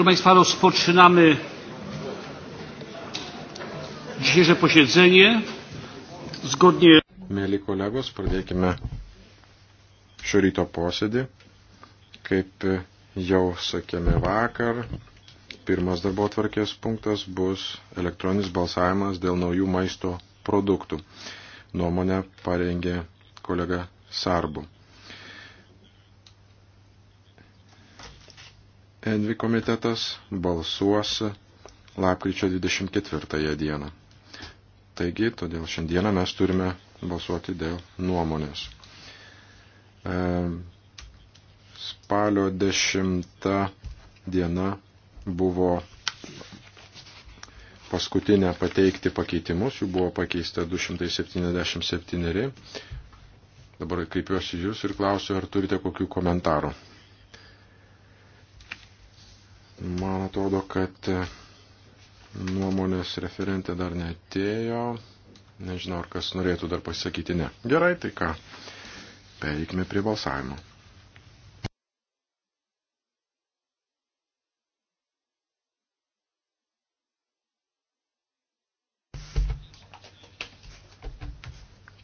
Proszę Państwa, rozpoczynamy dzisiejsze posiedzenie. Zgodnie. Mėly kolegos, pradėkime šio ryto posėdį. Kaip jau sakėme vakar, pirmas darbo tvarkės punktas bus elektroninis balsavimas dėl naujų maisto produktų. Nuomonę parengė kolega Sarbu. Envi komitetas balsuos lapkričio 24 dieną. Taigi, todėl šiandieną mes turime balsuoti dėl nuomonės. E, spalio 10 diena buvo paskutinė pateikti pakeitimus, jų buvo pakeista 277. Dabar kreipiuosi jūs ir klausiu, ar turite kokių komentarų. Man atrodo, kad e, nuomonės referentė dar netėjo. Nežinau, ar kas norėtų dar pasakyti. Ne. Gerai, tai ką. Pereikime prie balsavimo.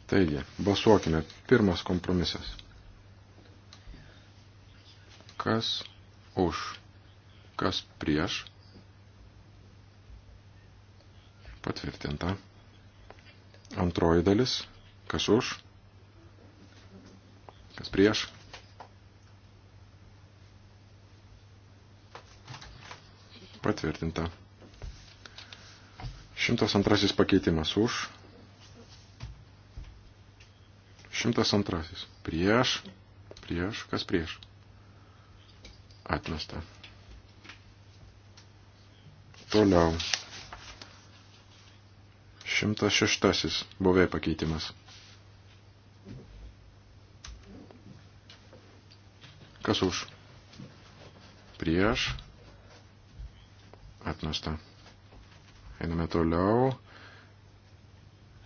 Taigi, balsuokime. Pirmas kompromisas. Kas už? Kas prieš? Patvirtinta. Antroji dalis. Kas už? Kas prieš? Patvirtinta. 102 pakeitimas už. 102. Prieš. Prieš. Kas prieš? Atmesta. Toliau. 106 buvė pakeitimas. Kas už? Prieš. Atmesta. Einame toliau.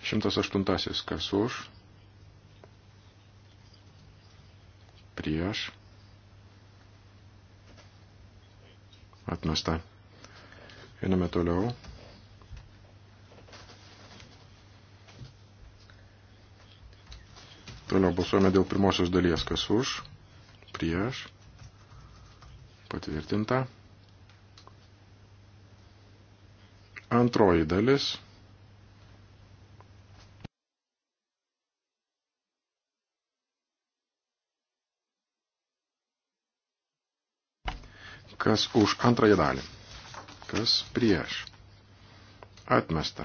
108. Kas už? Prieš. Atmesta. Einame toliau. Toliau balsuojame dėl pirmosios dalies, kas už, prieš, patvirtinta. Antroji dalis. Kas už antrąją dalį kas prieš. Atmesta.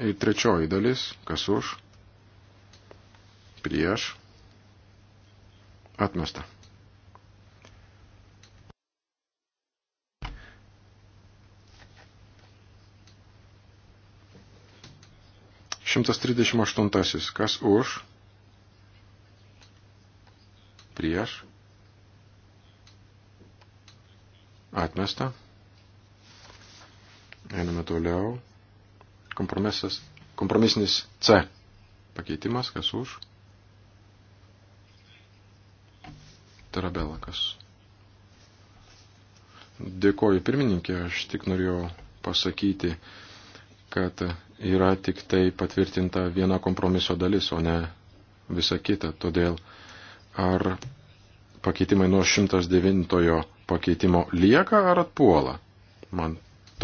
Ir trečioji dalis, kas už, prieš, atmesta. Šimtas trisdešimt aštuntasis, kas už, prieš, atmesta. Einame toliau. Kompromisas. Kompromisinis C. Pakeitimas, kas už. Tarabela, kas. Dėkoju pirmininkė, aš tik norėjau pasakyti, kad yra tik tai patvirtinta viena kompromiso dalis, o ne visa kita. Todėl ar pakeitimai nuo 109 pakeitimo lieka ar atpuola? Man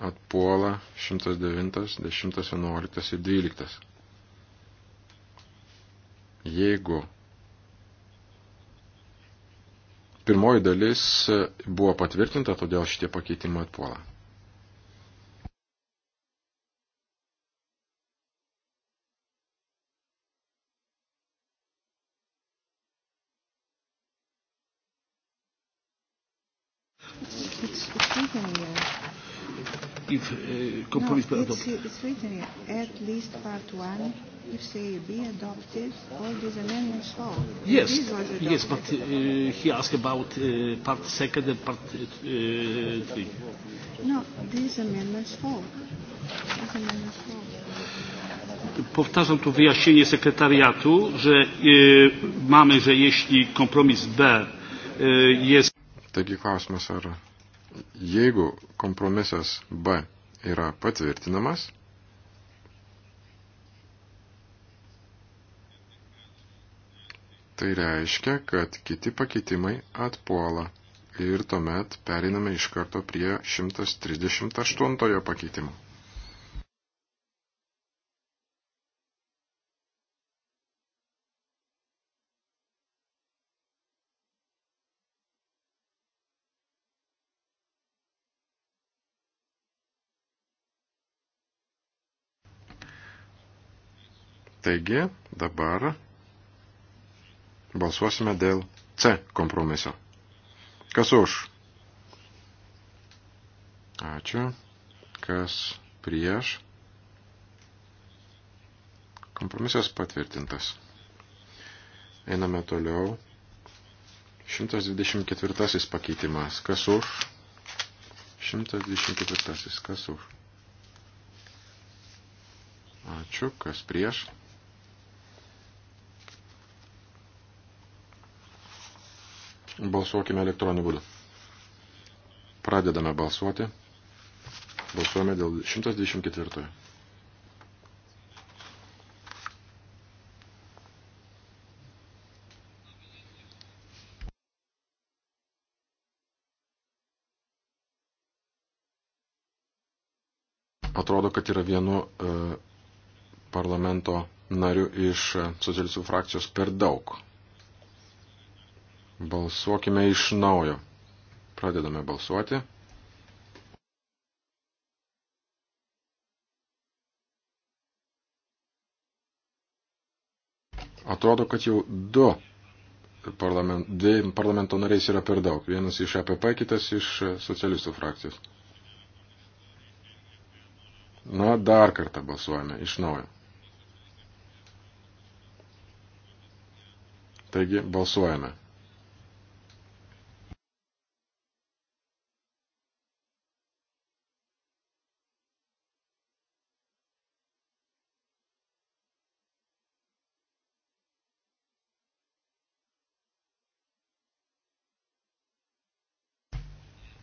atpuola 109, 10, 11 ir 12. Jeigu pirmoji dalis buvo patvirtinta, todėl šitie pakeitimai atpuola. give uh, compromise no, it's, it's written here, at least part one, if CAB adopted, all these amendments fall. Yes, yes, but uh, he asked about uh, part second and part uh, three. No, these amendments fall. These amendments fall. Powtarzam tu wyjaśnienie sekretariatu, że y, e, mamy, że jeśli kompromis B y, e, jest. Taigi klausimas, ar Jeigu kompromisas B yra patvirtinamas, tai reiškia, kad kiti pakeitimai atpuola ir tuomet periname iš karto prie 138 pakeitimo. Taigi dabar balsuosime dėl C kompromiso. Kas už? Ačiū. Kas prieš? Kompromisas patvirtintas. Einame toliau. 124 pakeitimas. Kas už? 124. Kas už? Ačiū. Kas prieš? Balsuokime elektroniniu būdu. Pradedame balsuoti. Balsuojame dėl 124. Atrodo, kad yra vienu e, parlamento nariu iš e, socialistų frakcijos per daug. Balsuokime iš naujo. Pradedame balsuoti. Atrodo, kad jau du parlament, dviem parlamento nariais yra per daug. Vienas iš APP, e kitas iš socialistų frakcijos. Na, dar kartą balsuojame iš naujo. Taigi, balsuojame.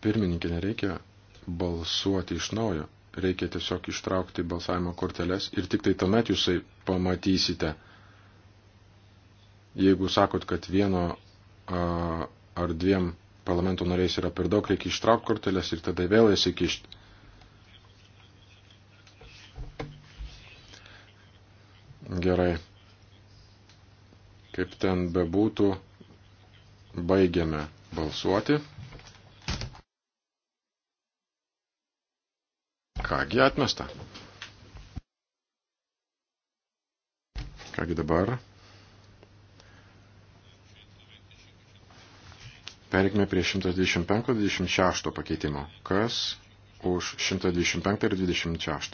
Pirmininkė, nereikia balsuoti iš naujo, reikia tiesiog ištraukti balsavimo korteles ir tik tai tuomet jūsai pamatysite, jeigu sakot, kad vieno a, ar dviem parlamento nariais yra per daug, reikia ištraukti korteles ir tada vėl jas įkišti. Gerai. Kaip ten bebūtų, baigiame balsuoti. Kągi atmesta. Kągi dabar. Perikime prie 125-26 pakeitimo. Kas už 125 ir 26?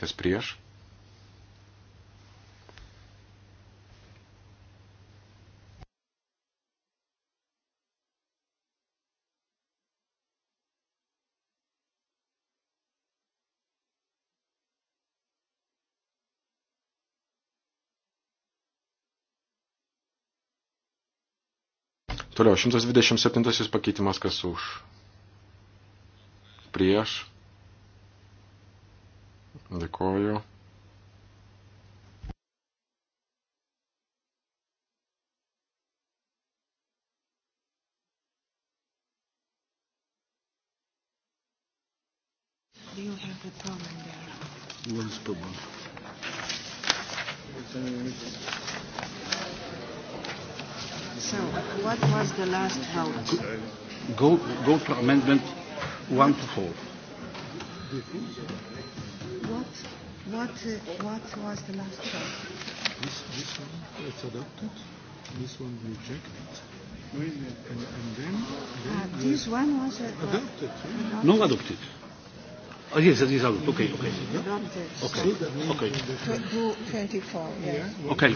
Kas prieš? Toliau, 127 pakeitimas kas už. Prieš. Dėkoju. Do you have the problem there? What is the problem? Uh, So, what was the last vote? Go, go to amendment 1 to 4. What, what, uh, what was the last vote? This, this one is adopted, this one rejected. And, and then, then ah, this one was uh, adopted. Yeah? Adopted. No, adopted. Oh, yes, it is out. Okay, okay. Okay, okay. Okay.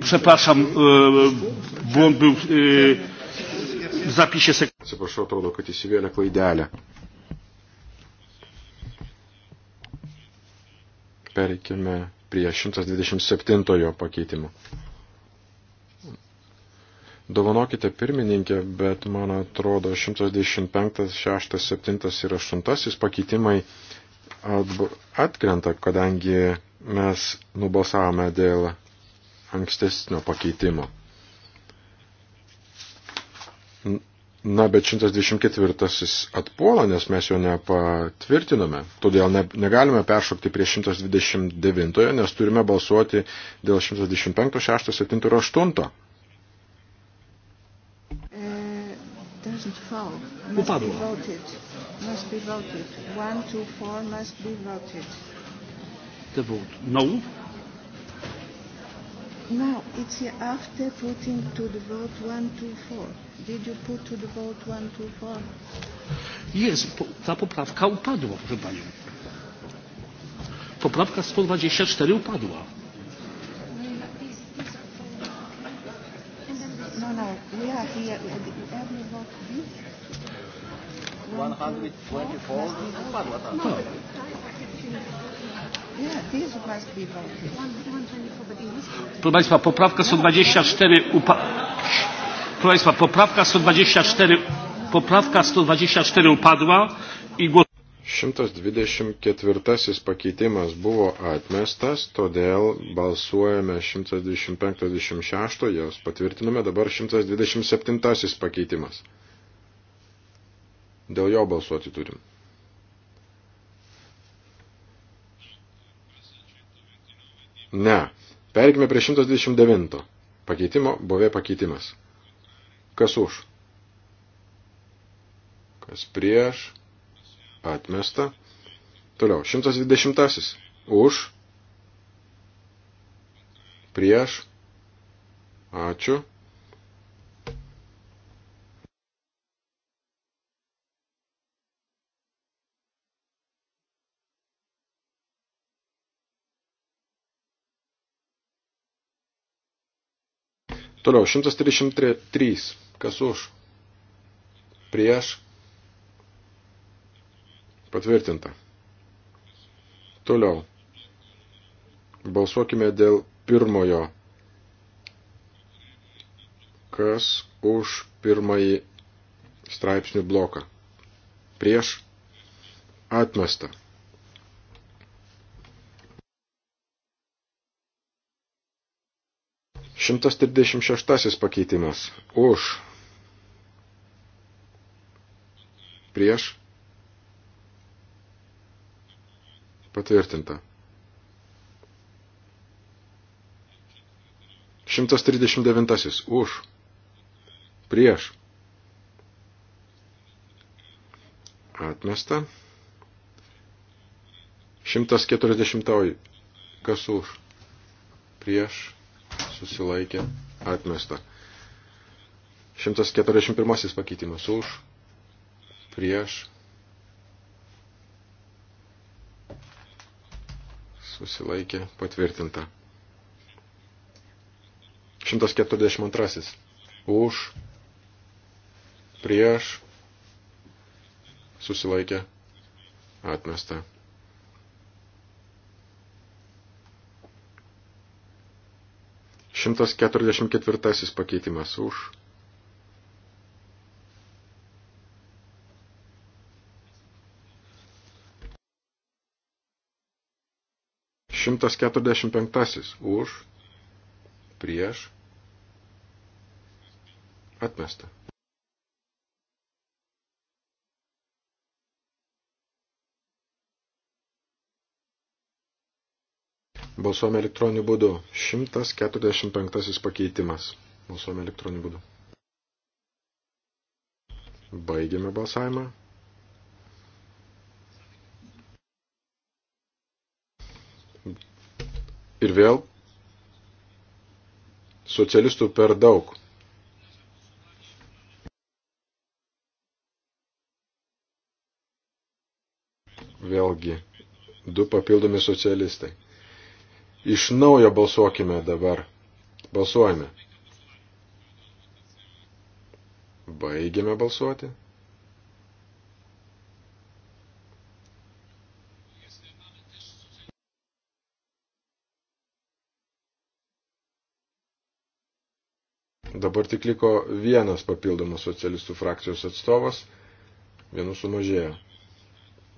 Przepraszam, e, błąd był e, w zapisie sekundy. Atsiprašau, atrodo, kad įsivėlė klaidelę. Pereikime prie 127 pakeitimo. Dovanokite pirmininkė, bet man atrodo 115, 6, 7 ir 8 pakeitimai atkrenta, kadangi mes nubalsavome dėl ankstesnio pakeitimo. Na, bet 124 atpuola, nes mes jo nepatvirtinome, todėl ne, negalime peršokti prie 129, nes turime balsuoti dėl 125, 6, 7 ir 8. doesn't fall. Must Upadła. be voted. Must be voted. One, two, four must be voted. The vote. No. Now it's after putting to the vote one, two, four. Did you put to the vote one, two, four? Jest, po, ta poprawka upadła, proszę Panią. Poprawka 124 upadła. No, no, we are here. 124. No. Proszę Państwa, poprawka 124 upa... Proszę Państwa, poprawka 124 poprawka 124 upadła i głos 124 pakeitimas buvo atmestas, todėl balsuojame 125-26, jos patvirtiname, dabar 127 pakeitimas. Dėl jo balsuoti turim. Ne. Perikime prie 129 pakeitimo, buvė pakeitimas. Kas už? Kas prieš? atmesta. Toliau, 120. Už, prieš, ačiū. Toliau, 133. Kas už? Prieš. Patvirtinta. Toliau. Balsuokime dėl pirmojo. Kas už pirmąjį straipsnių bloką? Prieš atmestą. Šimtas trisdešimt šeštasis pakeitimas. Už. Prieš Patvirtinta. 139. Už. Prieš. Atmesta. 140. Kas už? Prieš. Susilaikė. Atmesta. 141 pakeitimas už, prieš, susilaikė patvirtinta. 142. Už, prieš, susilaikė atmesta. Šimtas keturiasdešimt ketvirtasis pakeitimas už, 145 už, prieš, atmesta. Balsuojame elektroniniu būdu. 145 pakeitimas. Balsuojame elektroniniu būdu. Baigiame balsavimą. Ir vėl socialistų per daug. Vėlgi, du papildomi socialistai. Iš naujo balsuokime dabar. Balsuojame. Baigiame balsuoti. Dabar tik liko vienas papildomas socialistų frakcijos atstovas, vienu sumažėjo.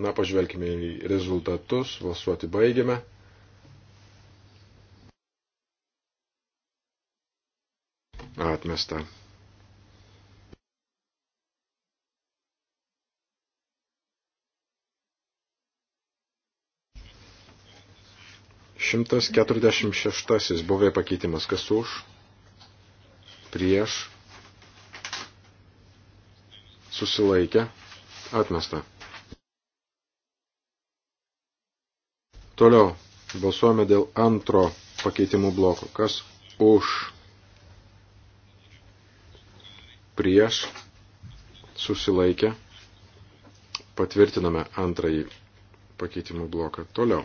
Na, pažvelkime į rezultatus, valsuoti baigiame. Atmesta. Šimtas keturiasdešimt šeštasis buvė pakeitimas, kas už? prieš, susilaikę, atmesta. Toliau balsuojame dėl antro pakeitimų bloko. Kas už, prieš, susilaikę, patvirtiname antrąjį pakeitimų bloką. Toliau.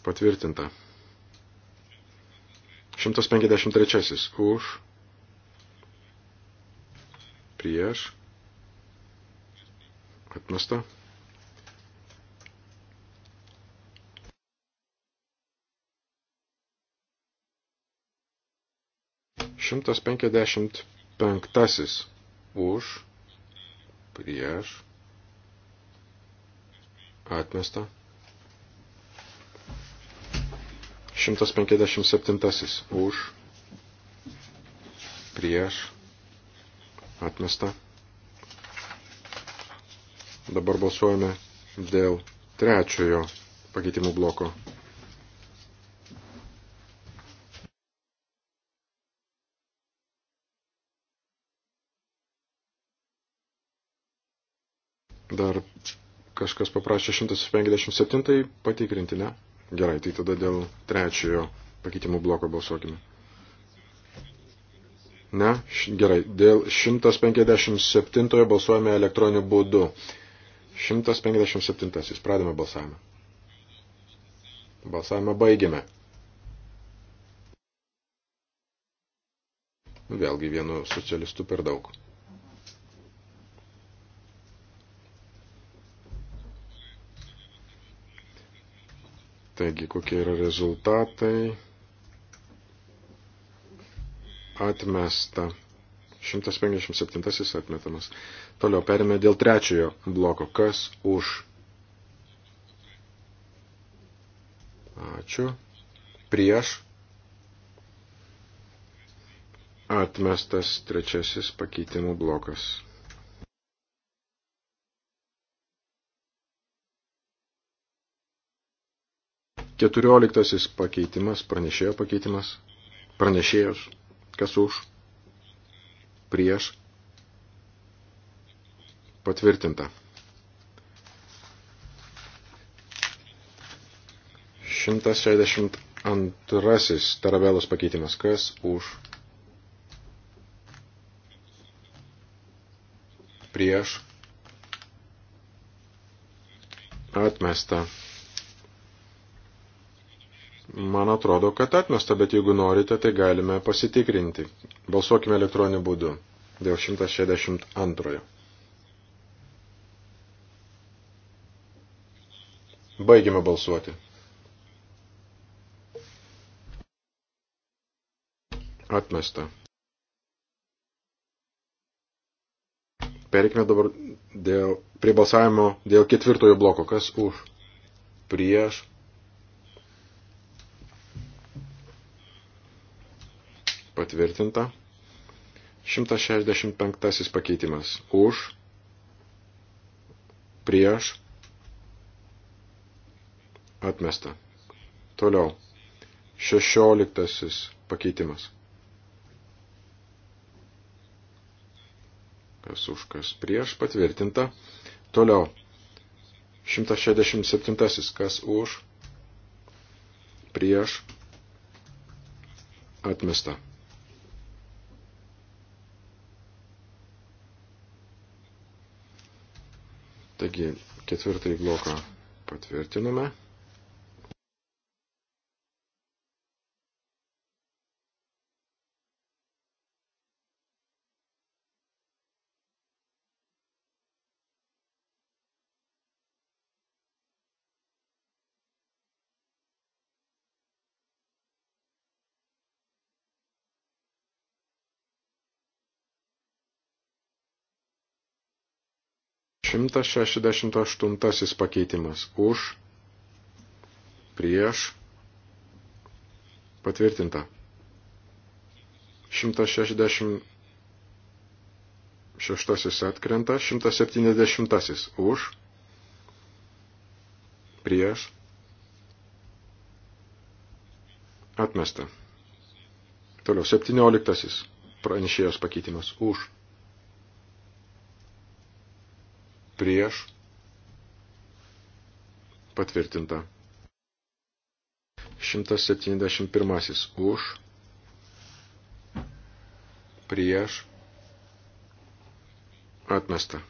Patvirtinta. 153. Už. Prieš. Atmesta. Šimtas penkiasdešimt penktasis už, prieš, atmesta. 157 už, prieš, atmesta. Dabar balsuojame dėl trečiojo pakeitimų bloko. Dar kažkas paprašė 157 patikrinti, ne? Gerai, tai tada dėl trečiojo pakeitimų bloko balsuokime. Ne, gerai, dėl 157 balsuojame elektroniniu būdu. 157. Pradame balsavimą. Balsavimą baigiame. Vėlgi vienu socialistu per daug. Taigi, kokie yra rezultatai? Atmesta. 157 atmetamas. Toliau perėmė dėl trečiojo bloko. Kas už? Ačiū. Prieš. Atmestas trečiasis pakeitimų blokas. Keturioliktasis pakeitimas, pranešėjo pakeitimas, pranešėjos, kas už, prieš, patvirtinta. Šimtas šešdešimt antrasis tarabelos pakeitimas, kas už, prieš, atmesta man atrodo, kad atmesta, bet jeigu norite, tai galime pasitikrinti. Balsuokime elektroniniu būdu dėl 162. Baigime balsuoti. Atmesta. Perikime dabar dėl, prie balsavimo dėl ketvirtojo bloko. Kas už? Prieš Patvirtinta. 165 pakeitimas. Už. Prieš. Atmesta. Toliau. 16 pakeitimas. Kas už, kas prieš. Patvirtinta. Toliau. 167. Kas už. Prieš. Atmesta. Taigi ketvirtąjį bloką patvirtinome. 168 pakeitimas už, prieš, patvirtinta. 166 atkrenta, 170 už, prieš, atmesta. Toliau, 17 pranešėjos pakeitimas už prieš patvirtinta. 171 už prieš atmesta.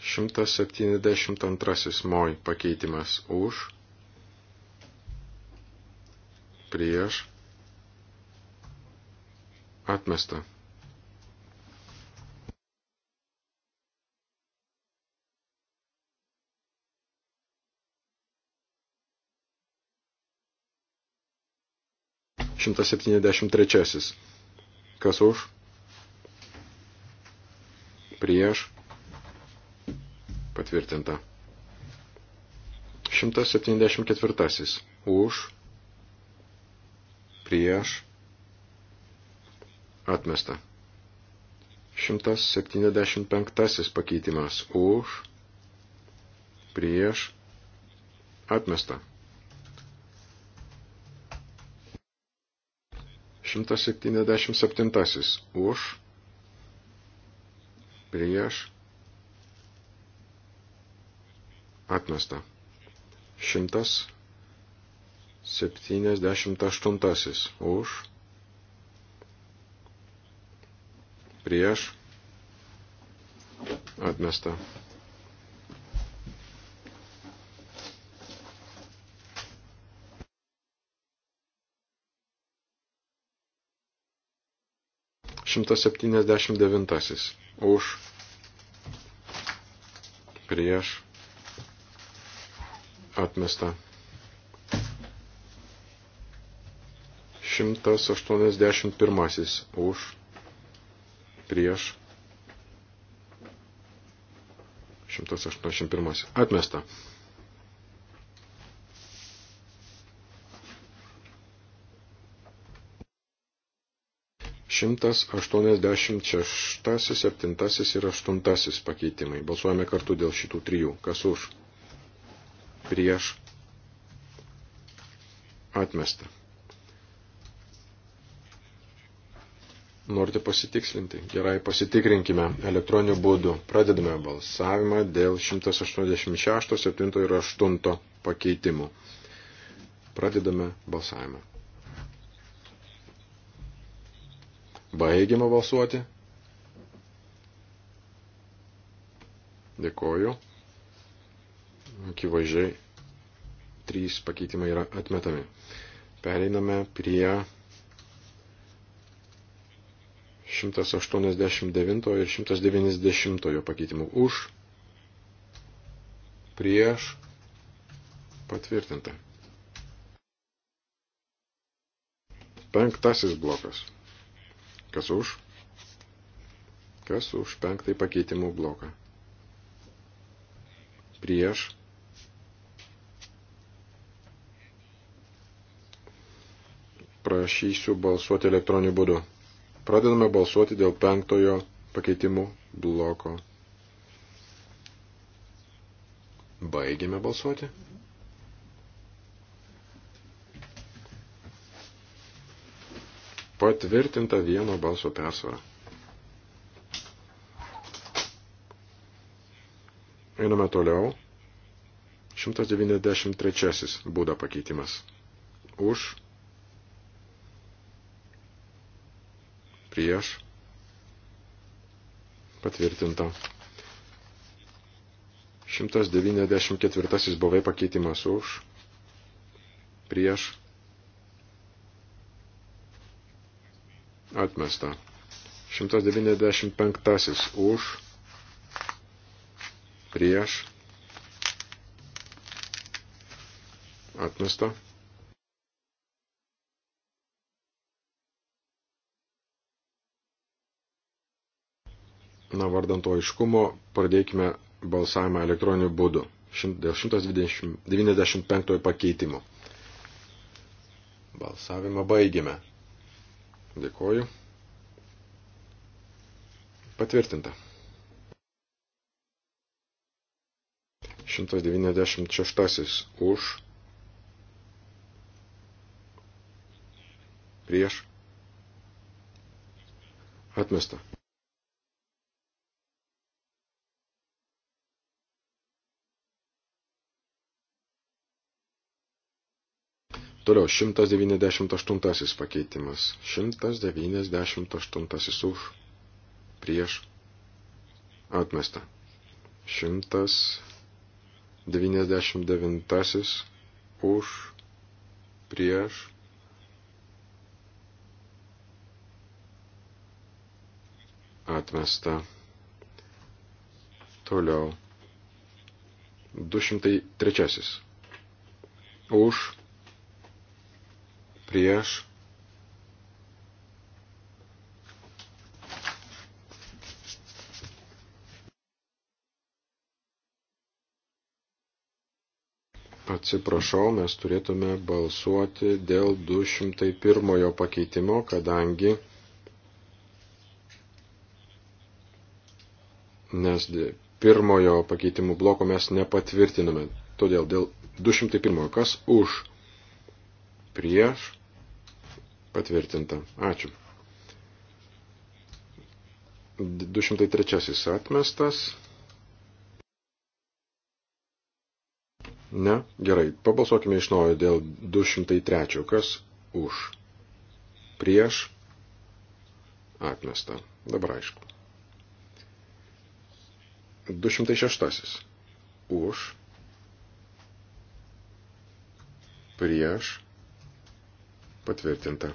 Šimtas septyniasdešimt antrasis moj pakeitimas už prieš atmesta. Šimtas septyniasdešimt trečiasis. Kas už? Prieš. Patvirtinta. 174. Už, prieš, Atmesta. 175 pakeitimas už, prieš, atmesta. 177 už, prieš, atmesta. 178 už, prieš atmesta. Šimtas septyniasdešimt devintasis už prieš atmesta. 181 už prieš 181. Atmesta. Šimtas aštuoniasdešimt šeštasis, septintasis ir aštuntasis pakeitimai. Balsuojame kartu dėl šitų trijų. Kas už? Prieš. Atmesta. norite pasitikslinti. Gerai, pasitikrinkime elektroniniu būdu. Pradedame balsavimą dėl 186, 7 ir 8 pakeitimų. Pradedame balsavimą. Baigiame balsuoti. Dėkoju. Akivaizdžiai, trys pakeitimai yra atmetami. Pereiname prie 189 ir 190 pakeitimų už, prieš, patvirtinta. Penktasis blokas. Kas už? Kas už penktąjį pakeitimų bloką? Prieš. Prašysiu balsuoti elektroniniu būdu. Pradedame balsuoti dėl penktojo pakeitimų bloko. Baigėme balsuoti. patvirtinta vieno balso persvara. Einame toliau. 193 būda pakeitimas. Už prieš patvirtinta. 194 buvai pakeitimas už prieš atmesta. 195 už prieš atmesta. Na, vardant to aiškumo, pradėkime balsavimą elektroniniu būdu dėl 195 pakeitimo. Balsavimą baigėme. Dėkoju. Patvirtinta. 196 už. Prieš. Atmesta. Toliau 198 pakeitimas. 198 už prieš atmestą. 199 už prieš atmestą. Toliau 203 už prieš. Atsiprašau, mes turėtume balsuoti dėl 201 pakeitimo, kadangi nes pirmojo pakeitimų bloko mes nepatvirtiname. Todėl dėl 201 kas už prieš Patvirtinta. Ačiū. 203 atmestas. Ne? Gerai. Pabalsuokime iš naujo dėl 203. Kas už? Prieš? Atmesta. Dabar aišku. 206. Už? Prieš? Patvirtinta.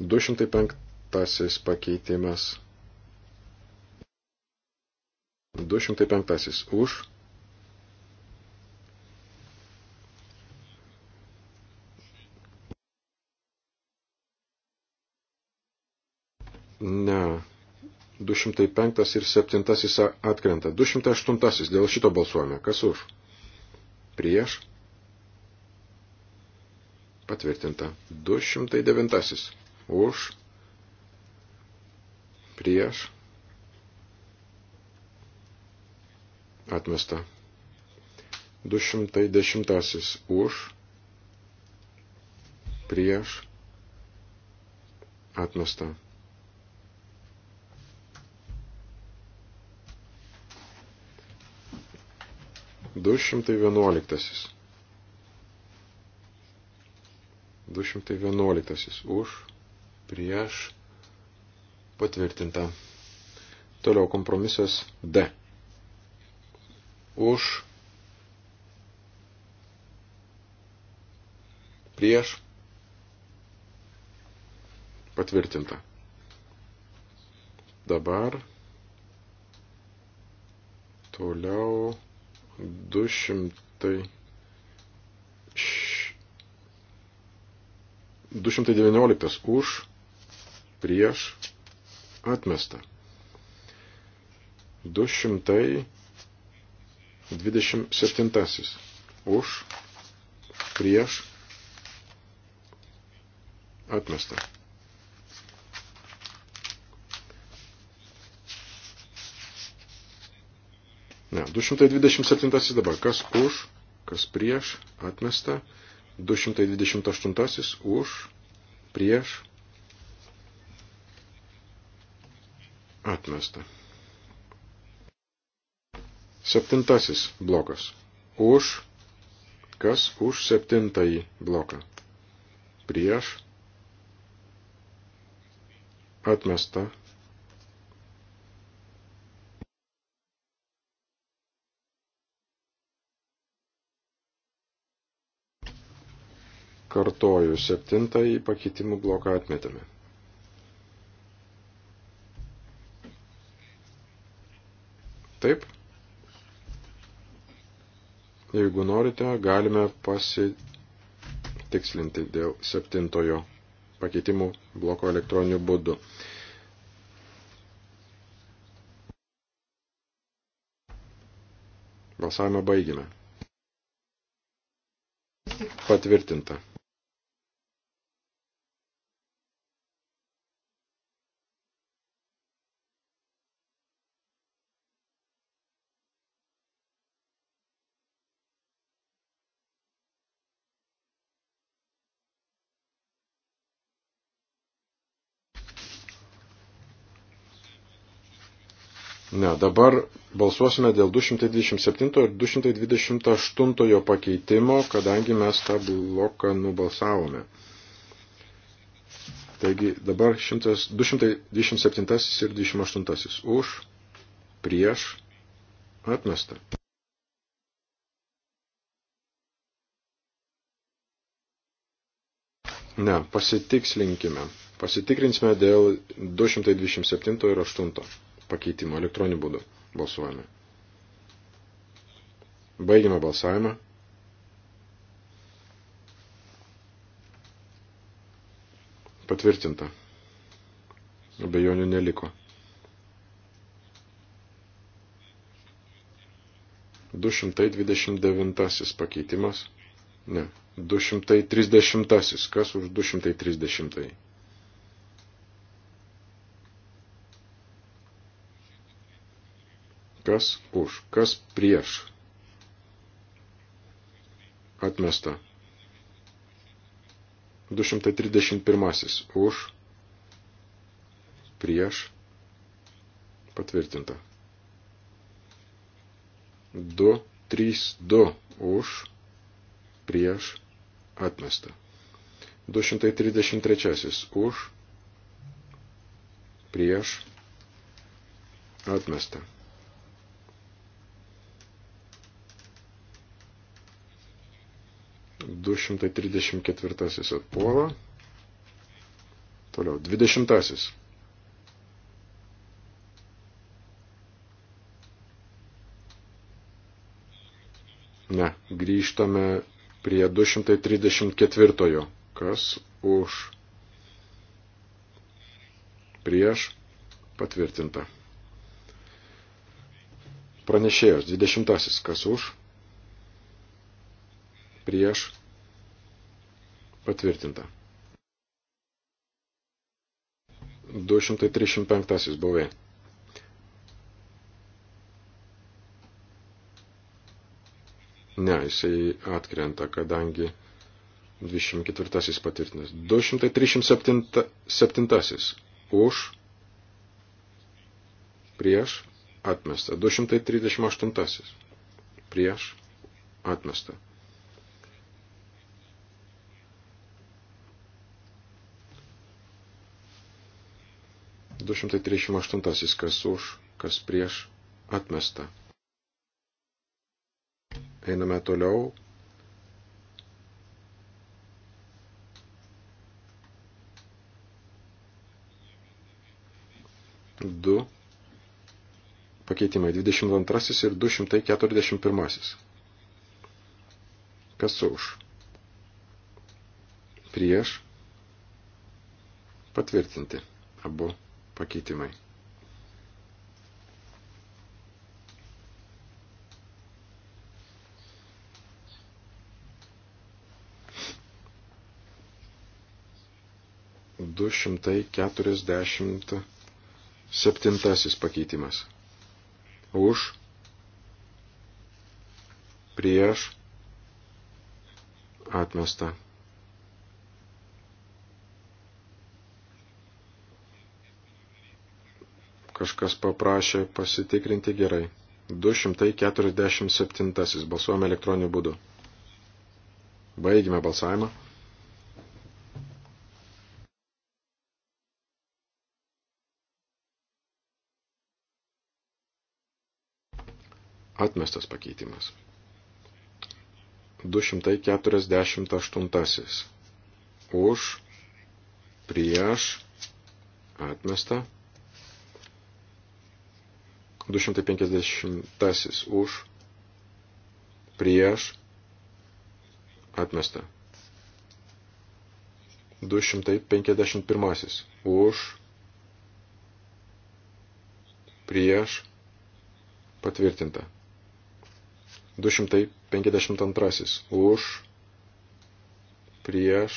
205 pakeitimas. 205 už. Ne. 205 ir 7 atkrenta. 208 dėl šito balsuojame. Kas už? Prieš. Patvirtinta. 209. Už. Prieš. Atmesta. 210. Už. Prieš. Atmesta. Du šimtai vienuoliktasis. 211 už, prieš, patvirtinta. Toliau kompromisas D. Už, prieš, patvirtinta. Dabar toliau 200. 219 už, prieš, atmesta. 227 už, prieš, atmesta. 227 dabar. Kas už, kas prieš, atmesta. 228 už, prieš, atmesta. Septintasis blokas. Už, kas už septintąjį bloką. Prieš, atmesta. Kartoju, septintąjį pakeitimų bloką atmetame. Taip? Jeigu norite, galime pasitikslinti dėl septintojo pakeitimų bloko elektroniniu būdu. Balsavimą baigime. Patvirtinta. Ne, dabar balsuosime dėl 227 ir 228 pakeitimo, kadangi mes tą bloką nubalsavome. Taigi dabar 100, 227 ir 28 už, prieš, atmesta. Ne, pasitikslinkime. Pasitikrinsime dėl 227 ir 8 pakeitimo elektroniniu būdu. Balsuojame. Baigime balsavimą. Patvirtinta. Abejonių neliko. 229 pakeitimas. Ne. 230. Kas už 230? Kas už, kas prieš. Atmesta. 231. Už. Prieš. Patvirtinta. 2, 3, 2. Už. Prieš. Atmesta. 233. Už. Prieš. Atmesta. 234 atpuola. Toliau 20. Ne, grįžtame prie 234. Kas už prieš patvirtinta. Pranešėjos 20. Kas už prieš patvirtinta Patvirtinta. 235 buvai. Ne, jisai atkrenta, kadangi 24 patvirtinas. 237 už, prieš, atmesta. 238 prieš, atmesta. 238 kas už, kas prieš atmesta. Einame toliau. Du pakeitimai 22 ir 241. Kas už? Prieš patvirtinti abu pakeitimai. Du šimtai keturiasdešimt septintasis pakeitimas. Už, prieš, atmesta. Kažkas paprašė pasitikrinti gerai. 247. Balsuojame elektroniniu būdu. Baigime balsavimą. Atmestas pakeitimas. 248. Už, prieš, atmesta. 250 už, prieš, atmesta. 251 už, prieš, patvirtinta. 252 už, prieš,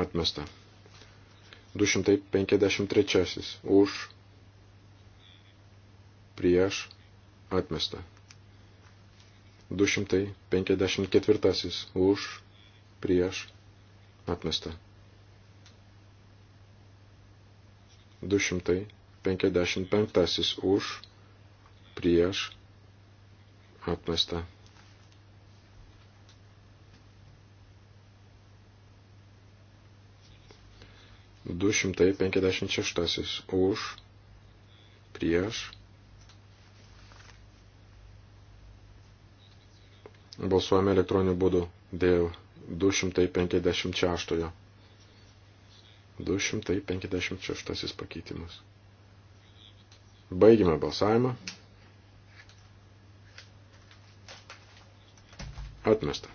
atmesta. 253 už, prieš atmestą. 254 už prieš atmestą. 255 už prieš atmestą. Du šimtai penkiasdešimt šeštasis už prieš Balsuojame elektroniniu būdu dėl 256. 256 pakeitimas. Baigime balsavimą. Atmesta.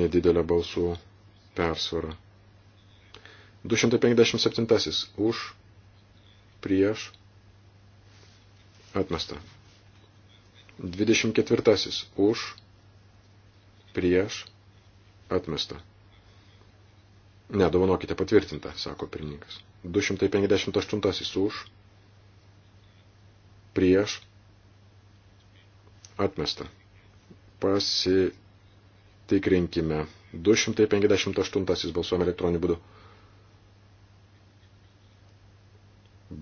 Nedidelė balsų persvara. 257. Už, prieš, Atmesta. 24. Už, prieš, atmesta. Ne, dovanokite, patvirtinta, sako pirmininkas. 258. Už, prieš, atmesta. Pasitikrinkime. 258 balsuojame elektroniniu būdu.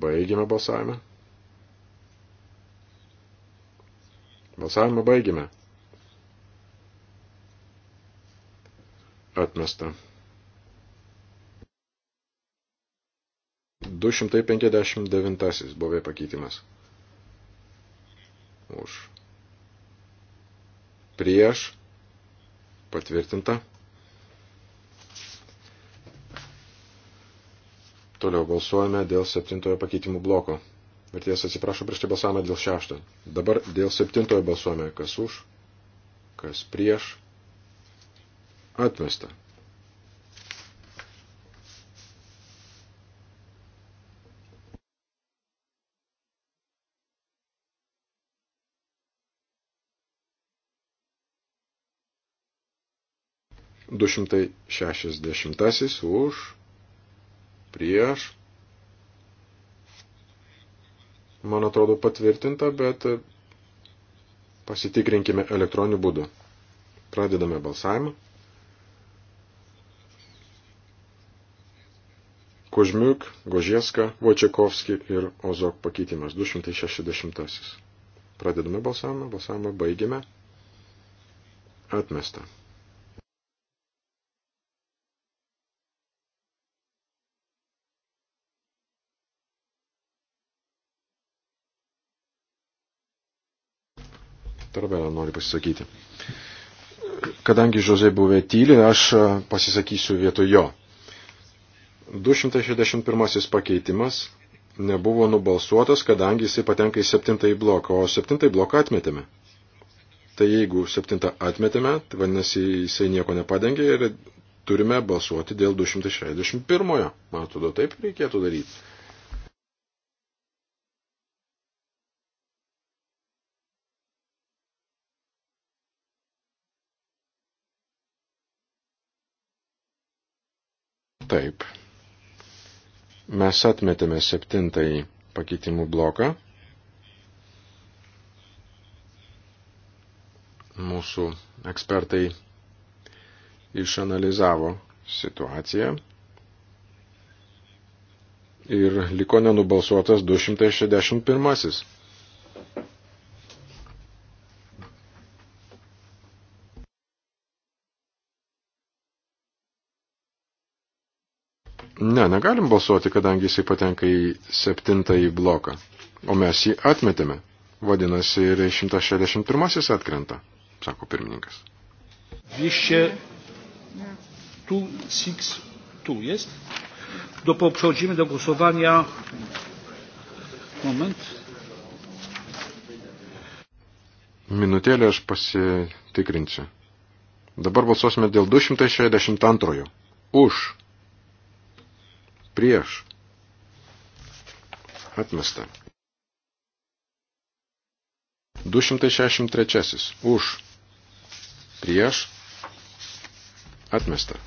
Baigiame balsavimą. Balsavimą baigime. Atmesta. 259 buvė pakeitimas. Už. Prieš. Patvirtinta. Toliau balsuojame dėl septintojo pakeitimų bloko. Vertėjas atsiprašo prieš tai balsavimą dėl šešto. Dabar dėl septintojo balsuojame. Kas už, kas prieš. Atmesta. Du šimtai šešiasdešimtasis už prieš man atrodo, patvirtinta, bet pasitikrinkime elektroniniu būdu. Pradedame balsavimą. Kožmiuk, Gožieska, Vočiakovski ir Ozok pakeitimas 260. Pradedame balsavimą, balsavimą baigiame. Atmesta. Tarabela nori pasisakyti. Kadangi Žozė buvė tyli, aš e, pasisakysiu vietoj jo. 261 pakeitimas nebuvo nubalsuotas, kadangi jisai patenka į septintąjį bloką, o septintąjį bloką atmetėme. Tai jeigu septintą atmetėme, tai vadinasi, jisai nieko nepadengė ir turime balsuoti dėl 261. Man atrodo, taip reikėtų daryti. Taip. Mes atmetėme septintąjį pakeitimų bloką. Mūsų ekspertai išanalizavo situaciją ir liko nenubalsuotas 261. negalim balsuoti, kadangi jisai patenka į septintąjį bloką, o mes jį atmetėme. Vadinasi, ir 161 atkrenta, sako pirmininkas. 206 tu jest. Do, przechodzimy do głosowania. Moment. Minutėlę aš pasitikrinsiu. Dabar balsuosime dėl 262. Už prieš atmesta. 263 už prieš atmesta.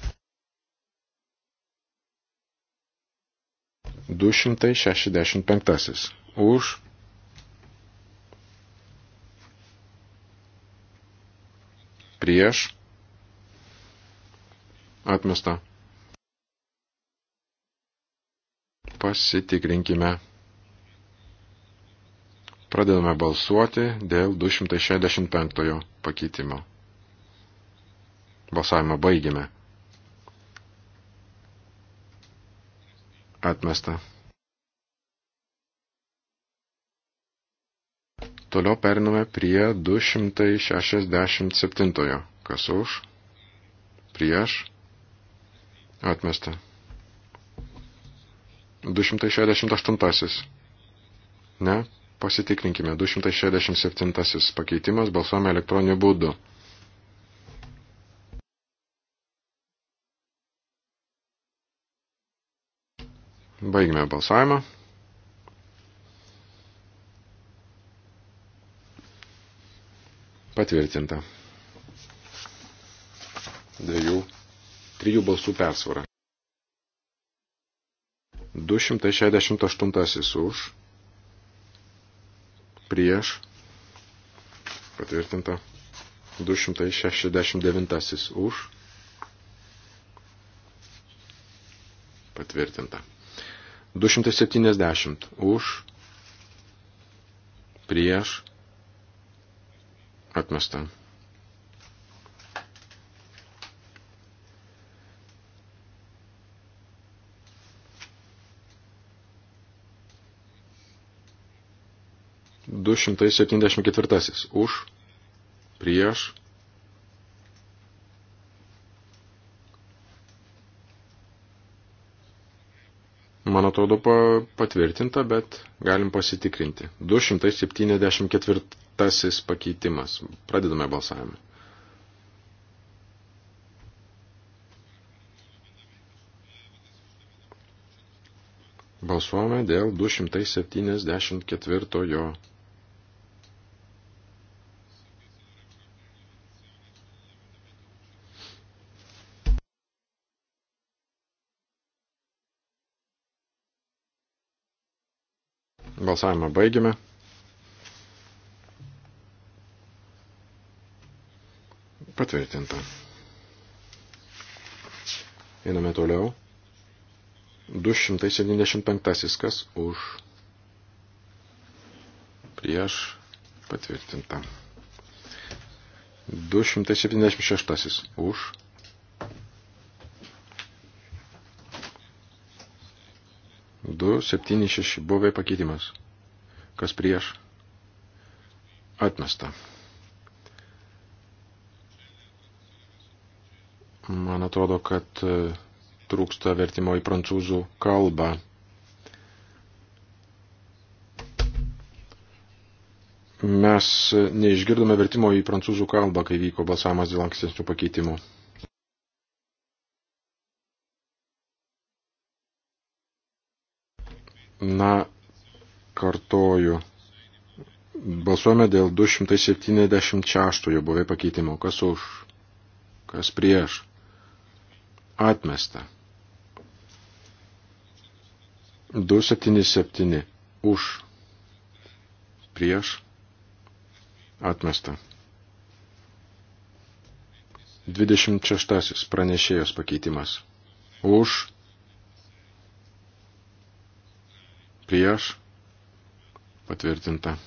265 už prieš atmesta. pasitikrinkime. Pradedame balsuoti dėl 265 pakeitimo. Balsavimą baigiame. Atmesta. Toliau periname prie 267. Kas už? Prieš? Atmesta. 268. Ne, pasitikrinkime. 267 pakeitimas balsuojame elektroniniu būdu. Baigime balsavimą. Patvirtinta. Dviejų, trijų balsų persvara. 268 už, prieš, patvirtinta, 269 už, patvirtinta, 270 už, prieš, atmesta. 274 už, prieš, man atrodo patvirtinta, bet galim pasitikrinti. 274 pakeitimas. Pradedame balsavimą. Balsuome dėl 274 Balsavimą baigime. Patvirtinta. Einame toliau. 275 kas už prieš patvirtinta. 276 už du, septyni, šeši, buvo pakeitimas kas prieš, atmesta. Man atrodo, kad e, trūksta vertimo į prancūzų kalbą. Mes neišgirdome vertimo į prancūzų kalbą, kai vyko balsavimas dėl ankstesnių pakeitimų. Na, Kartoju. Balsuojame dėl 276 buvai pakeitimo. Kas už? Kas prieš? Atmesta. 277 už. Prieš. Atmesta. 26 pranešėjos pakeitimas. Už. Prieš patvirtinta.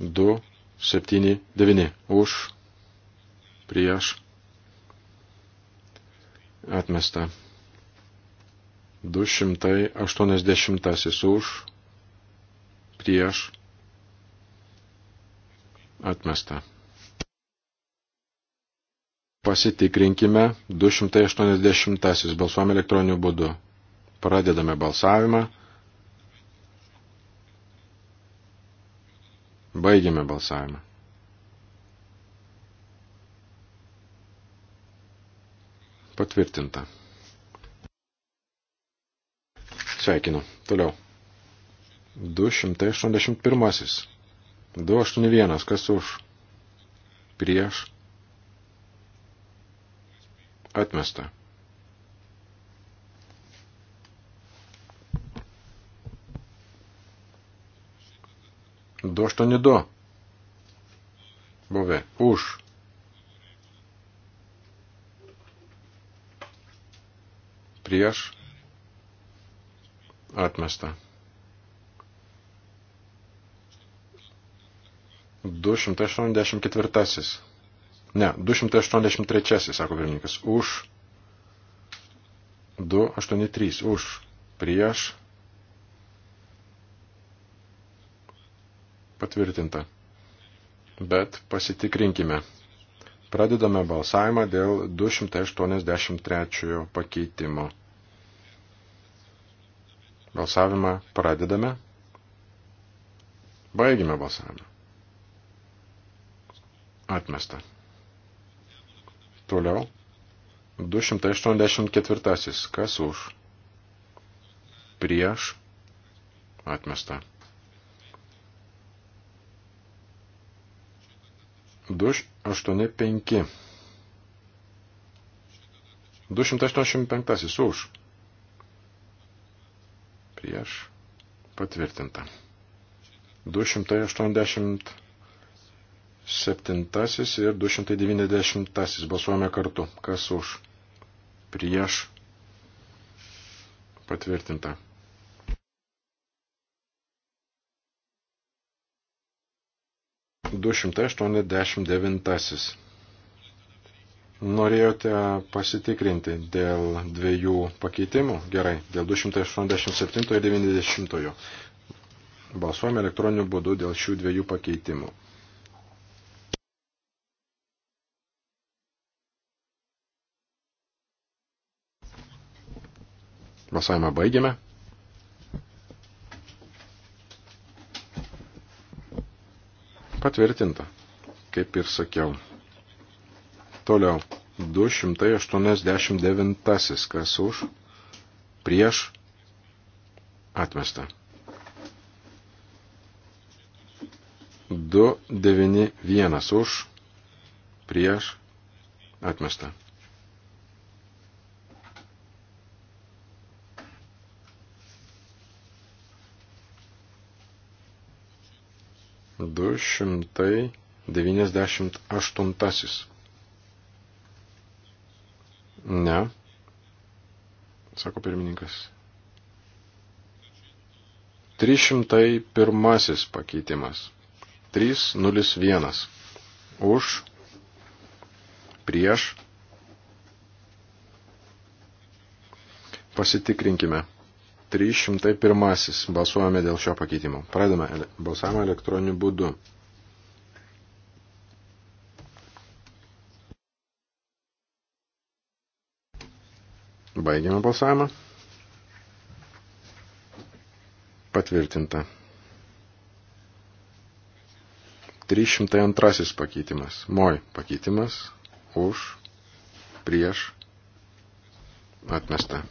2, 7, 9 už, prieš, atmesta. 280 už, prieš, atmesta. Pasitikrinkime 280 balsuom elektroniniu būdu. Pradedame balsavimą. Baigėme balsavimą. Patvirtinta. Sveikinu. Toliau. 281. 281. Kas už? Prieš. Atmesta. 282. Buvę. Už. Prieš. Atmesta. 284. Ne, 283, sako pirmininkas. Už. 283. Už. Prieš. Patvirtinta. Bet pasitikrinkime. Pradedame balsavimą dėl 283 pakeitimo. Balsavimą pradedame. Baigime balsavimą. Atmesta. Toliau. 284. Kas už? Prieš. Atmesta. 285. 285 už. Prieš. Patvirtinta. 287 ir 290 balsuojame kartu. Kas už? Prieš. Patvirtinta. 289. Norėjote pasitikrinti dėl dviejų pakeitimų? Gerai, dėl 287 ir 90. Balsuojame elektroniniu būdu dėl šių dviejų pakeitimų. Balsavimą baigiame. Patvirtinta, kaip ir sakiau. Toliau, 289, kas už, prieš, atmesta. 291 už, prieš, atmesta. 298. Ne, sako pirmininkas. 301 pakeitimas. 301. Už, prieš. Pasitikrinkime. 301. Balsuojame dėl šio pakeitimo. Pradame balsavimą elektroniniu būdu. Baigiame balsavimą. Patvirtinta. 302 pakeitimas. Moj pakeitimas už prieš atmestą.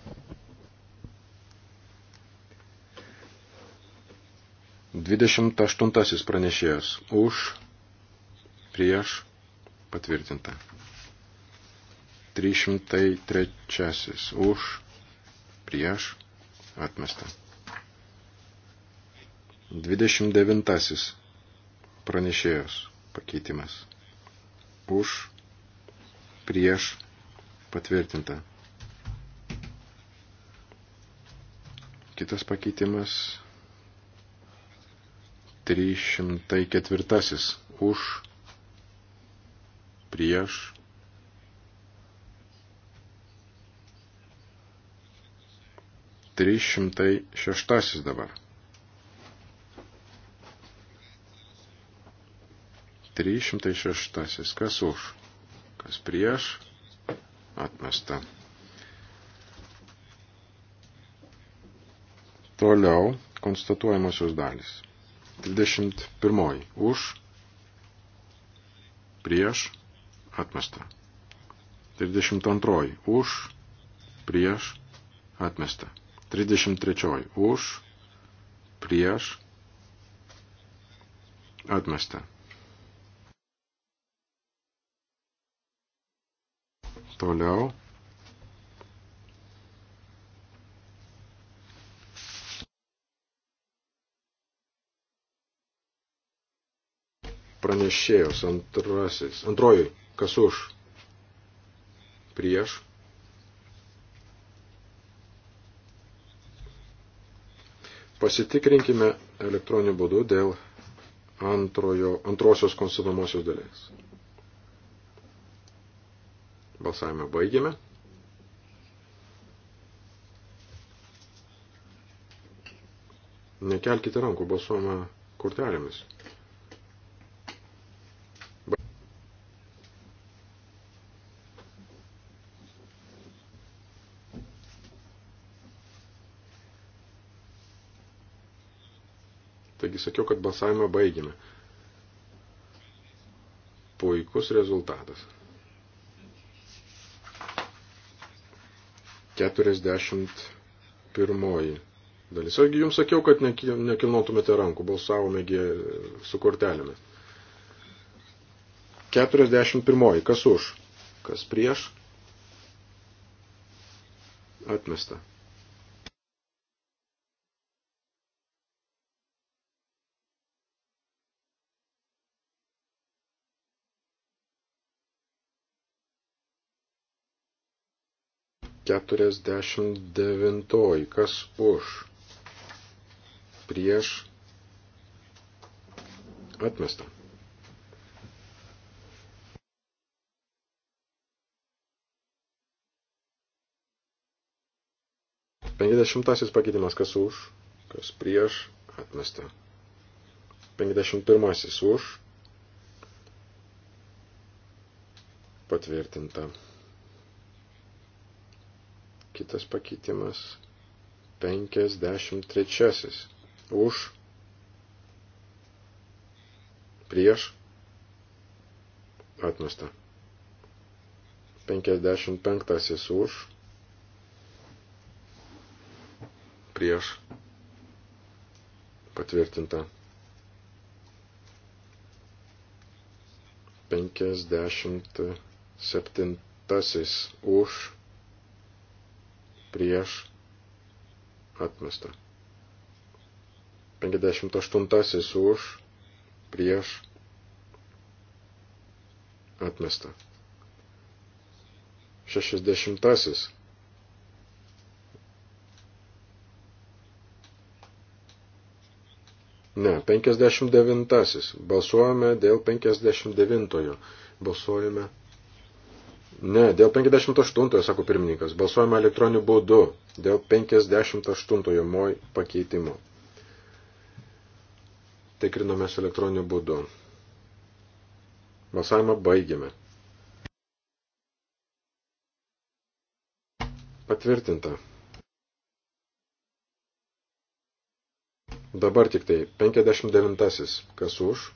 28 pranešėjas už, prieš, patvirtinta. 303 už, prieš, atmesta. 29 pranešėjos pakeitimas. Už, prieš, patvirtinta. Kitas pakeitimas 304 už, prieš, trys šimtai šeštasis dabar. Trys šimtai šeštasis, kas už, kas prieš, atmesta. Toliau konstatuojamosios dalys. 21. Už, prieš, atmesta. 32. Už, prieš, atmesta. 33. Už, prieš, atmesta. Toliau pranešėjos antrasis, antroji, kas už, prieš. Pasitikrinkime elektroniniu būdu dėl antrojo, antrosios konstatomosios dalies. Balsavimą baigėme. Nekelkite rankų, balsuojame kortelėmis. Taigi sakiau, kad balsavimą baigėme. Puikus rezultatas. 41 dalis. Argi jums sakiau, kad nekilnotumėte rankų, balsavomegi su kortelėmis. 41. Kas už? Kas prieš? Atmesta. 49. Kas už? Prieš atmestą. Penkidešimtasis pakeitimas, kas už, kas prieš, atmesta. Penkdešimt pirmasis už, patvirtinta. Kitas pakeitimas 53. Už. Prieš. Atmesta. 55. Už. Prieš. Patvirtinta. 57. Už prieš atmestą. 58 už prieš atmestą. 60 Ne, 59. Balsuojame dėl 59. Balsuojame Ne, dėl 58, sako pirmininkas, balsuojama elektroniniu būdu, dėl 58 moj pakeitimo. Tikrinomės elektroniniu būdu. Balsavimą baigiame. Patvirtinta. Dabar tik tai 59. Kas už?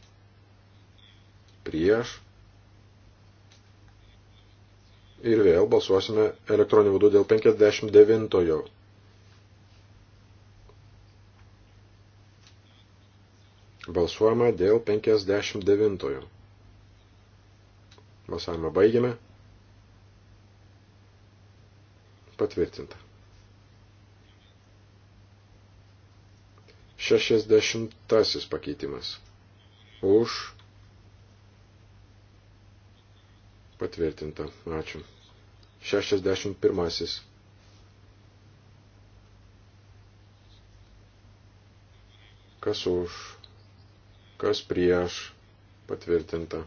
Prieš ir vėl balsuosime elektroniniu būdu dėl 59-ojo. Balsuojama dėl 59-ojo. Balsavimą baigiame. Patvirtinta. 60 pakeitimas. Už Patvirtinta. Ačiū. 61. Kas už, kas prieš, patvirtinta.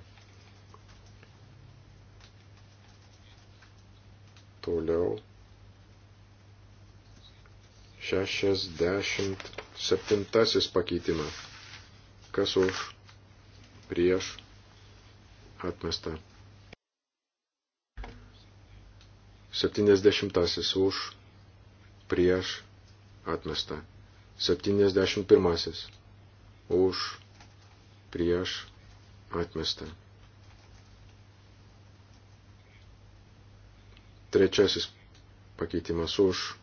Toliau. 67 pakeitimas. Kas už, prieš, atmesta. 70 už, prieš, atmesta. 71 už, prieš, atmesta. Trečiasis pakeitimas už,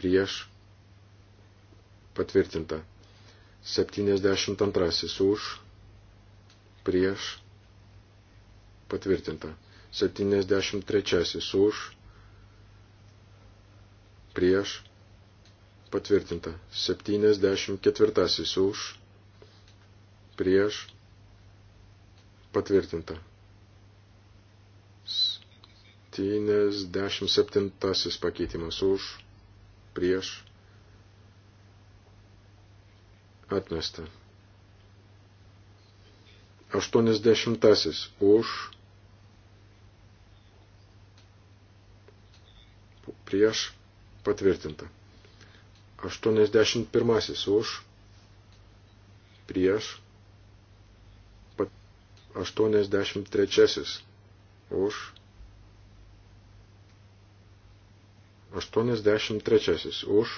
prieš, patvirtinta. 72 už, prieš, patvirtinta. 73 už, prieš, patvirtinta. 74 už, prieš, patvirtinta. 77 pakeitimas už, prieš, atmesta. 80 už, prieš patvirtinta. 81 už prieš 83 už 83 už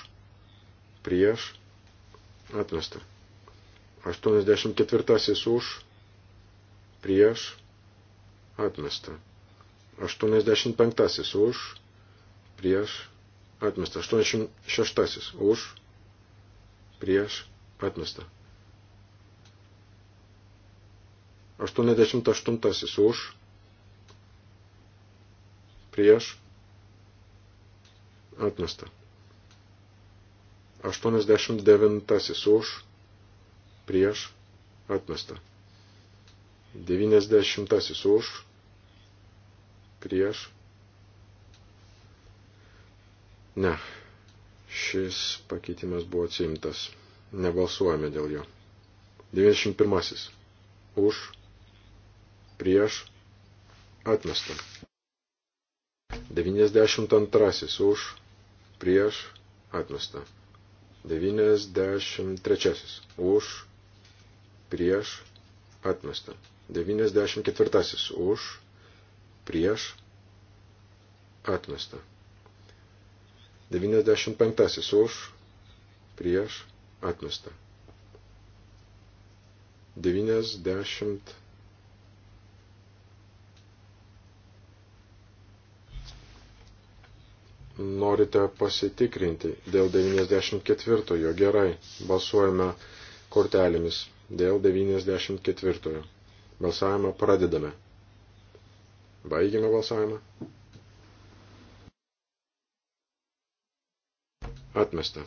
prieš atmesta. 84 už prieš atmesta. 85 už prieš atmestą. 86 už prieš atmestą. 88 už prieš atmestą. 89 už prieš atmestą. 90 už prieš atmestą. Ne, šis pakeitimas buvo atsimtas. Nebalsuojame dėl jo. 91. Už, prieš, atmesta. 92. Už, prieš, atmesta. 93. Už, prieš, atmesta. 94. Už, prieš, atmesta. 95 už, prieš, atmesta. 90 Norite pasitikrinti dėl 94-ojo. Gerai, balsuojame kortelėmis dėl 94-ojo. Balsavimą pradedame. Baigime balsavimą. Atmesta.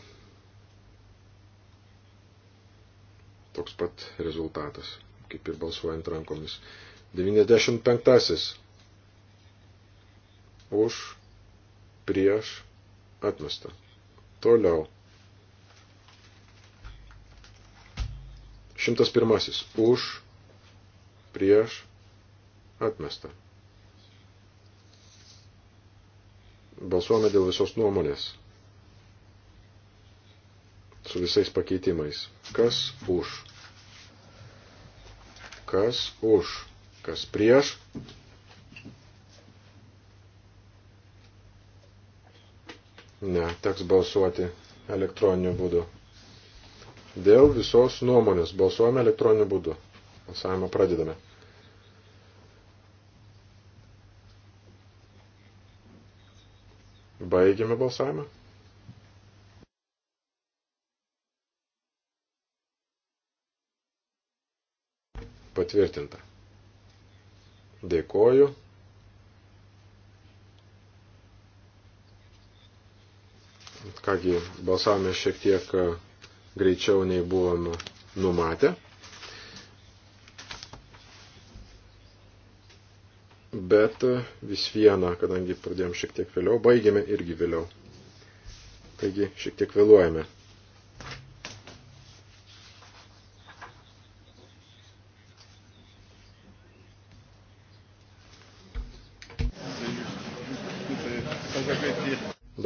Toks pat rezultatas, kaip ir balsuojant rankomis. 95. Už, prieš, atmesta. Toliau. 101. Už, prieš, atmesta. Balsuojame dėl visos nuomonės su visais pakeitimais. Kas už? Kas už? Kas prieš? Ne, teks balsuoti elektroniniu būdu. Dėl visos nuomonės balsuojame elektroniniu būdu. Balsavimą pradedame. Baigiame balsavimą. Patvirtinta. Dėkoju. Kągi, balsavome šiek tiek e, greičiau nei buvom numatę. Bet e, vis viena, kadangi pradėjom šiek tiek vėliau, baigėme irgi vėliau. Taigi šiek tiek vėluojame.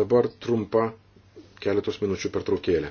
Dabar trumpa keletos minučių pertraukėlė.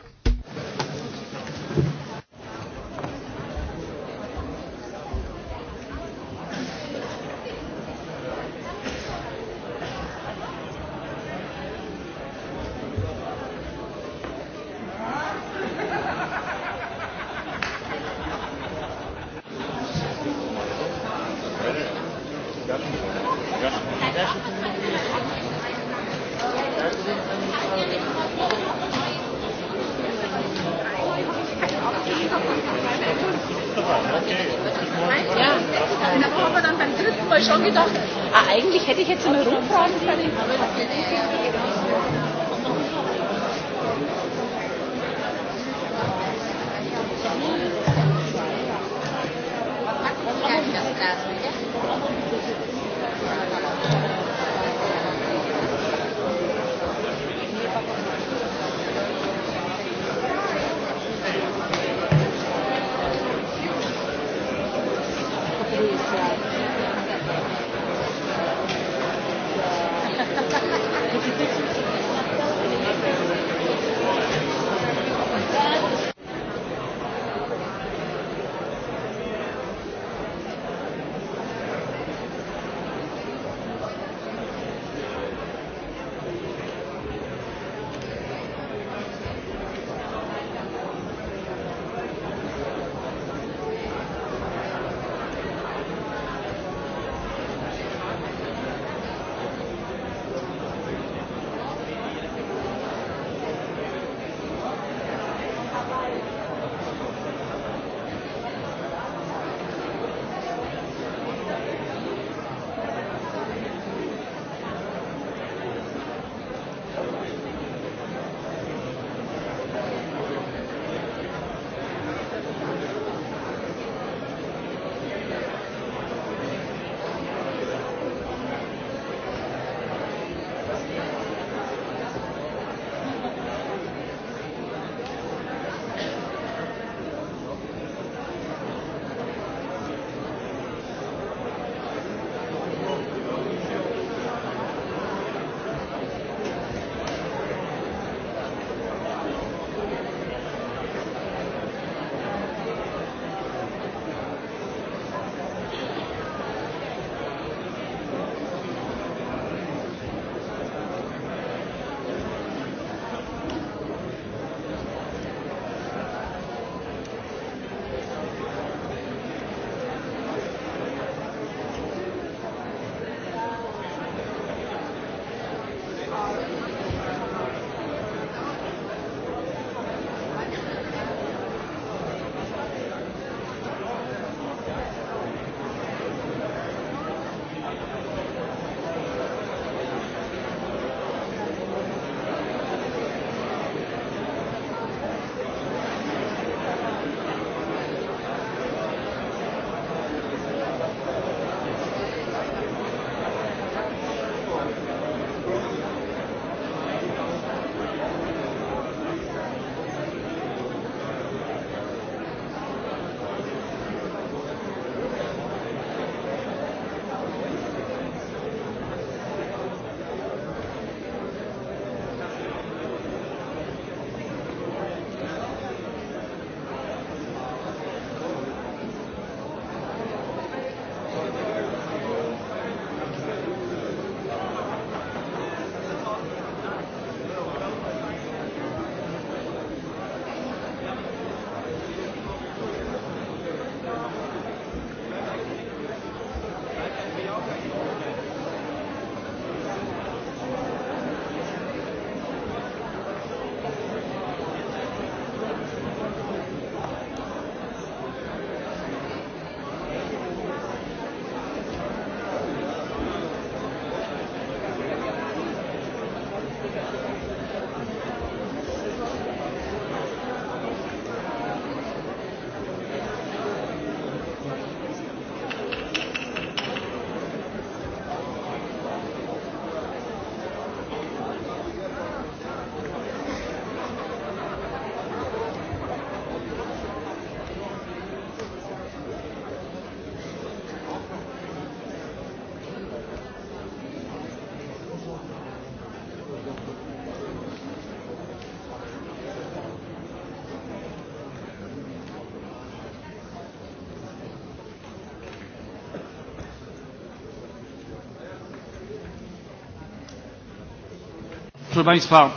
Proszę Państwa,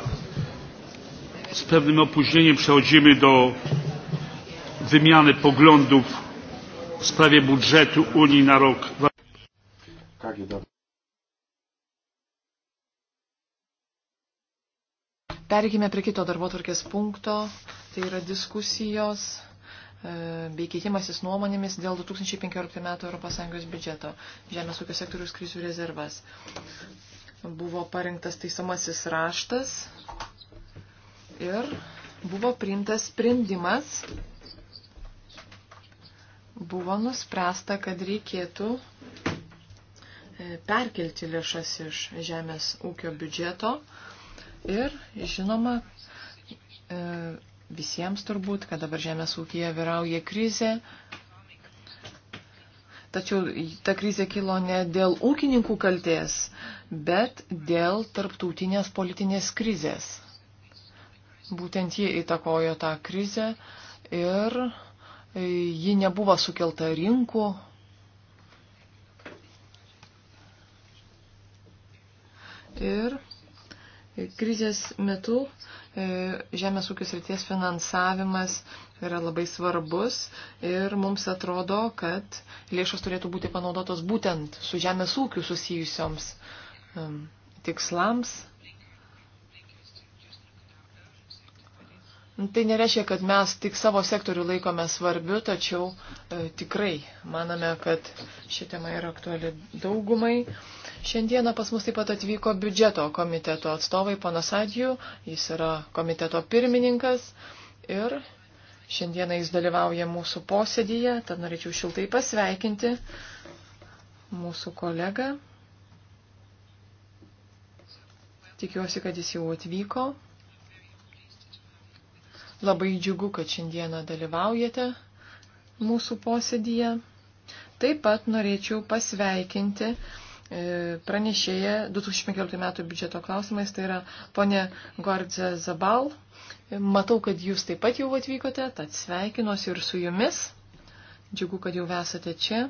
z pewnym opóźnieniem przechodzimy do wymiany poglądów w sprawie budżetu Unii na rok. Perkime prie kito darbo tvarkės punkto, tai yra diskusijos e, bei keitimasis nuomonėmis dėl 2015 metų ES biudžeto, žemės ūkio sektorius krizių rezervas buvo parengtas taisomasis raštas ir buvo priimtas sprendimas, buvo nuspręsta, kad reikėtų e, perkelti lėšas iš žemės ūkio biudžeto ir, žinoma, e, visiems turbūt, kad dabar žemės ūkija vyrauja krizė, Tačiau ta krizė kilo ne dėl ūkininkų kalties, bet dėl tarptautinės politinės krizės. Būtent jie įtakojo tą krizę ir e, ji nebuvo sukelta rinkų. Ir Krizės metu e, žemės ūkis ryties finansavimas yra labai svarbus ir mums atrodo, kad lėšos turėtų būti panaudotos būtent su žemės ūkiu susijusioms tikslams. Tai nereiškia, kad mes tik savo sektorių laikome svarbiu, tačiau e, tikrai manome, kad ši tema yra aktuali daugumai. Šiandieną pas mus taip pat atvyko biudžeto komiteto atstovai ponas Adijų, jis yra komiteto pirmininkas ir šiandieną jis dalyvauja mūsų posėdyje, tad norėčiau šiltai pasveikinti mūsų kolegą. Tikiuosi, kad jis jau atvyko. Labai džiugu, kad šiandieną dalyvaujate mūsų posėdyje. Taip pat norėčiau pasveikinti e, pranešėja 2015 metų biudžeto klausimais, tai yra ponė Gordze Zabal. Matau, kad jūs taip pat jau atvykote, tad sveikinuosi ir su jumis. Džiugu, kad jau esate čia.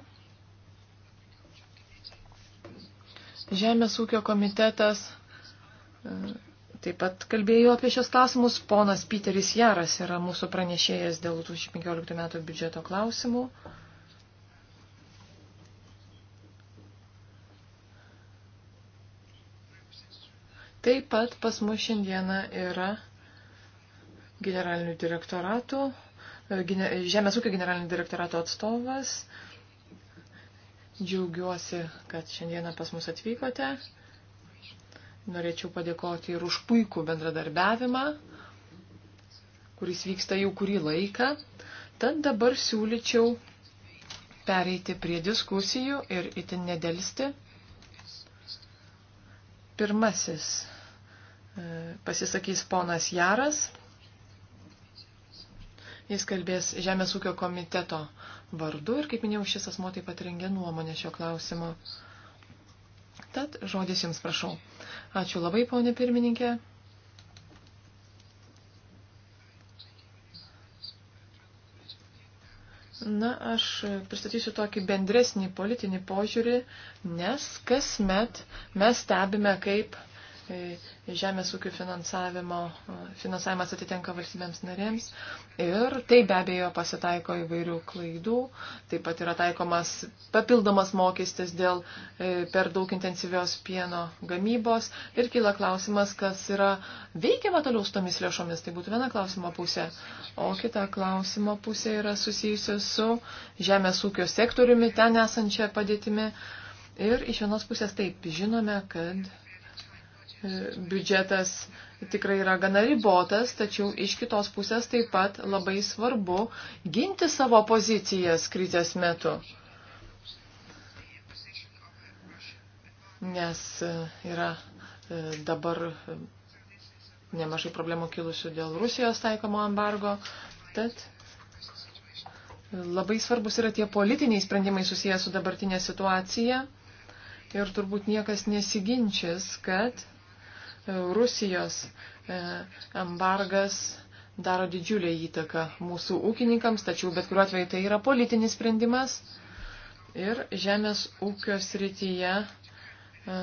Žemės ūkio komitetas e, Taip pat kalbėjau apie šios klausimus. Ponas Piteris Jaras yra mūsų pranešėjas dėl 2015 metų biudžeto klausimų. Taip pat pas mus šiandieną yra generalinių direktoratų, Žemės ūkio generalinio direktorato atstovas. Džiaugiuosi, kad šiandieną pas mus atvykote. Norėčiau padėkoti ir už puikų bendradarbiavimą, kuris vyksta jau kurį laiką. Tad dabar siūlyčiau pereiti prie diskusijų ir itin nedėlsti. Pirmasis e, pasisakys ponas Jaras. Jis kalbės Žemės ūkio komiteto vardu ir, kaip minėjau, šis asmo taip pat rengia nuomonę šio klausimo. Tad žodis jums prašau. Ačiū labai, ponė pirmininkė. Na, aš pristatysiu tokį bendresnį politinį požiūrį, nes kasmet mes stebime, kaip žemės ūkių finansavimas atitenka valstybėms narėms ir tai be abejo pasitaiko įvairių klaidų, taip pat yra taikomas papildomas mokestis dėl e, per daug intensyvios pieno gamybos ir kyla klausimas, kas yra veikiama toliau su tomis lėšomis, tai būtų viena klausimo pusė, o kita klausimo pusė yra susijusi su žemės ūkio sektoriumi, ten esančia padėtimi. Ir iš vienos pusės taip žinome, kad biudžetas tikrai yra gana ribotas, tačiau iš kitos pusės taip pat labai svarbu ginti savo pozicijas krizės metu. Nes e, yra e, dabar e, nemažai problemų kilusių dėl Rusijos taikomo embargo. Tad labai svarbus yra tie politiniai sprendimai susiję su dabartinė situacija. Ir turbūt niekas nesiginčys, kad E, Rusijos e, embargas daro didžiulę įtaką mūsų ūkininkams, tačiau bet kuriuo atveju tai yra politinis sprendimas. Ir žemės ūkio srityje e,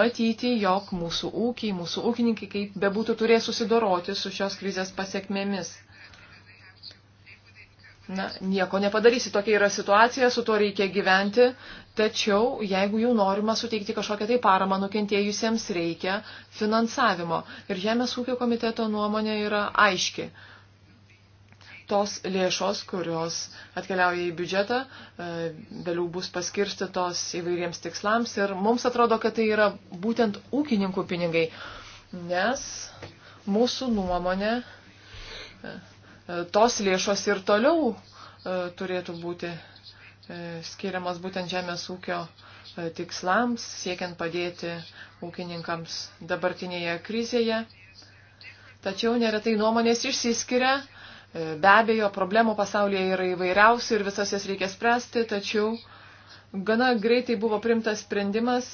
matyti, jog mūsų ūkiai, mūsų ūkininkai, kaip bebūtų, turės susidoroti su šios krizės pasiekmėmis. Na, nieko nepadarysi, tokia yra situacija, su tuo reikia gyventi, tačiau jeigu jau norima suteikti kažkokią tai paramą nukentėjusiems, reikia finansavimo. Ir Žemės ūkio komiteto nuomonė yra aiški. Tos lėšos, kurios atkeliauja į biudžetą, e, vėliau bus paskirstytos įvairiems tikslams ir mums atrodo, kad tai yra būtent ūkininkų pinigai, nes mūsų nuomonė e, tos lėšos ir toliau e, turėtų būti e, skiriamas būtent žemės ūkio e, tikslams, siekiant padėti ūkininkams dabartinėje krizėje. Tačiau neretai nuomonės išsiskiria, be abejo, problemų pasaulyje yra įvairiausių ir visas jas reikia spręsti, tačiau gana greitai buvo primtas sprendimas,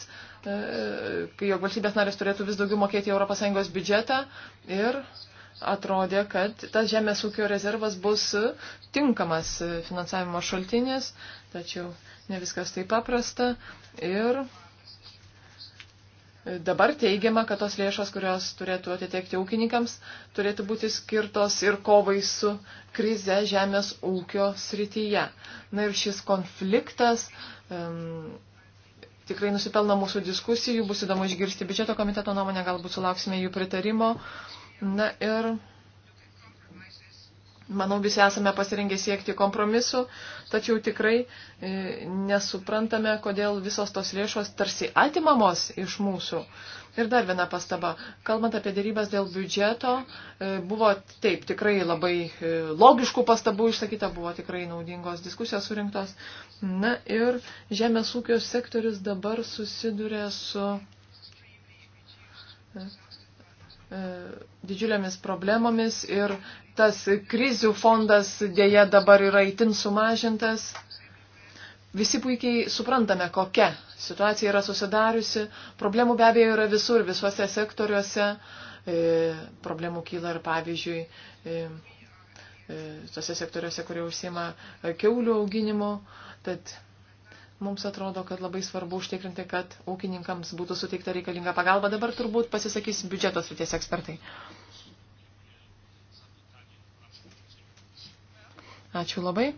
kai jo valstybės narės turėtų vis daugiau mokėti ES biudžetą ir atrodė, kad tas žemės ūkio rezervas bus tinkamas finansavimo šaltinis, tačiau ne viskas taip paprasta. Ir dabar teigiama, kad tos lėšos, kurios turėtų atitekti ūkininkams, turėtų būti skirtos ir kovai su krize žemės ūkio srityje. Na ir šis konfliktas. Um, tikrai nusipelno mūsų diskusijų, bus įdomu išgirsti biudžeto komiteto nuomonę, galbūt sulauksime jų pritarimo. Na ir manau visi esame pasirengę siekti kompromisu, tačiau tikrai e, nesuprantame, kodėl visos tos lėšos tarsi atimamos iš mūsų. Ir dar viena pastaba. Kalbant apie dėrybas dėl biudžeto, e, buvo taip tikrai labai e, logiškų pastabų išsakyta, buvo tikrai naudingos diskusijos surinktos. Na ir žemės ūkio sektorius dabar susiduria su e, E, didžiulėmis problemomis ir tas krizių fondas dėja dabar yra itin sumažintas. Visi puikiai suprantame, kokia situacija yra susidariusi. Problemų be abejo yra visur, visuose sektoriuose. E, problemų kyla ir pavyzdžiui e, tose sektoriuose, kurie užsima keulių auginimo. Tad Mums atrodo, kad labai svarbu užtikrinti, kad ūkininkams būtų suteikta reikalinga pagalba. Dabar turbūt pasisakys biudžetos ryties ekspertai. Ačiū labai.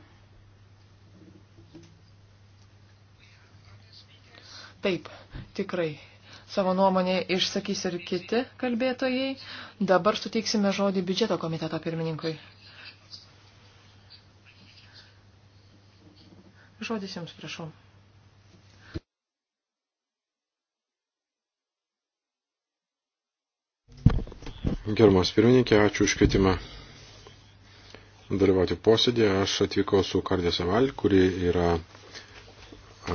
Taip, tikrai. Savo nuomonę išsakys ir kiti kalbėtojai. Dabar suteiksime žodį biudžeto komiteto pirmininkui. Žodis jums, prašau. Gerbiamas pirmininkė, ačiū už kvietimą dalyvauti posėdėje. Aš atvykau su Kardė Saval, kuri yra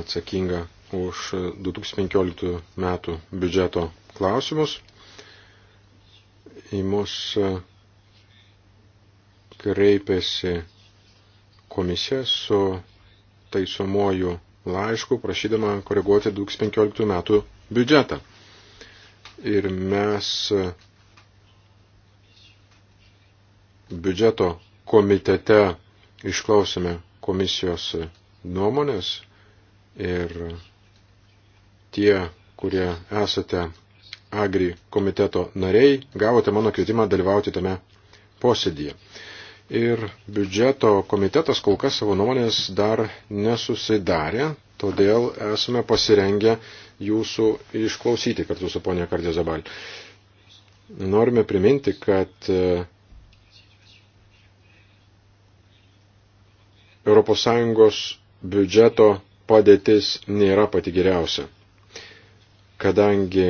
atsakinga už 2015 metų biudžeto klausimus. Į mus kreipėsi komisija su taisomuoju laišku, prašydama koreguoti 2015 metų biudžetą. Ir mes biudžeto komitete išklausėme komisijos nuomonės ir tie, kurie esate Agri komiteto nariai, gavote mano kvietimą dalyvauti tame posėdyje. Ir biudžeto komitetas kol kas savo nuomonės dar nesusidarė, todėl esame pasirengę jūsų išklausyti kartu su ponė Kardė Zabal. Norime priminti, kad ES biudžeto padėtis nėra pati geriausia, kadangi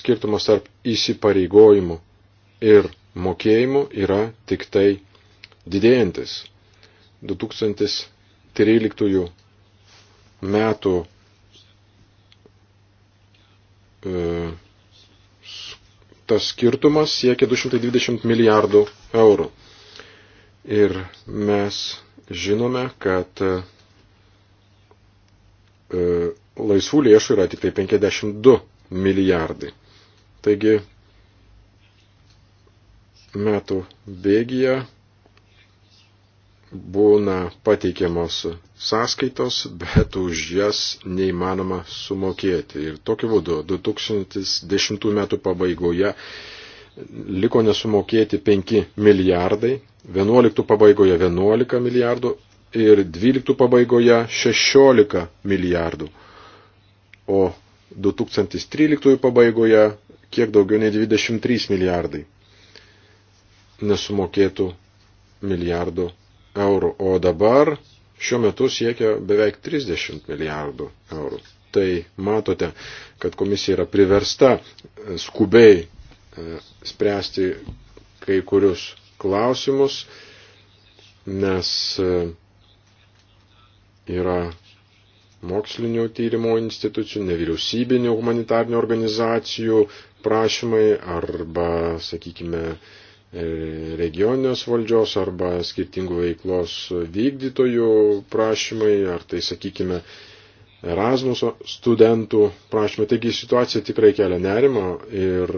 skirtumas tarp įsipareigojimų ir mokėjimų yra tik tai didėjantis. 2013 metų e, tas skirtumas siekia 220 milijardų eurų. Ir mes žinome, kad e, laisvų lėšų yra tik tai 52 milijardai. Taigi metų bėgyje būna pateikiamos sąskaitos, bet už jas neįmanoma sumokėti. Ir tokiu būdu 2010 metų pabaigoje liko nesumokėti 5 milijardai 11 pabaigoje 11 milijardų ir 12 pabaigoje 16 milijardų. O 2013 pabaigoje kiek daugiau nei 23 milijardai nesumokėtų milijardų eurų. O dabar šiuo metu siekia beveik 30 milijardų eurų. Tai matote, kad komisija yra priversta skubiai e, spręsti kai kurius klausimus, nes e, yra mokslinio tyrimo institucijų, nevyriausybinių humanitarnių organizacijų prašymai arba, sakykime, e, regioninės valdžios arba skirtingų veiklos vykdytojų prašymai, ar tai, sakykime, Erasmuso studentų prašymai. Taigi situacija tikrai kelia nerimo ir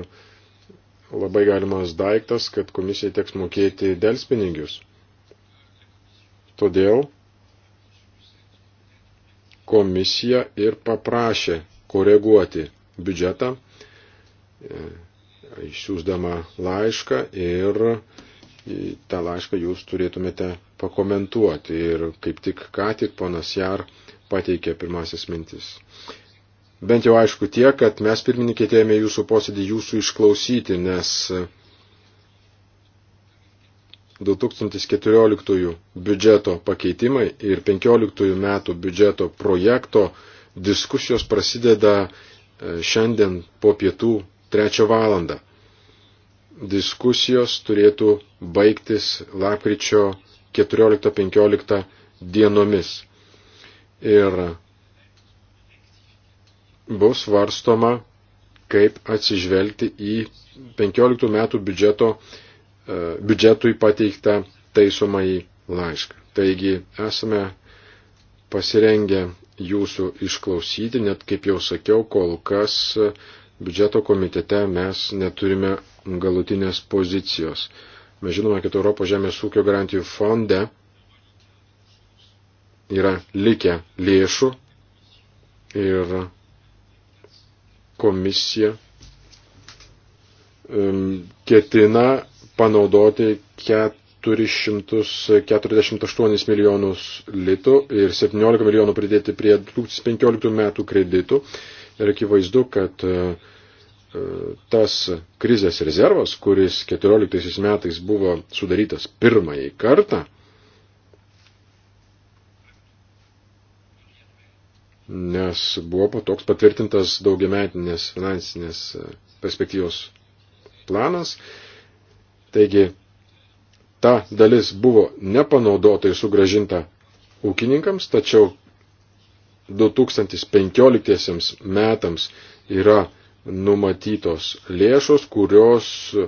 labai galimas daiktas, kad komisijai teks mokėti delspinigius. Todėl komisija ir paprašė koreguoti biudžetą, e, išsiųsdama laišką ir tą laišką jūs turėtumėte pakomentuoti. Ir kaip tik ką tik ponas Jar pateikė pirmasis mintis bent jau aišku tie, kad mes pirmininkė tėjome jūsų posėdį jūsų išklausyti, nes 2014 biudžeto pakeitimai ir 2015 metų biudžeto projekto diskusijos prasideda e, šiandien po pietų trečią valandą. Diskusijos turėtų baigtis lapkričio 14-15 dienomis. Ir bus varstoma, kaip atsižvelgti į 15 metų biudžeto, e, biudžetui pateiktą taisomąjį laišką. Taigi esame pasirengę jūsų išklausyti, net kaip jau sakiau, kol kas biudžeto komitete mes neturime galutinės pozicijos. Mes žinome, kad Europos žemės ūkio garantijų fonde yra likę lėšų ir komisija ketina panaudoti 448 milijonus litų ir 17 milijonų pridėti prie 2015 metų kreditų. Ir akivaizdu, kad e, e, tas krizės rezervas, kuris 14 metais buvo sudarytas pirmąjį kartą, nes buvo toks patvirtintas daugiametinės finansinės e, perspektyvos planas. Taigi, ta dalis buvo nepanaudotai sugražinta ūkininkams, tačiau 2015 metams yra numatytos lėšos, kurios e,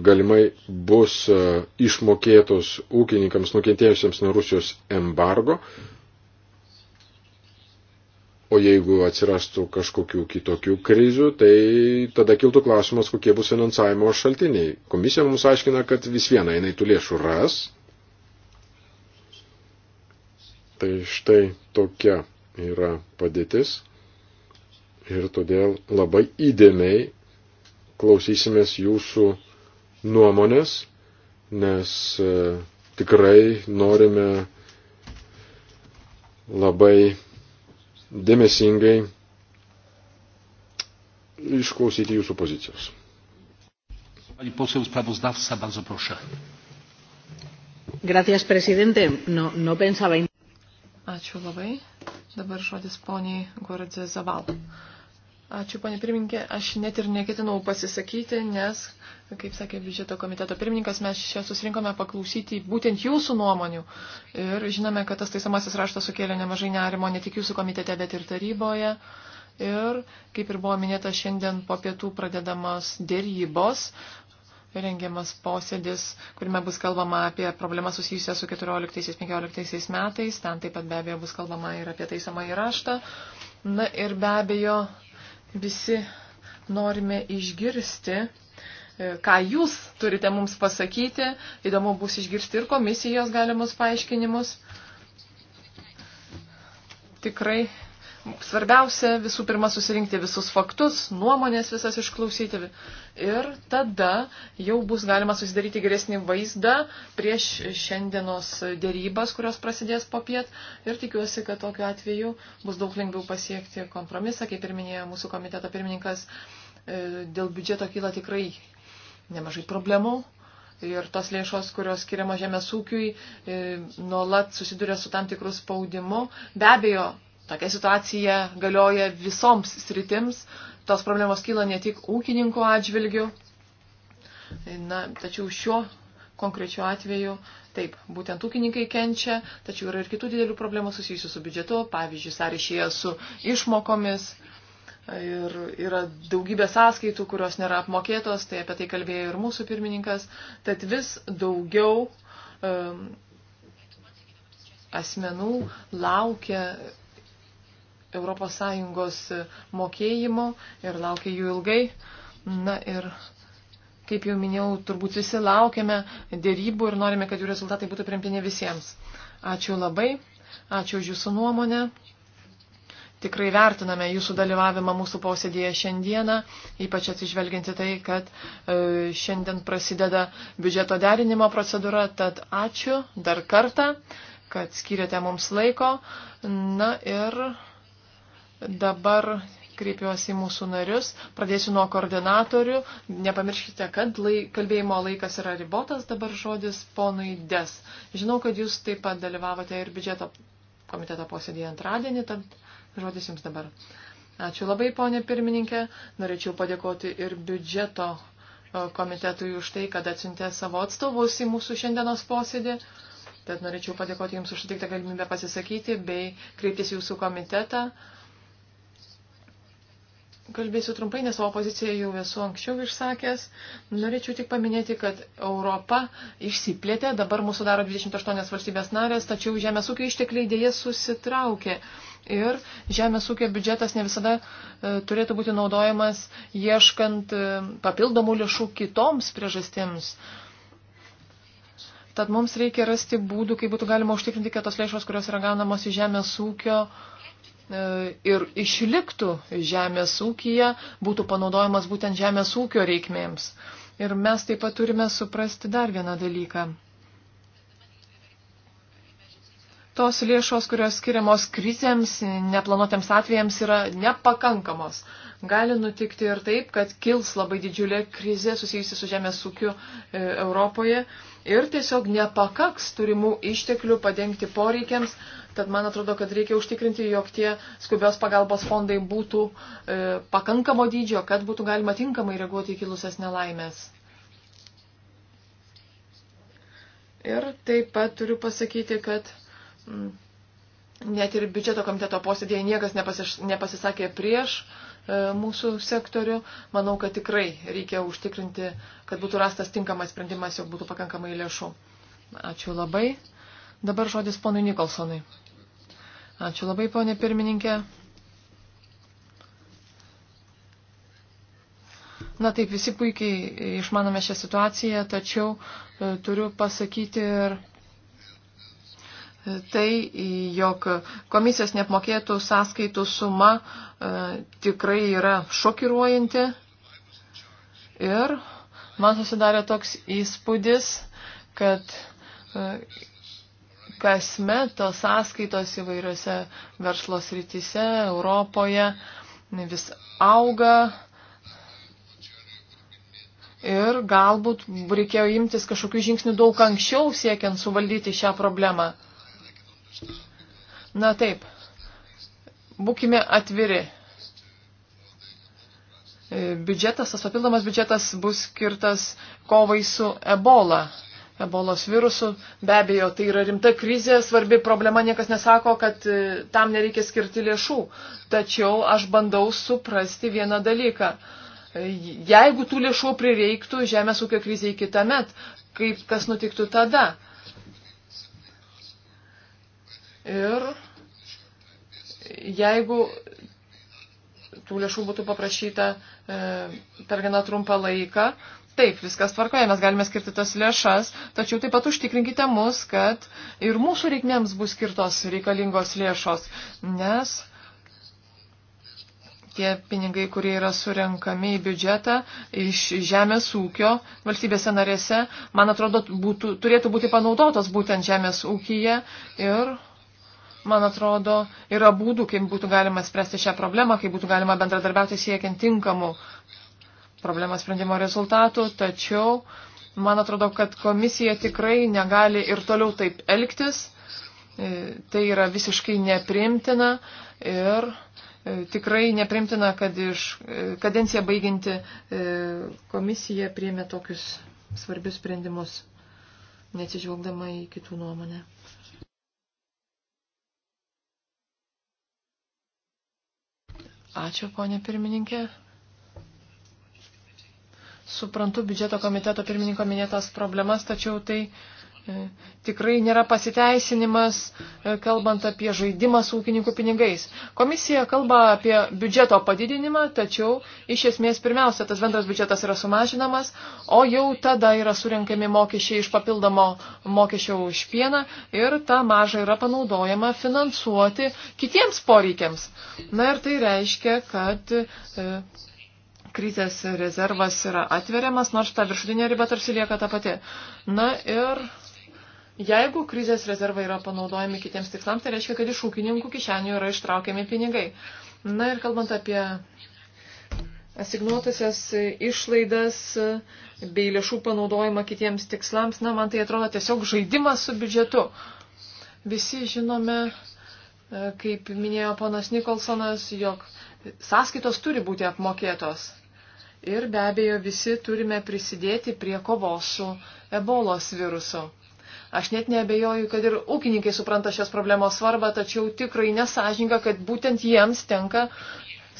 galimai bus e, išmokėtos ūkininkams nukentėjusiems nuo Rusijos embargo, O jeigu atsirastų kažkokių kitokių krizių, tai tada kiltų klausimas, kokie bus finansavimo šaltiniai. Komisija mums aiškina, kad vis viena jinai tų lėšų ras. Tai štai tokia yra padėtis. Ir todėl labai įdėmiai klausysimės jūsų nuomonės, nes e, tikrai norime labai dėmesingai išklausyti jūsų pozicijos. Pani poseł sprawozdawca, bardzo proszę. Gracias, presidente. No, no pensaba... Ačiū labai. Dabar žodis poniai Goradze Zaval. Ačiū, panė pirmininkė. Aš net ir neketinau pasisakyti, nes, kaip sakė biudžeto komiteto pirmininkas, mes čia susirinkome paklausyti būtent jūsų nuomonių. Ir žinome, kad tas taisamasis raštas sukėlė nemažai nerimo ne tik jūsų komitete, bet ir taryboje. Ir, kaip ir buvo minėta, šiandien po pietų pradedamas dėrybos, rengiamas posėdis, kuriame bus kalbama apie problemą susijusią su 14-15 metais. Ten taip pat be abejo bus kalbama ir apie taisomą įraštą. Na ir be abejo, visi norime išgirsti, e, ką jūs turite mums pasakyti. Įdomu bus išgirsti ir komisijos galimus paaiškinimus. Tikrai Svarbiausia visų pirma susirinkti visus faktus, nuomonės visas išklausyti ir tada jau bus galima susidaryti geresnį vaizdą prieš šiandienos dėrybas, kurios prasidės po piet ir tikiuosi, kad tokiu atveju bus daug lengviau pasiekti kompromisą, kaip ir minėjo mūsų komiteto pirmininkas, e, dėl biudžeto kyla tikrai nemažai problemų ir tos lėšos, kurios skiriama žemės ūkiui, e, nuolat susiduria su tam tikrus spaudimu. Be abejo, Tokia situacija galioja visoms sritims. Tos problemos kyla ne tik ūkininkų atžvilgių. Na, tačiau šiuo konkrečiu atveju taip, būtent ūkininkai kenčia, tačiau yra ir kitų didelių problemų susijusių su biudžetu, pavyzdžiui, sąryšyje su išmokomis. Ir yra daugybė sąskaitų, kurios nėra apmokėtos, tai apie tai kalbėjo ir mūsų pirmininkas. Tad vis daugiau um, asmenų laukia ES mokėjimų ir laukia jų ilgai. Na ir, kaip jau minėjau, turbūt visi laukiame dėrybų ir norime, kad jų rezultatai būtų primtini visiems. Ačiū labai, ačiū už jūsų nuomonę. Tikrai vertiname jūsų dalyvavimą mūsų posėdėje šiandieną, ypač atsižvelginti tai, kad e, šiandien prasideda biudžeto derinimo procedūra, tad ačiū dar kartą kad skiriate mums laiko. Na ir Dabar kreipiuosi į mūsų narius. Pradėsiu nuo koordinatorių. Nepamirškite, kad laik, kalbėjimo laikas yra ribotas. Dabar žodis ponui Des. Žinau, kad jūs taip pat dalyvavote ir biudžeto komiteto posėdėje antradienį, tad žodis jums dabar. Ačiū labai, ponė pirmininkė. Norėčiau padėkoti ir biudžeto e, komitetui už tai, kad atsiuntė savo atstovus į mūsų šiandienos posėdį. Tad norėčiau padėkoti Jums už sutiktą galimybę pasisakyti bei kreiptis Jūsų komitetą. Uh, Kalbėsiu trumpai, nes savo poziciją jau esu anksčiau išsakęs. Norėčiau tik paminėti, kad Europa išsiplėtė, dabar mūsų daro 28 valstybės narės, tačiau žemės ūkio ištekliai dėje susitraukė. Ir žemės ūkio biudžetas ne visada e, turėtų būti naudojamas ieškant e, papildomų lėšų kitoms priežastims. Tad mums reikia rasti būdų, kaip būtų galima užtikrinti, kad tos lėšos, kurios yra gaunamos į žemės ūkio E, ir išliktų žemės ūkija, būtų panaudojamas būtent žemės ūkio reikmėms. Ir mes taip pat turime suprasti dar vieną dalyką. tos lėšos, kurios skiriamos krizėms, neplanuotėms atvejams, yra nepakankamos. Gali nutikti ir taip, kad kils labai didžiulė krizė susijusi su žemės ūkiu e, Europoje ir tiesiog nepakaks turimų išteklių padengti poreikiams. Tad man atrodo, kad reikia užtikrinti, jog tie skubios pagalbos fondai būtų e, pakankamo dydžio, kad būtų galima tinkamai reaguoti į kilusias nelaimės. Ir taip pat turiu pasakyti, kad e, Mm. net ir biudžeto komiteto posėdėje niekas nepasiš, nepasisakė prieš e, mūsų sektorių. Manau, kad tikrai reikia užtikrinti, kad būtų rastas tinkamas sprendimas, jog būtų pakankamai lėšų. Ačiū labai. Dabar žodis ponui Nikolsonui. Ačiū labai, ponė pirmininkė. Na taip, visi puikiai išmanome šią situaciją, tačiau e, turiu pasakyti ir. Er, tai, jog komisijos neapmokėtų sąskaitų suma e, tikrai yra šokiruojanti. Ir man susidarė toks įspūdis, kad e, kasme tos sąskaitos įvairiose verslo srityse Europoje vis auga. Ir galbūt reikėjo imtis kažkokių žingsnių daug anksčiau siekiant suvaldyti šią problemą. Na taip, būkime atviri. E, biudžetas, tas papildomas biudžetas bus skirtas kovai su ebola ebolos virusu. Be abejo, tai yra rimta krizė, svarbi problema, niekas nesako, kad e, tam nereikia skirti lėšų. Tačiau aš bandau suprasti vieną dalyką. E, jeigu tų lėšų prireiktų žemės ūkio kriziai kitą met, kaip kas nutiktų tada? Ir jeigu tų lėšų būtų paprašyta e, per vieną trumpą laiką, taip, viskas tvarkoje, mes galime skirti tas lėšas, tačiau taip pat užtikrinkite mus, kad ir mūsų reikmėms bus skirtos reikalingos lėšos, nes tie pinigai, kurie yra surenkami į biudžetą iš žemės ūkio valstybėse narėse, man atrodo, būtų, turėtų būti panaudotos būtent žemės ūkyje ir man atrodo, yra būdų, kaip būtų galima spręsti šią problemą, kaip būtų galima bendradarbiauti siekiant tinkamų problemos sprendimo rezultatų, tačiau man atrodo, kad komisija tikrai negali ir toliau taip elgtis. E, tai yra visiškai neprimtina ir e, tikrai neprimtina, kad iš e, kadenciją baiginti komisija priėmė tokius svarbius sprendimus, neatsižvelgdama į kitų nuomonę. Ačiū, ponė pirmininkė. Suprantu biudžeto komiteto pirmininko minėtas problemas, tačiau tai uh, E, tikrai nėra pasiteisinimas, e, kalbant apie žaidimą su ūkininkų pinigais. Komisija kalba apie biudžeto padidinimą, tačiau iš esmės pirmiausia tas bendras biudžetas yra sumažinamas, o jau tada yra surinkami mokesčiai iš papildomo mokesčio už pieną ir ta maža yra panaudojama finansuoti kitiems poreikiams. Na ir tai reiškia, kad. E, krizės rezervas yra atveriamas, nors ta viršutinė riba tarsi lieka ta pati. Na ir Jeigu krizės rezervai yra panaudojami kitiems tikslams, tai reiškia, kad iš ūkininkų kišenių yra ištraukiami pinigai. Na ir kalbant apie asignuotasias išlaidas bei lėšų panaudojimą kitiems tikslams, na, man tai atrodo tiesiog žaidimas su biudžetu. Visi žinome, e, kaip minėjo ponas Nikolsonas, jog sąskaitos turi būti apmokėtos. Ir be abejo visi turime prisidėti prie kovos su ebolos virusu. Aš net nebejoju, kad ir ūkininkai supranta šios problemos svarbą, tačiau tikrai nesažininga, kad būtent jiems tenka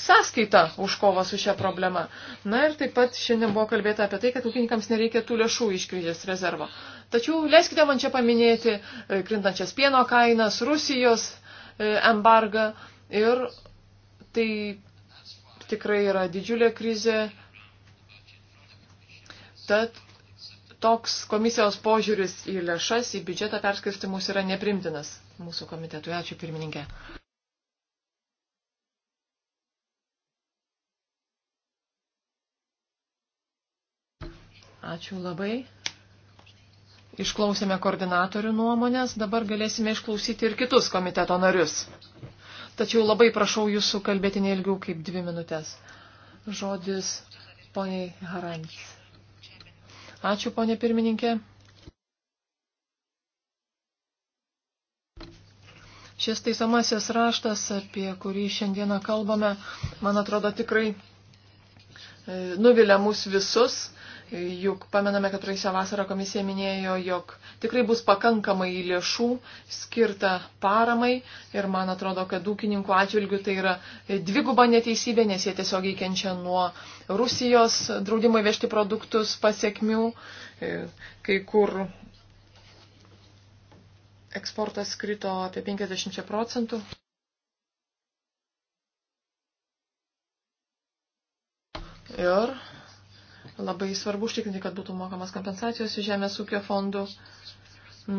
sąskaita už kovą su šia problema. Na ir taip pat šiandien buvo kalbėta apie tai, kad ūkininkams nereikia tų lėšų iš krizės rezervo. Tačiau leiskite man čia paminėti e, krintančias pieno kainas, Rusijos e, embargą ir tai tikrai yra didžiulė krizė. Tad toks komisijos požiūris į lėšas, į biudžetą perskirstimus yra neprimtinas mūsų komitetui. Ačiū pirmininkė. Ačiū labai. Išklausėme koordinatorių nuomonės, dabar galėsime išklausyti ir kitus komiteto narius. Tačiau labai prašau jūsų kalbėti neilgiau kaip dvi minutės. Žodis poniai Harantis. Ačiū, ponė pirmininkė. Šis taisamasis raštas, apie kurį šiandieną kalbame, man atrodo tikrai e, nuvilia mus visus Juk pamename, kad praeisę vasarą komisija minėjo, jog tikrai bus pakankamai lėšų skirta paramai ir man atrodo, kad ūkininkų atžvilgių tai yra dviguba neteisybė, nes jie tiesiog įkenčia nuo Rusijos draudimo įvežti produktus pasiekmių, kai kur eksportas krito apie 50 procentų. Ir Labai svarbu užtikrinti, kad būtų mokamas kompensacijos iš Žemės ūkio fondų.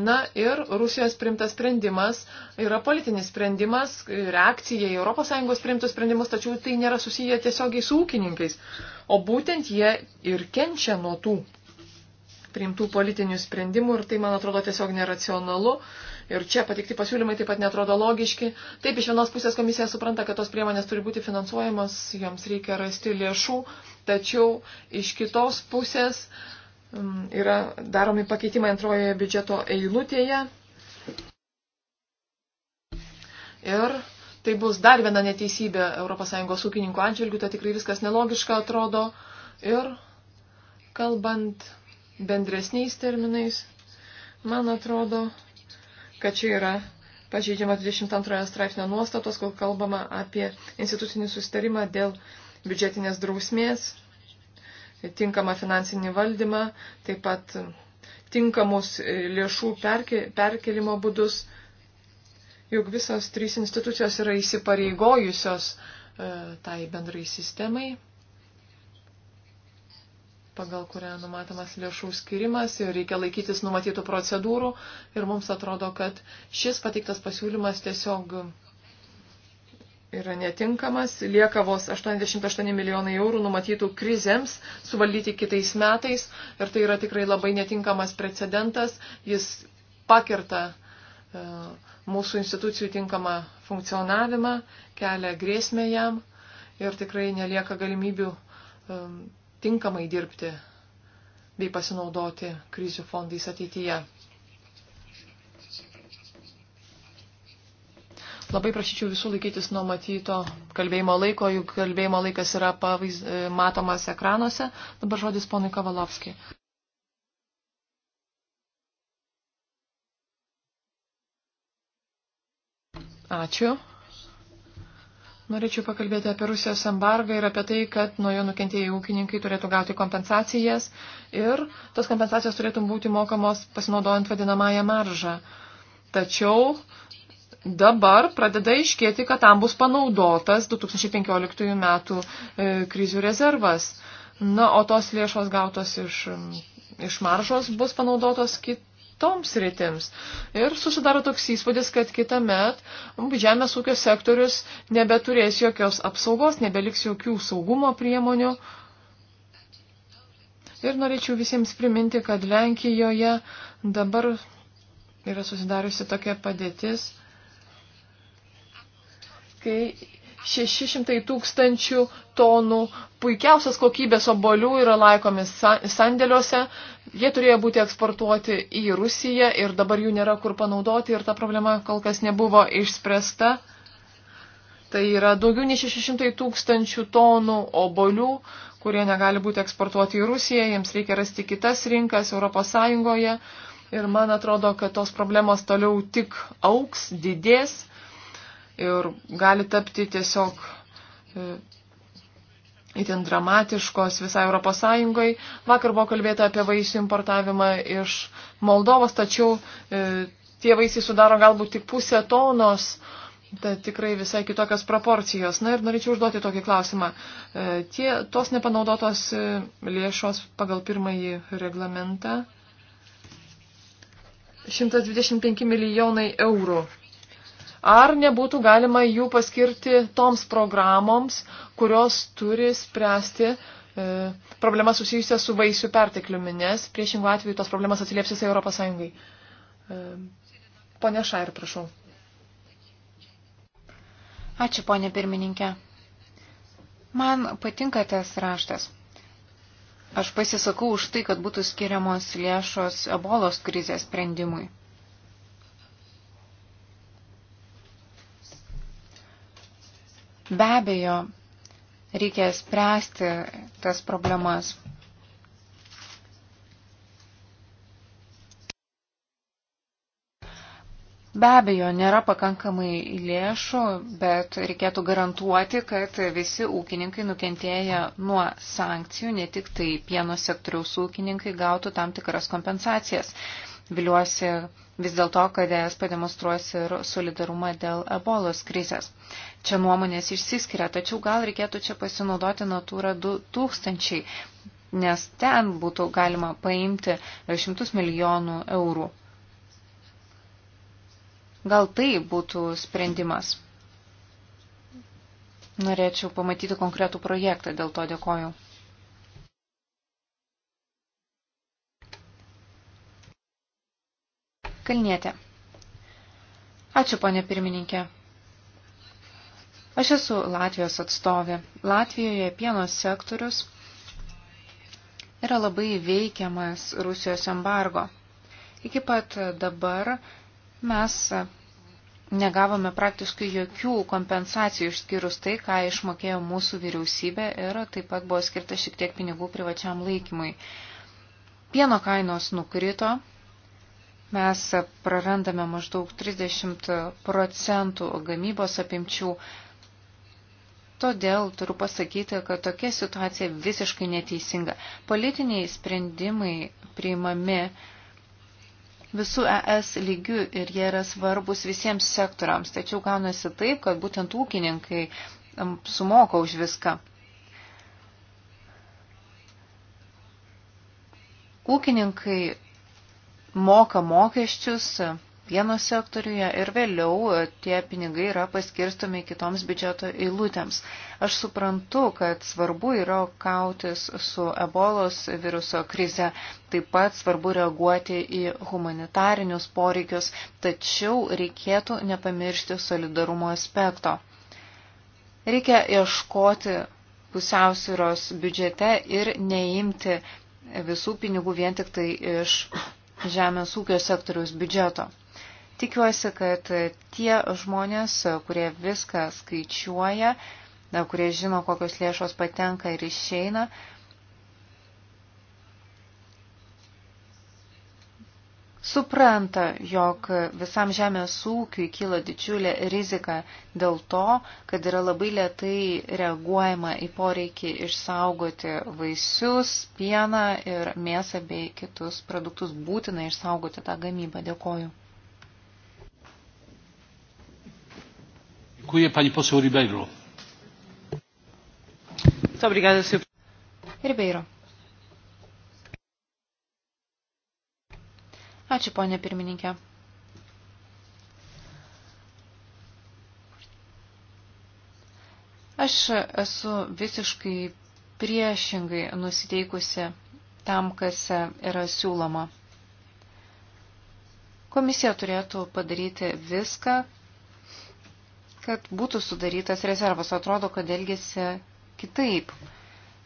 Na ir Rusijos primtas sprendimas yra politinis sprendimas, reakcija į ES primtus sprendimus, tačiau tai nėra susiję tiesiogiai su ūkininkais. O būtent jie ir kenčia nuo tų priimtų politinių sprendimų ir tai, man atrodo, tiesiog neracionalu. Ir čia patikti pasiūlymai taip pat netrodo logiški. Taip, iš vienos pusės komisija supranta, kad tos priemonės turi būti finansuojamos, joms reikia rasti lėšų, tačiau iš kitos pusės mm, yra daromi pakeitimai antrojoje biudžeto eilutėje. Ir tai bus dar viena neteisybė ES ūkininkų atžvilgių, tai tikrai viskas nelogiška atrodo. Ir kalbant bendresniais terminais, man atrodo, kad čia yra pažeidžiama 22 straipsnio nuostatos, kol kalbama apie institucinį sustarimą dėl biudžetinės drausmės, tinkamą finansinį valdymą, taip pat tinkamus lėšų perkelimo būdus. Juk visos trys institucijos yra įsipareigojusios e, tai bendrai sistemai pagal kurią numatomas lėšų skirimas ir reikia laikytis numatytų procedūrų. Ir mums atrodo, kad šis pateiktas pasiūlymas tiesiog yra netinkamas. Lieka vos 88 milijonai eurų numatytų krizėms suvaldyti kitais metais. Ir tai yra tikrai labai netinkamas precedentas. Jis pakerta e, mūsų institucijų tinkamą funkcionavimą, kelia grėsmę jam ir tikrai nelieka galimybių e, tinkamai dirbti bei pasinaudoti krizių fondais ateityje. Labai prašyčiau visų laikytis nuo matyto kalbėjimo laiko, juk kalbėjimo laikas yra pavaiz, e, matomas ekranuose. Dabar žodis ponui Kavalovskiai. Ačiū. Norėčiau pakalbėti apie Rusijos embargą ir apie tai, kad nuo jo nukentėjai ūkininkai turėtų gauti kompensacijas ir tos kompensacijos turėtų būti mokamos pasinaudojant vadinamąją maržą. Tačiau dabar pradeda iškėti, kad tam bus panaudotas 2015 metų e, krizių rezervas. Na, o tos lėšos gautos iš, iš maržos bus panaudotos kit, kitoms rytims. Ir susidaro toks įspūdis, kad kitą met žemės ūkio sektorius nebeturės jokios apsaugos, nebeliks jokių saugumo priemonių. Ir norėčiau visiems priminti, kad Lenkijoje dabar yra susidariusi tokia padėtis, kai 600 tūkstančių tonų puikiausios kokybės obolių yra laikomi sandėliuose. Jie turėjo būti eksportuoti į Rusiją ir dabar jų nėra kur panaudoti ir ta problema kol kas nebuvo išspręsta. Tai yra daugiau nei 600 tūkstančių tonų obolių, kurie negali būti eksportuoti į Rusiją, jiems reikia rasti kitas rinkas Europos Sąjungoje. Ir man atrodo, kad tos problemos toliau tik auks, didės ir gali tapti tiesiog e, itin dramatiškos visai Europos Sąjungai. Vakar buvo kalbėta apie vaisių importavimą iš Moldovos, tačiau e, tie vaisiai sudaro galbūt tik pusę tonos, tai tikrai visai kitokios proporcijos. Na ir norėčiau užduoti tokį klausimą. E, tie, tos nepanaudotos e, lėšos pagal pirmąjį reglamentą 125 milijonai eurų ar nebūtų galima jų paskirti toms programoms, kurios turi spręsti e, problemas susijusias su vaisių pertekliumi, nes priešingų atveju tos problemas atsilieps visai Europos Sąjungai. E, Pone Šair, prašau. Ačiū, ponė pirmininkė. Man patinka tas raštas. Aš pasisakau už tai, kad būtų skiriamos lėšos ebolos krizės sprendimui. Be abejo, reikia spręsti tas problemas. Be abejo, nėra pakankamai lėšų, bet reikėtų garantuoti, kad visi ūkininkai nukentėję nuo sankcijų, ne tik tai pieno sektoriaus ūkininkai gautų tam tikras kompensacijas. Viliuosi vis dėlto, kad ES pademonstruos ir solidarumą dėl ebolos krizės. Čia nuomonės išsiskiria, tačiau gal reikėtų čia pasinaudoti Natūra 2000, nes ten būtų galima paimti šimtus milijonų eurų. Gal tai būtų sprendimas? Norėčiau pamatyti konkretų projektą, dėl to dėkoju. Kalnietė. Ačiū, ponė pirmininkė. Aš esu Latvijos atstovė. Latvijoje pieno sektorius yra labai veikiamas Rusijos embargo. Iki pat dabar mes negavome praktiškai jokių kompensacijų išskyrus tai, ką išmokėjo mūsų vyriausybė ir taip pat buvo skirta šiek tiek pinigų privačiam laikymui. Pieno kainos nukrito mes prarandame maždaug 30 procentų gamybos apimčių. Todėl turiu pasakyti, kad tokia situacija visiškai neteisinga. Politiniai sprendimai priimami visų ES lygių ir jie yra svarbus visiems sektoriams. Tačiau gaunasi taip, kad būtent ūkininkai sumoka už viską. Ūkininkai moka mokesčius pieno sektoriuje ir vėliau tie pinigai yra paskirstomi kitoms biudžeto eilutėms. Aš suprantu, kad svarbu yra kautis su ebolos viruso krize, taip pat svarbu reaguoti į humanitarinius poreikius, tačiau reikėtų nepamiršti solidarumo aspekto. Reikia ieškoti pusiausvyros biudžete ir neimti visų pinigų vien tik tai iš žemės ūkio sektoriaus biudžeto. Tikiuosi, kad tie žmonės, kurie viską skaičiuoja, kurie žino, kokios lėšos patenka ir išeina, supranta, jog visam žemės ūkiui kyla didžiulė rizika dėl to, kad yra labai lietai reaguojama į poreikį išsaugoti vaisius, pieną ir mėsą bei kitus produktus. Būtina išsaugoti tą gamybą. Dėkoju. Dziękuję pani poseł Ribeiro. Muito obrigada, senhor. Ribeiro. Ačiū, ponė pirmininkė. Aš esu visiškai priešingai nusiteikusi tam, kas yra siūloma. Komisija turėtų padaryti viską, kad būtų sudarytas rezervas. Atrodo, kad elgesi kitaip.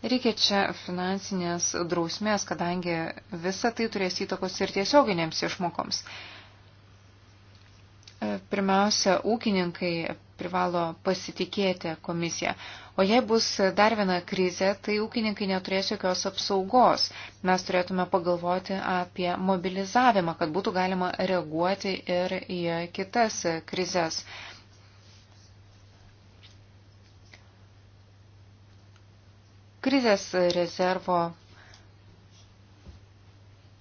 Reikia čia finansinės drausmės, kadangi visa tai turės įtakos ir tiesioginėms išmokoms. E, pirmiausia, ūkininkai privalo pasitikėti komisiją. O jei bus dar viena krizė, tai ūkininkai neturės jokios apsaugos. Mes turėtume pagalvoti apie mobilizavimą, kad būtų galima reaguoti ir į kitas krizės. Krizės rezervo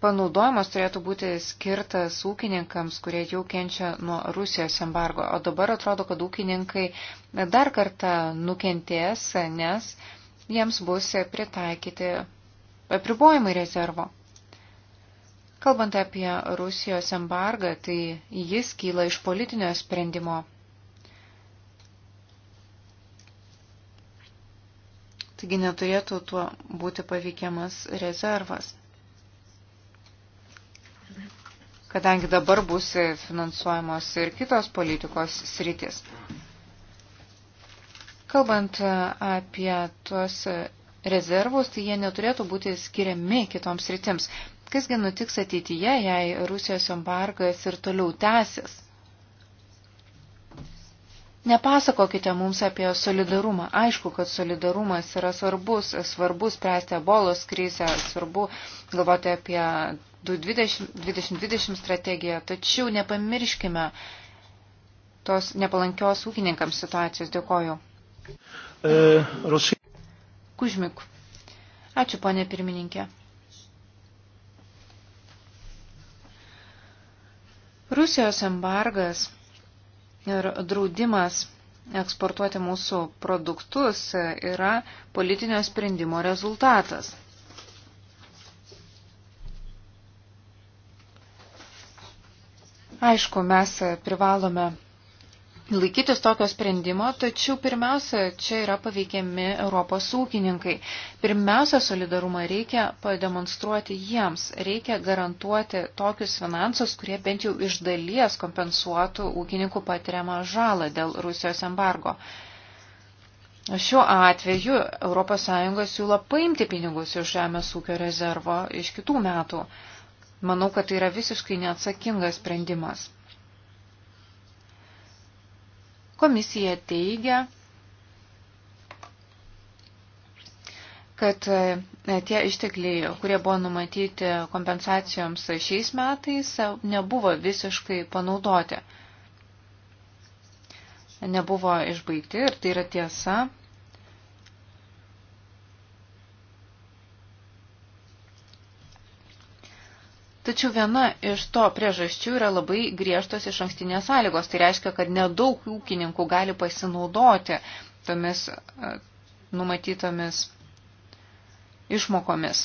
panaudojimas turėtų būti skirtas ūkininkams, kurie jau kenčia nuo Rusijos embargo. O dabar atrodo, kad ūkininkai dar kartą nukentės, nes jiems bus pritaikyti apribojimai rezervo. Kalbant apie Rusijos embargą, tai jis kyla iš politinio sprendimo Taigi neturėtų tuo būti paveikiamas rezervas. Kadangi dabar bus finansuojamos ir kitos politikos sritis. Kalbant apie tuos rezervus, tai jie neturėtų būti skiriami kitoms sritims. Kasgi nutiks ateityje, jei Rusijos embargas ir toliau tęsis? Nepasakokite mums apie solidarumą. Aišku, kad solidarumas yra svarbus, svarbu spręsti ebolos krizę, svarbu galvoti apie 2020, 2020 strategiją, tačiau nepamirškime tos nepalankios ūkininkams situacijos. Dėkoju. E, Kužmik. Ačiū, ponė pirmininkė. Rusijos embargas Ir draudimas eksportuoti mūsų produktus yra politinio sprendimo rezultatas. Aišku, mes privalome laikytis tokio sprendimo, tačiau pirmiausia, čia yra paveikiami Europos ūkininkai. Pirmiausia, solidarumą reikia pademonstruoti jiems, reikia garantuoti tokius finansus, kurie bent jau iš dalies kompensuotų ūkininkų patiriamą žalą dėl Rusijos embargo. Šiuo atveju ES siūlo paimti pinigus iš žemės ūkio rezervo iš kitų metų. Manau, kad tai yra visiškai neatsakingas sprendimas. Komisija teigia, kad e, tie ištekliai, kurie buvo numatyti kompensacijoms šiais metais, nebuvo visiškai panaudoti. Nebuvo išbaigti ir tai yra tiesa. Tačiau viena iš to priežasčių yra labai griežtos iš ankstinės sąlygos. Tai reiškia, kad nedaug ūkininkų gali pasinaudoti tomis e, numatytomis išmokomis.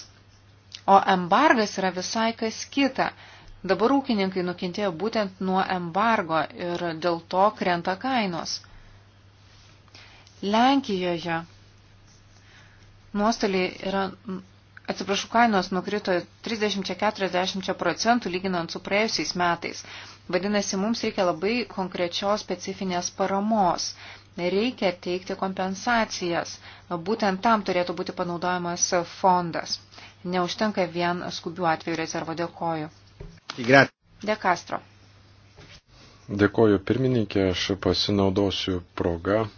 O embargas yra visai kas kita. Dabar ūkininkai nukentėjo būtent nuo embargo ir dėl to krenta kainos. Lenkijoje nuostoliai yra atsiprašau, kainos nukrito 30-40 procentų lyginant su praėjusiais metais. Vadinasi, mums reikia labai konkrečios specifinės paramos. Reikia teikti kompensacijas. Būtent tam turėtų būti panaudojamas fondas. Neužtenka vien skubių atvejų rezervo. Dėkoju. De Castro. Dėkoju pirmininkė, aš pasinaudosiu progą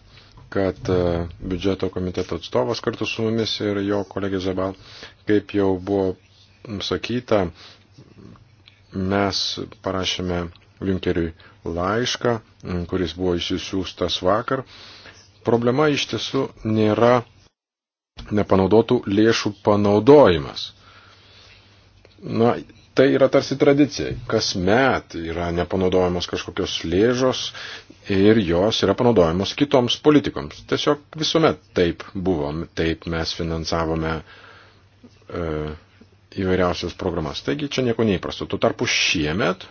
kad e, biudžeto komiteto atstovas kartu su mumis ir jo kolegė Zabal Kaip jau buvo sakyta, mes parašėme Junkeriui laišką, kuris buvo įsisiųstas vakar. Problema iš tiesų nėra nepanaudotų lėšų panaudojimas. Na, tai yra tarsi tradicija. Kasmet yra nepanaudojamos kažkokios lėžos ir jos yra panaudojamos kitoms politikoms. Tiesiog visuomet taip buvo, taip mes finansavome uh, E, įvairiausias programas. Taigi čia nieko neįprasto. Tuo tarpu šiemet,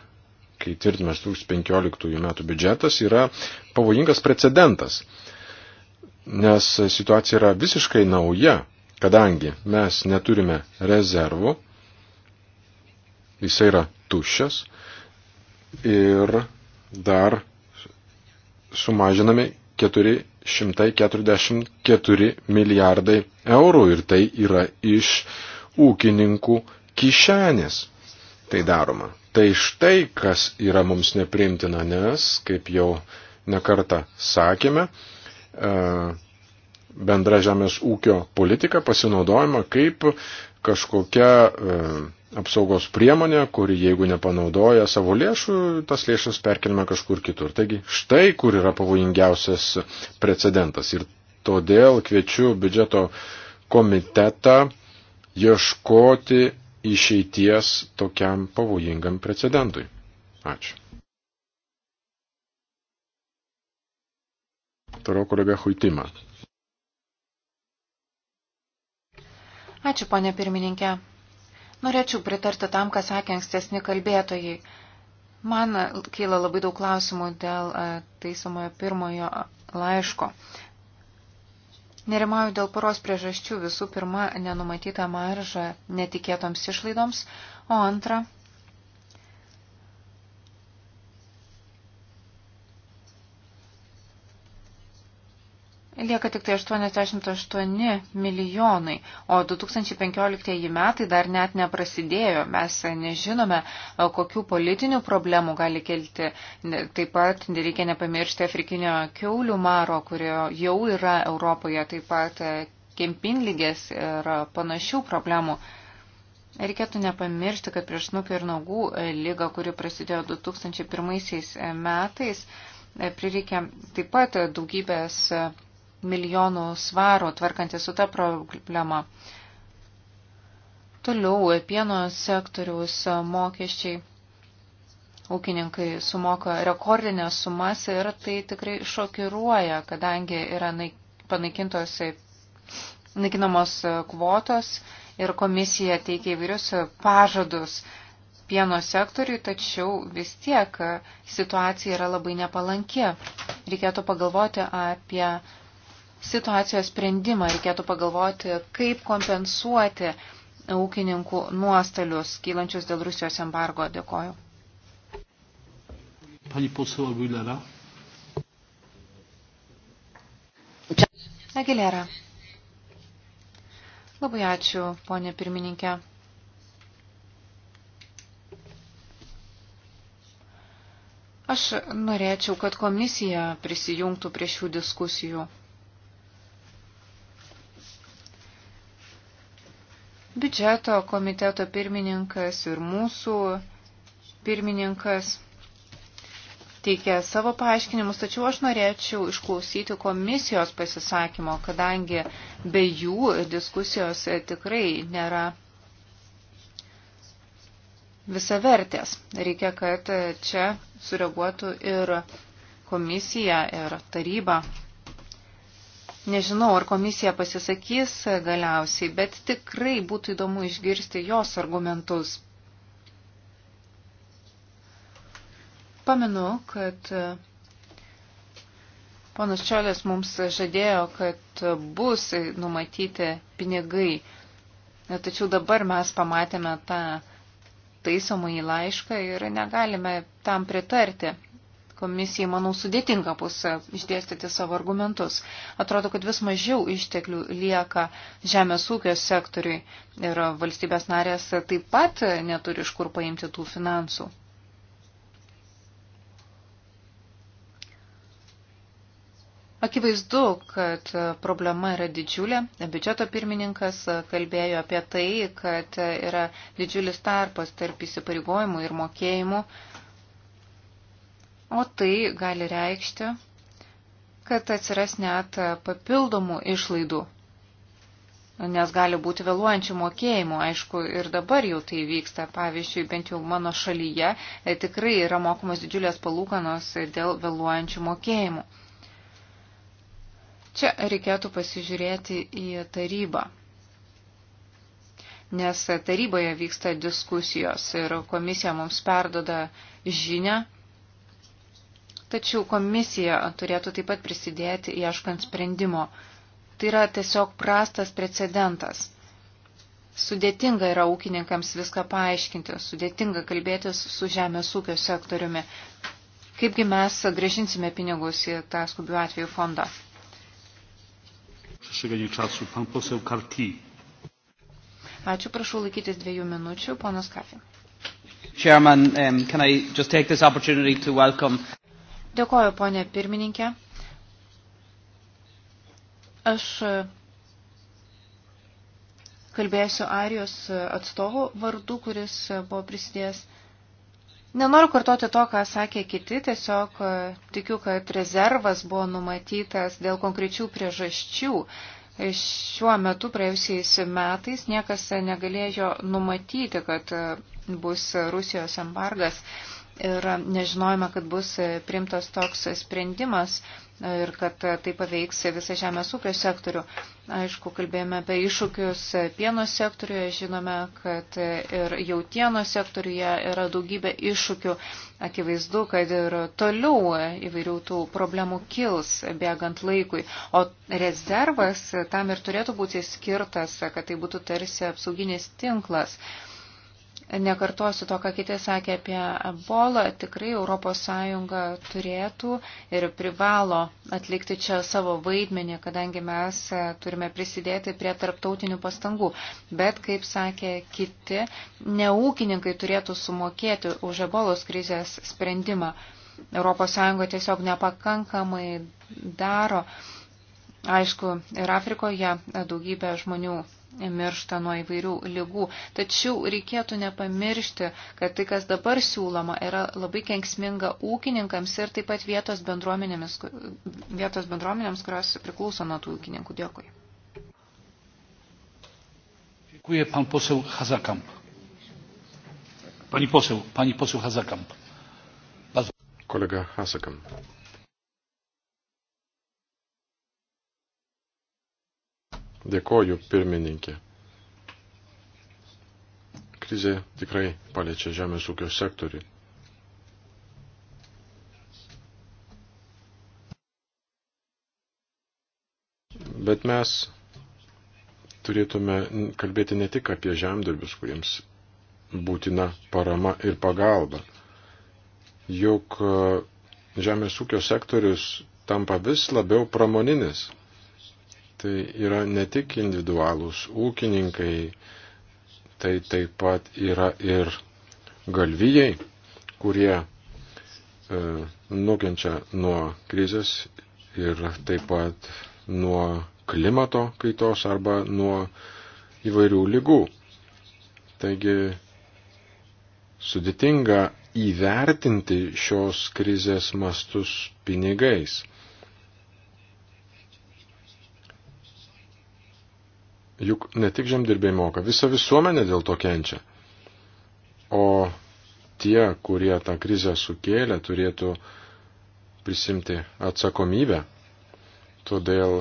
kai tvirtinamas 2015 metų biudžetas, yra pavojingas precedentas, nes situacija yra visiškai nauja, kadangi mes neturime rezervų, jisai yra tuščias ir dar sumažiname 4 144 milijardai eurų ir tai yra iš ūkininkų kišenės tai daroma. Tai štai, kas yra mums neprimtina, nes, kaip jau nekarta sakėme, e, bendra žemės ūkio politika pasinaudojama kaip kažkokia e, apsaugos priemonė, kuri jeigu nepanaudoja savo lėšų, tas lėšas perkelime kažkur kitur. Taigi štai kur yra pavojingiausias precedentas. Ir todėl kviečiu biudžeto komitetą ieškoti išeities tokiam pavojingam precedentui. Ačiū. Toliau kolega Huitima. Ačiū, ponė pirmininkė. Norėčiau pritarti tam, ką sakė ankstesni kalbėtojai. Man keila labai daug klausimų dėl e, taisomojo pirmojo laiško. Nerimauju dėl poros priežasčių. Visų pirma, nenumatyta marža netikėtoms išlaidoms, o antra, lieka tik tai 88 milijonai, o 2015 metai dar net neprasidėjo. Mes nežinome, e, kokių politinių problemų gali kelti. Taip pat reikia nepamiršti afrikinio keulių maro, kurio jau yra Europoje, taip pat e, kempinlygės ir panašių problemų. Reikėtų nepamiršti, kad prieš nukio ir nagų e, lyga, kuri prasidėjo 2001 metais, prireikė taip pat daugybės milijonų svarų tvarkantis su ta problema. Toliau pieno sektoriaus mokesčiai. Ūkininkai sumoka rekordinės sumas ir tai tikrai šokiruoja, kadangi yra panaikintos naikinamos kvotos ir komisija teikia įvairius pažadus pieno sektoriui, tačiau vis tiek situacija yra labai nepalanki. Reikėtų pagalvoti apie situacijos sprendimą. Reikėtų pagalvoti, kaip kompensuoti ūkininkų nuostolius kylančius dėl Rusijos embargo. Dėkoju. Pani posel Aguilera. Aguilera. Labai ačiū, ponė pirmininkė. Aš norėčiau, kad komisija prisijungtų prie šių diskusijų. Biudžeto komiteto pirmininkas ir mūsų pirmininkas teikė savo paaiškinimus, tačiau aš norėčiau išklausyti komisijos pasisakymo, kadangi be jų diskusijos tikrai nėra visavertės. Reikia, kad čia sureaguotų ir komisija, ir taryba. Nežinau, ar komisija pasisakys galiausiai, bet tikrai būtų įdomu išgirsti jos argumentus. Pamenu, kad e, ponas Čiolės mums žadėjo, kad bus numatyti pinigai, e, tačiau dabar mes pamatėme tą taisomąjį laišką ir negalime tam pritarti komisijai, manau, sudėtinga bus e, išdėstyti savo argumentus. Atrodo, kad vis mažiau išteklių lieka žemės ūkio sektoriui ir valstybės narės taip pat neturi iš kur paimti tų finansų. Akivaizdu, kad problema yra didžiulė. Biudžeto pirmininkas kalbėjo apie tai, kad yra didžiulis tarpas tarp įsipareigojimų ir mokėjimų o tai gali reikšti, kad atsiras net papildomų išlaidų, nes gali būti vėluojančių mokėjimų, aišku, ir dabar jau tai vyksta, pavyzdžiui, bent jau mano šalyje e, tikrai yra mokamos didžiulės palūkanos dėl vėluojančių mokėjimų. Čia reikėtų pasižiūrėti į tarybą nes taryboje vyksta diskusijos ir komisija mums perdoda žinę, tačiau komisija turėtų taip pat prisidėti ieškant sprendimo. Tai yra tiesiog prastas precedentas. Sudėtinga yra ūkininkams viską paaiškinti, sudėtinga kalbėtis su žemės ūkio sektoriumi. Kaipgi mes grąžinsime pinigus į tą skubių atvejų fondą? Ačiū, prašau laikytis dviejų minučių, ponas Kafin. Chairman, um, can I just take this opportunity to welcome Dėkoju, ponė pirmininkė. Aš kalbėsiu Arijos atstovų vardu, kuris buvo prisidėjęs. Nenoriu kartoti to, ką sakė kiti, tiesiog e, tikiu, kad rezervas buvo numatytas dėl konkrečių priežasčių. E, šiuo metu praėjusiais metais niekas negalėjo numatyti, kad e, bus Rusijos embargas ir nežinojome, kad bus primtas toks sprendimas ir kad tai paveiks visą žemės ūkio sektorių. Aišku, kalbėjome apie iššūkius pieno sektoriuje, žinome, kad ir jautieno sektoriuje yra daugybė iššūkių. Akivaizdu, kad ir toliau įvairių tų problemų kils bėgant laikui. O rezervas tam ir turėtų būti skirtas, kad tai būtų tarsi apsauginis tinklas. Uh, Nekartosiu to, ką kiti sakė apie ebolą. Tikrai ES turėtų ir privalo atlikti čia savo vaidmenį, kadangi mes turime prisidėti prie tarptautinių pastangų. Bet, kaip sakė kiti, ne ūkininkai turėtų sumokėti už ebolos krizės sprendimą. ES tiesiog nepakankamai daro Aišku, ir Afrikoje daugybė žmonių miršta nuo įvairių lygų. Tačiau reikėtų nepamiršti, kad tai, kas dabar siūloma, yra labai kenksminga ūkininkams ir taip pat vietos bendruomenėms, vietos bendruomenėms kurios priklauso nuo tų ūkininkų. Dėkui. Dziękuję pan poseł Hazakamp. Pani poseł, pani poseł Hazakamp. Kolega Hazakamp. Dėkoju, pirmininkė. Krizė tikrai paliečia žemės ūkio sektorių. Bet mes turėtume kalbėti ne tik apie žemdirbius, kuriems būtina parama ir pagalba. Juk e, žemės ūkio sektorius tampa vis labiau pramoninis, tai yra ne tik individualūs ūkininkai, tai taip pat yra ir galvijai, kurie e, nukenčia nuo krizės ir taip pat nuo klimato kaitos arba nuo įvairių lygų. Taigi sudėtinga įvertinti šios krizės mastus pinigais. Juk ne tik žemdirbiai moka, visa visuomenė dėl to kenčia. O tie, kurie tą krizę sukėlė, turėtų prisimti atsakomybę. Todėl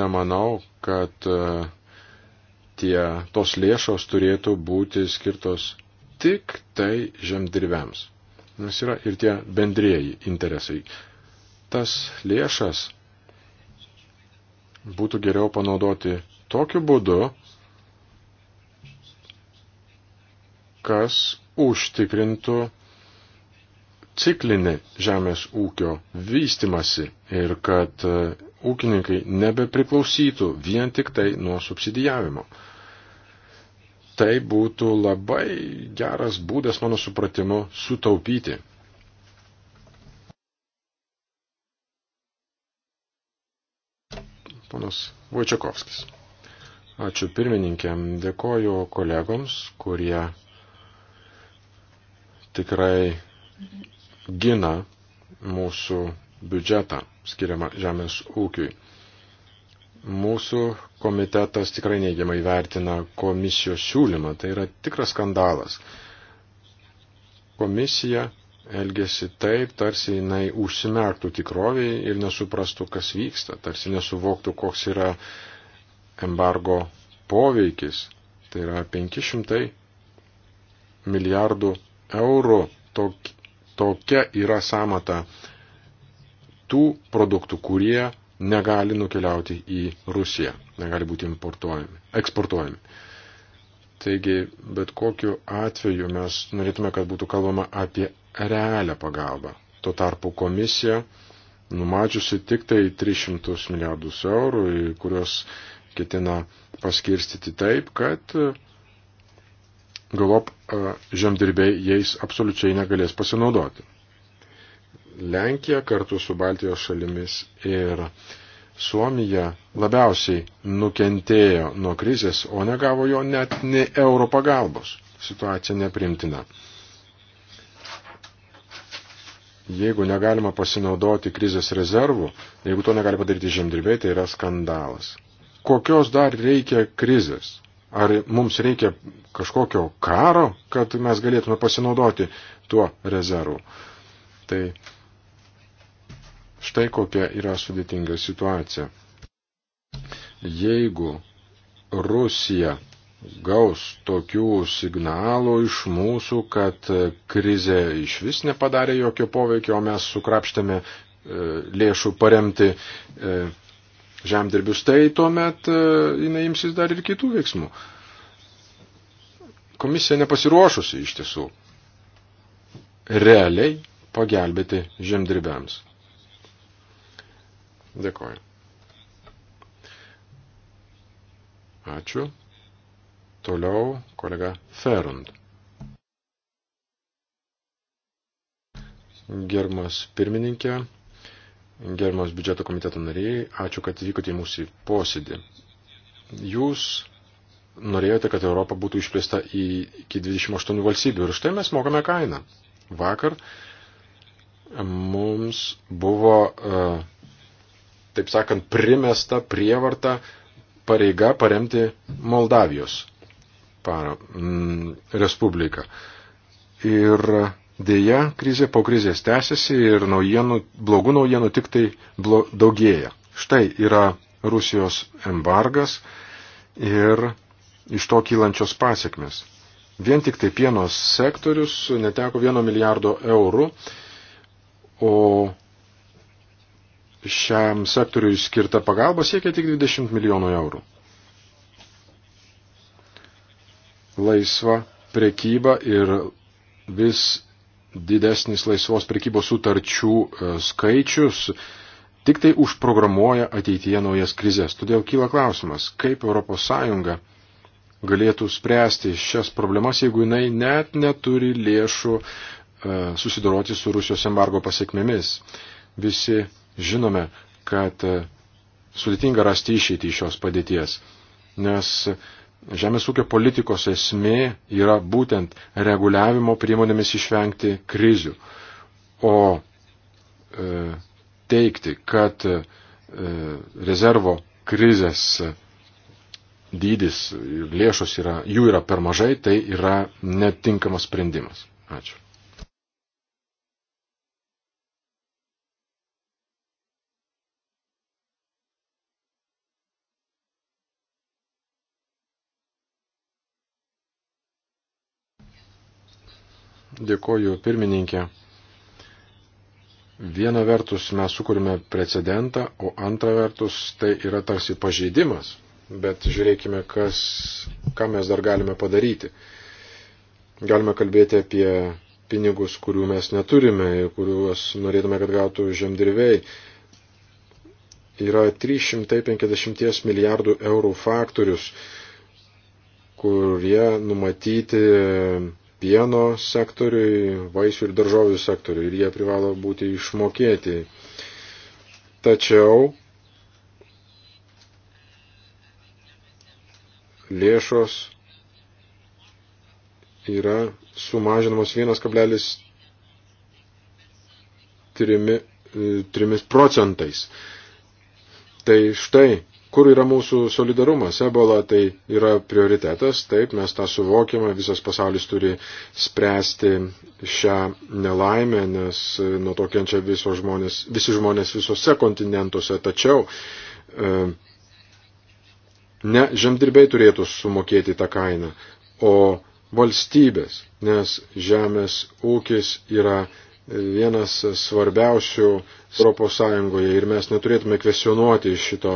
nemanau, kad e, tie, tos lėšos turėtų būti skirtos tik tai žemdirbiams. Nes yra ir tie bendrieji interesai. Tas lėšas būtų geriau panaudoti tokiu būdu, kas užtikrintų ciklinį žemės ūkio vystimasi ir kad e, ūkininkai nebepriklausytų vien tik tai nuo subsidijavimo. Tai būtų labai geras būdas, mano supratimu, sutaupyti. Ponas Vojčiakovskis. Ačiū pirmininkė. Dėkoju kolegoms, kurie tikrai gina mūsų biudžetą skiriamą žemės ūkiui. Mūsų komitetas tikrai neigiamai vertina komisijos siūlymą. Tai yra tikras skandalas. Komisija elgesi taip, tarsi jinai užsimerktų tikroviai ir nesuprastų, kas vyksta, tarsi nesuvoktų, koks yra embargo poveikis, tai yra 500 milijardų eurų, tok, tokia yra samata tų produktų, kurie negali nukeliauti į Rusiją, negali būti importuojami, eksportuojami. Taigi, bet kokiu atveju mes norėtume, kad būtų kalbama apie realią pagalbą. Tuo tarpu komisija numačiusi tik tai 300 milijardus eurų, kurios ketina paskirstyti taip, kad e, galop e, žemdirbiai jais absoliučiai negalės pasinaudoti. Lenkija kartu su Baltijos šalimis ir Suomija labiausiai nukentėjo nuo krizės, o negavo jo net ne euro pagalbos. Situacija neprimtina. Jeigu negalima pasinaudoti krizės rezervų, jeigu to negali padaryti žemdirbiai, tai yra skandalas kokios dar reikia krizės? Ar mums reikia kažkokio karo, kad mes galėtume pasinaudoti tuo rezervu? Tai štai kokia yra sudėtinga situacija. Jeigu Rusija gaus tokių signalų iš mūsų, kad krizė iš vis nepadarė jokio poveikio, o mes sukrapštėme e, lėšų paremti e, žemdirbius, tai tuomet e, jinai imsis dar ir kitų veiksmų. Komisija nepasiruošusi iš tiesų realiai pagelbėti žemdirbiams. Dėkoju. Ačiū. Toliau kolega Ferund. Germas pirmininkė, Gerbiamas biudžeto komiteto nariai, ačiū, kad vykote į mūsų posėdį. Jūs norėjote, kad Europa būtų išplėsta iki 28 valstybių ir štai mes mokame kainą. Vakar mums buvo, e, taip sakant, primesta prievarta pareiga paremti Moldavijos para, mm, Respubliką. Ir Deja, krizė po krizės tęsiasi ir naujienų, blogų naujienų tik tai blo, daugėja. Štai yra Rusijos embargas ir iš to kylančios pasiekmes. Vien tik tai pieno sektorius neteko 1 milijardo eurų, o šiam sektoriui skirta pagalba siekia tik 20 milijonų eurų. Laisva prekyba ir vis didesnis laisvos prekybos sutarčių e, skaičius tik tai užprogramuoja ateityje naujas krizės. Todėl kyla klausimas, kaip ES galėtų spręsti šias problemas, jeigu jinai net neturi lėšų e, susidoroti su Rusijos embargo pasiekmėmis. Visi žinome, kad e, sudėtinga rasti išeitį iš šios padėties, nes Žemės ūkio politikos esmė yra būtent reguliavimo priemonėmis išvengti krizių. O e, teikti, kad e, rezervo krizės dydis ir lėšos yra, jų yra per mažai, tai yra netinkamas sprendimas. Ačiū. Dėkoju pirmininkė. Viena vertus mes sukūrime precedentą, o antra vertus tai yra tarsi pažeidimas, bet žiūrėkime, kas, ką mes dar galime padaryti. Galime kalbėti apie pinigus, kurių mes neturime ir kuriuos norėtume, kad gautų žemdirbiai. Yra 350 milijardų eurų faktorius, kurie numatyti pieno sektoriui, vaisių ir daržovių sektoriui ir jie privalo būti išmokėti. Tačiau lėšos yra sumažinamos 1,3 procentais. Tai štai kur yra mūsų solidarumas. Ebola tai yra prioritetas, taip, mes tą suvokiame, visas pasaulis turi spręsti šią nelaimę, nes e, nuo to kenčia žmonės, visi žmonės visose kontinentuose. Tačiau e, ne žemdirbiai turėtų sumokėti tą kainą, o valstybės, nes žemės ūkis yra vienas svarbiausių Europos Sąjungoje ir mes neturėtume kvesionuoti šito,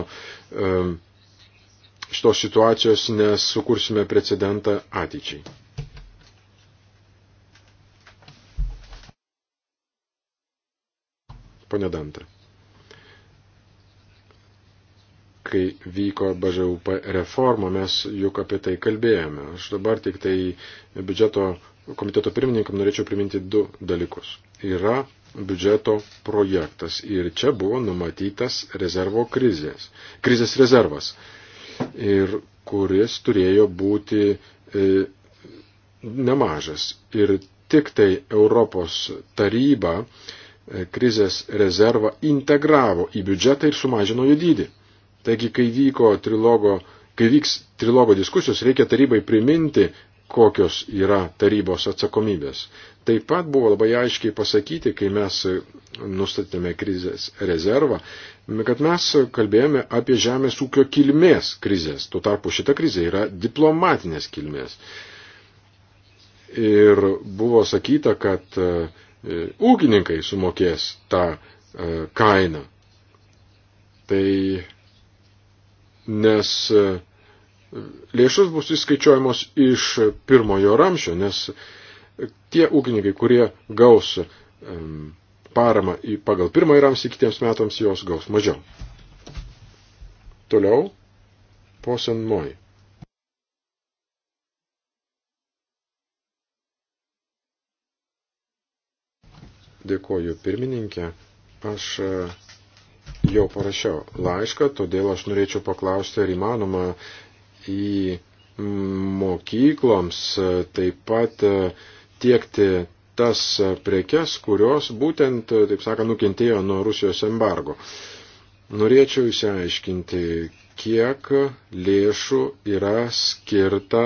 šitos situacijos, nes sukursime precedentą ateičiai. Pane Dantra. Kai vyko BŽUP reforma, mes juk apie tai kalbėjome. Aš dabar tik tai biudžeto komiteto pirmininkam norėčiau priminti du dalykus yra biudžeto projektas ir čia buvo numatytas rezervo krizės, krizės rezervas, ir kuris turėjo būti e, nemažas. Ir tik tai Europos taryba e, krizės rezervą integravo į biudžetą ir sumažino jo dydį. Taigi, kai vyko trilogo Kai vyks trilogo diskusijos, reikia tarybai priminti kokios yra tarybos atsakomybės. Taip pat buvo labai aiškiai pasakyti, kai mes nustatėme krizės rezervą, kad mes kalbėjome apie žemės ūkio kilmės krizės. Tuo tarpu šita krizė yra diplomatinės kilmės. Ir buvo sakyta, kad e, ūkininkai sumokės tą e, kainą. Tai nes e, lėšas bus įskaičiuojamos iš pirmojo ramšio, nes tie ūkininkai, kurie gaus paramą pagal pirmąjį ramsį kitiems metams, jos gaus mažiau. Toliau, posenmoji. Dėkoju pirmininkė. Aš e, jau parašiau laišką, todėl aš norėčiau paklausti, ar įmanoma į mokykloms e, taip pat e, tiekti tas prekes, kurios būtent, e, taip sakant, nukentėjo nuo Rusijos embargo. Norėčiau įsiaiškinti, kiek lėšų yra skirta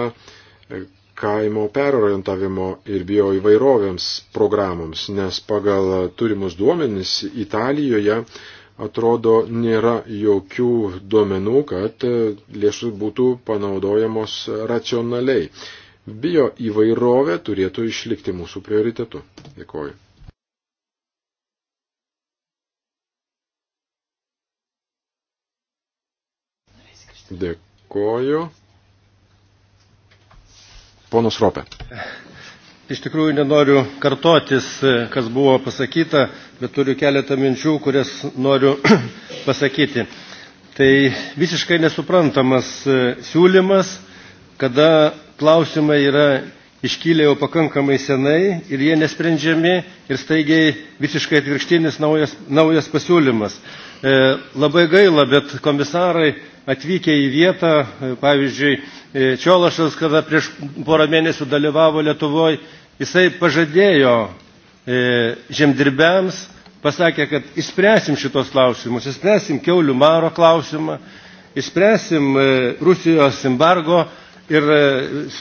kaimo perorientavimo ir bioįvairovėms programoms, nes pagal turimus duomenys Italijoje atrodo nėra jokių duomenų, kad e, lėšų būtų panaudojamos racionaliai. Bio įvairovė turėtų išlikti mūsų prioritetu. Dėkoju. Dėkoju. Ponas Ropė. Iš tikrųjų nenoriu kartotis, e, kas buvo pasakyta, bet turiu keletą minčių, kurias noriu pasakyti. Tai visiškai nesuprantamas e, siūlymas, kada klausimai yra iškylė jau pakankamai senai ir jie nesprendžiami ir staigiai visiškai atvirkštinis naujas, naujas pasiūlymas. E, labai gaila, bet komisarai atvykę į vietą, e, pavyzdžiui, e, Čiolašas, kada prieš porą mėnesių dalyvavo Lietuvoje, jisai pažadėjo e, žemdirbiams, pasakė, kad išspręsim šitos klausimus, išspręsim keulių maro klausimą, išspręsim e, Rusijos embargo klausimą ir e,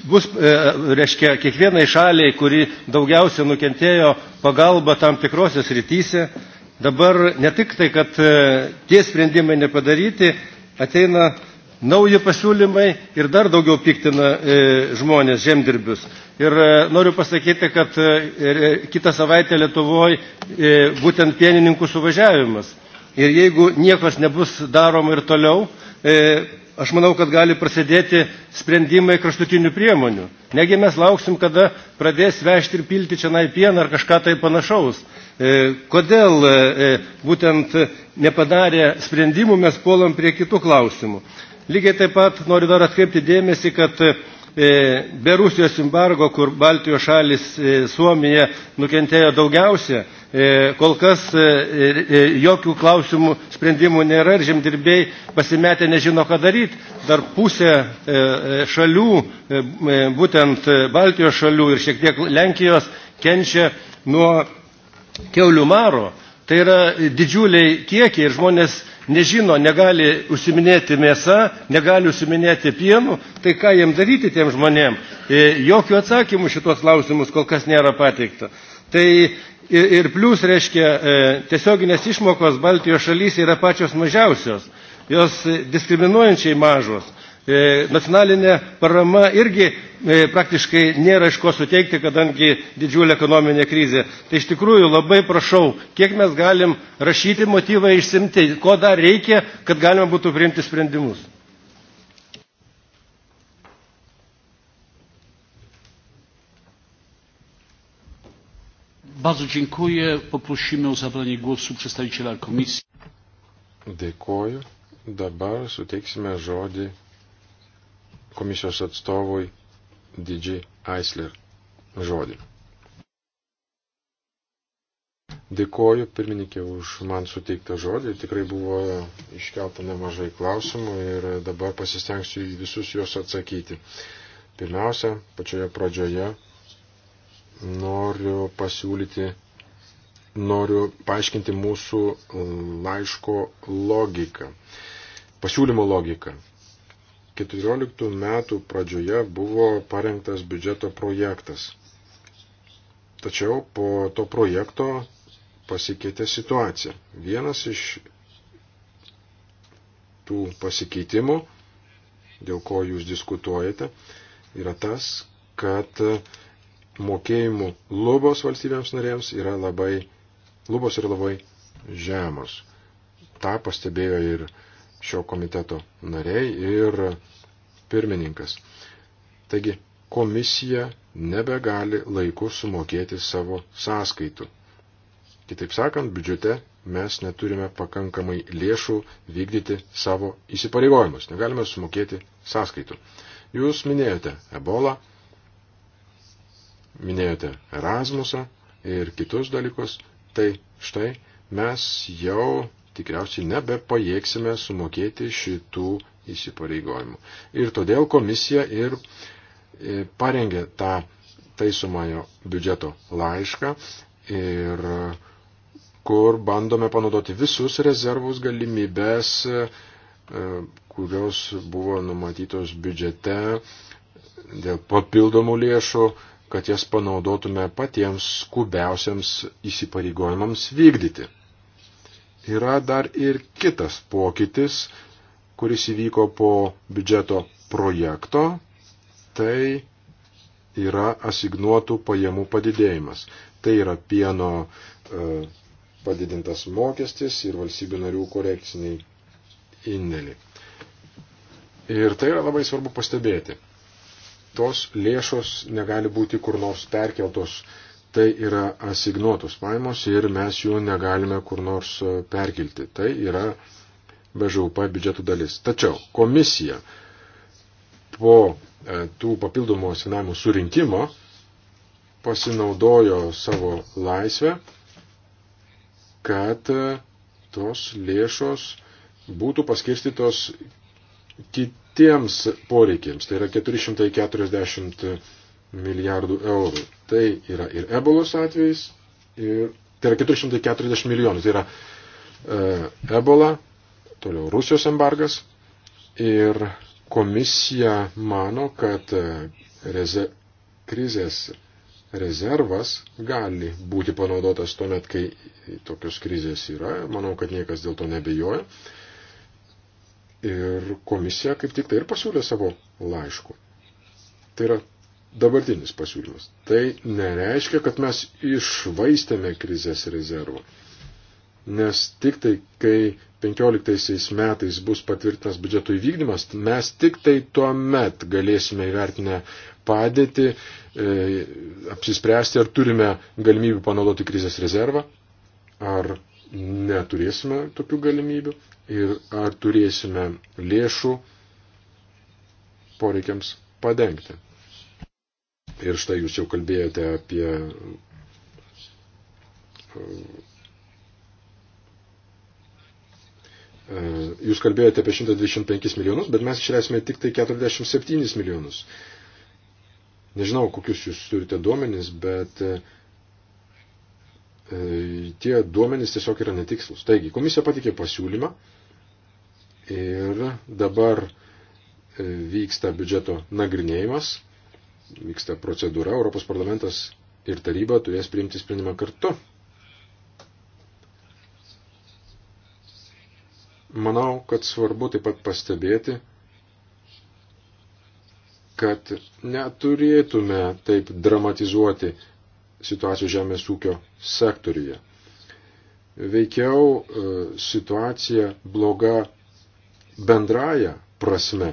bus, e, reiškia, kiekvienai šaliai, kuri daugiausia nukentėjo pagalba tam tikrose srityse. Dabar ne tik tai, kad e, tie sprendimai nepadaryti, ateina nauji pasiūlymai ir dar daugiau piktina žmonės, žemdirbius. Ir noriu pasakyti, kad kitą savaitę Lietuvoje būtent pienininkų suvažiavimas. Ir jeigu niekas nebus daroma ir toliau, aš manau, kad gali prasidėti sprendimai kraštutinių priemonių. Negi mes lauksim, kada pradės vežti ir pilti čia naipieną ar kažką tai panašaus. E, kodėl e, e, būtent nepadarė sprendimų mes puolam prie kitų klausimų. Lygiai taip pat noriu dar atkreipti dėmesį, kad be Rusijos embargo, kur Baltijos šalis Suomija nukentėjo daugiausia, E, kol kas e, e, jokių klausimų sprendimų nėra ir žemdirbiai pasimetę nežino, ką daryti. Dar pusė šalių, būtent Baltijos šalių ir šiek tiek Lenkijos, kenčia nuo keulių maro. Tai yra didžiuliai kiekiai ir žmonės nežino, negali užsiminėti mėsa, negali užsiminėti pienų, tai ką jiem daryti tiem žmonėm? Jokių atsakymų šitos klausimus kol kas nėra pateikta. Tai Ir, ir plus, reiškia, e, tiesioginės išmokos Baltijos šalys yra pačios mažiausios, jos diskriminuojančiai mažos. E, nacionalinė parama irgi e, praktiškai nėra iš ko suteikti, kadangi didžiulė ekonominė krizė. Tai iš tikrųjų labai prašau, kiek mes galim rašyti motyvą išsimti, ko dar reikia, kad galima būtų priimti sprendimus. Bardzo dziękuję. Poprosimy o zabranie głosu przedstawiciela komisji. Dėkoju. Dabar suteiksime žodį komisijos atstovui Didžiai Aisler. Žodį. Dėkoju pirmininkė už man suteiktą žodį. Tikrai buvo iškelta nemažai klausimų ir dabar pasistengsiu visus juos atsakyti. Pirmiausia, pačioje pradžioje noriu pasiūlyti, noriu paaiškinti mūsų laiško logiką, pasiūlymo logiką. 14 metų pradžioje buvo parengtas biudžeto projektas. Tačiau po to projekto pasikeitė situacija. Vienas iš tų pasikeitimų, dėl ko jūs diskutuojate, yra tas, kad uh, mokėjimų lubos valstybėms narėms yra labai, lubos yra labai žemos. Ta pastebėjo ir šio komiteto nariai ir pirmininkas. Taigi komisija nebegali laiku sumokėti savo sąskaitų. Kitaip sakant, biudžete mes neturime pakankamai lėšų vykdyti savo įsipareigojimus, negalime sumokėti sąskaitų. Jūs minėjote ebolą, minėjote Erasmusą ir kitus dalykus, tai štai mes jau tikriausiai nebepajėgsime sumokėti šitų įsipareigojimų. Ir todėl komisija ir e, parengė tą taisomojo biudžeto laišką ir kur bandome panaudoti visus rezervus galimybės, e, kurios buvo numatytos biudžete dėl papildomų lėšų kad jas panaudotume patiems skubiausiams įsipareigojimams vykdyti. Yra dar ir kitas pokytis, kuris įvyko po biudžeto projekto, tai yra asignuotų pajamų padidėjimas. Tai yra pieno e, padidintas mokestis ir valstybių narių korekciniai indėliai. Ir tai yra labai svarbu pastebėti tos lėšos negali būti kur nors perkeltos. Tai yra asignuotos pajamos ir mes jų negalime kur nors e, perkelti. Tai yra BŽUP biudžeto dalis. Tačiau komisija po e, tų papildomų asignavimų surinkimo pasinaudojo savo laisvę, kad e, tos lėšos būtų paskirstytos kit, tiems poreikiams, tai yra 440 milijardų eurų. Tai yra ir ebolos atvejais, ir, tai yra 440 milijonų, tai yra e, ebola, toliau Rusijos embargas ir komisija mano, kad e, reze, krizės rezervas gali būti panaudotas tuomet, kai tokios krizės yra. Manau, kad niekas dėl to nebejoja. Ir komisija kaip tik tai ir pasiūlė savo laišku. Tai yra dabartinis pasiūlymas. Tai nereiškia, kad mes išvaistėme krizės rezervą. Nes tik tai, kai 15 metais bus patvirtinas biudžeto įvykdymas, mes tik tai tuo met galėsime įvertinę padėti, e, apsispręsti, ar turime galimybių panaudoti krizės rezervą, ar neturėsime tokių galimybių ir ar turėsime lėšų poreikiams padengti. Ir štai jūs jau kalbėjote apie e, Jūs kalbėjote apie 125 milijonus, bet mes išleisime tik tai 47 milijonus. Nežinau, kokius jūs turite duomenys, bet e, E, tie duomenys tiesiog yra netikslus. Taigi, komisija patikė pasiūlymą ir dabar e, vyksta biudžeto nagrinėjimas, vyksta procedūra, Europos parlamentas ir taryba turės priimti sprendimą kartu. Manau, kad svarbu taip pat pastebėti, kad neturėtume taip dramatizuoti situacijos žemės ūkio sektoriuje. Veikiau e, situacija bloga bendraja prasme.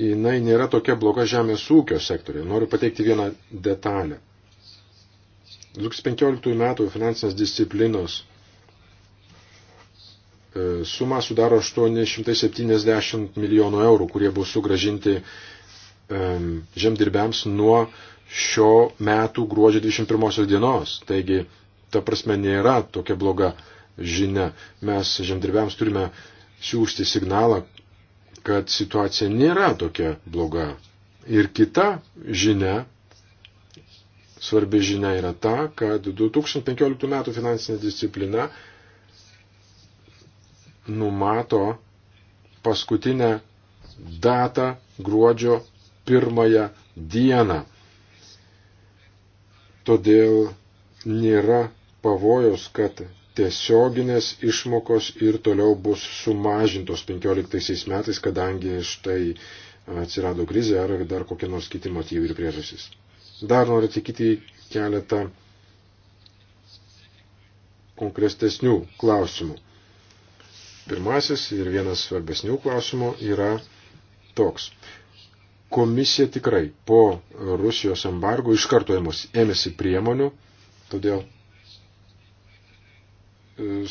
jinai nėra tokia bloga žemės ūkio sektorė. Noriu pateikti vieną detalę. 2015 metų finansinės disciplinos e, suma sudaro 870 milijonų eurų, kurie bus sugražinti žemdirbiams nuo šio metų gruodžio 21 dienos. Taigi, ta prasme, nėra tokia bloga žinia. Mes žemdirbiams turime siūsti signalą, kad situacija nėra tokia bloga. Ir kita žinia, svarbi žinia yra ta, kad 2015 metų finansinė disciplina numato paskutinę datą gruodžio pirmąją dieną. Todėl nėra pavojos, kad tiesioginės išmokos ir toliau bus sumažintos 15 metais, kadangi štai atsirado krizė ar dar kokie nors kiti motyvai ir priežasys. Dar noriu atsakyti keletą konkrestesnių klausimų. Pirmasis ir vienas svarbesnių klausimų yra toks. Komisija tikrai po Rusijos embargo iš karto ėmėsi priemonių, todėl e,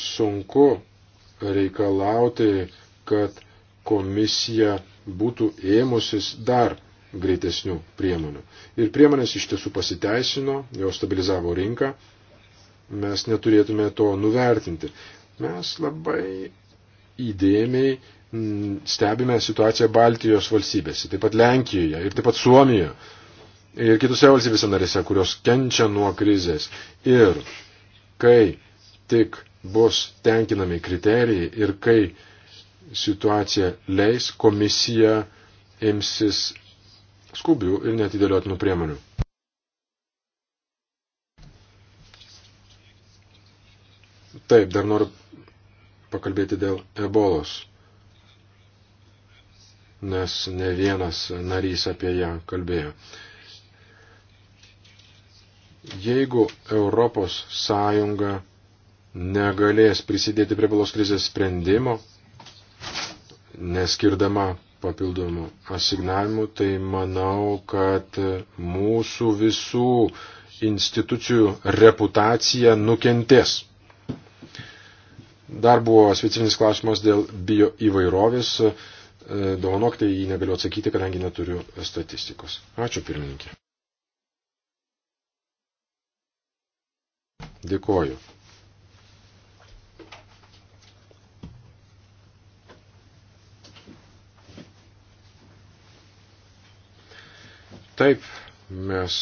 sunku reikalauti, kad komisija būtų ėmusis dar greitesnių priemonių. Ir priemonės iš tiesų pasiteisino, jau stabilizavo rinką, mes neturėtume to nuvertinti. Mes labai įdėmiai Mm, stebime situaciją Baltijos valstybėse, taip pat Lenkijoje ir taip pat Suomijoje ir kitose valstybėse narėse, kurios kenčia nuo krizės. Ir kai tik bus tenkinami kriterijai ir kai situacija leis, komisija imsis skubių ir netidėliotinų priemonių. Taip, dar noriu pakalbėti dėl ebolos nes ne vienas narys apie ją kalbėjo. Jeigu Europos Sąjunga negalės prisidėti prie balos krizės sprendimo, neskirdama papildomų asignavimų, tai manau, kad mūsų visų institucijų reputacija nukentės. Dar buvo specifinis klausimas dėl bio įvairovės dovanokite, tai jį negaliu atsakyti, kadangi neturiu statistikos. Ačiū pirmininkė. Dėkoju. Taip mes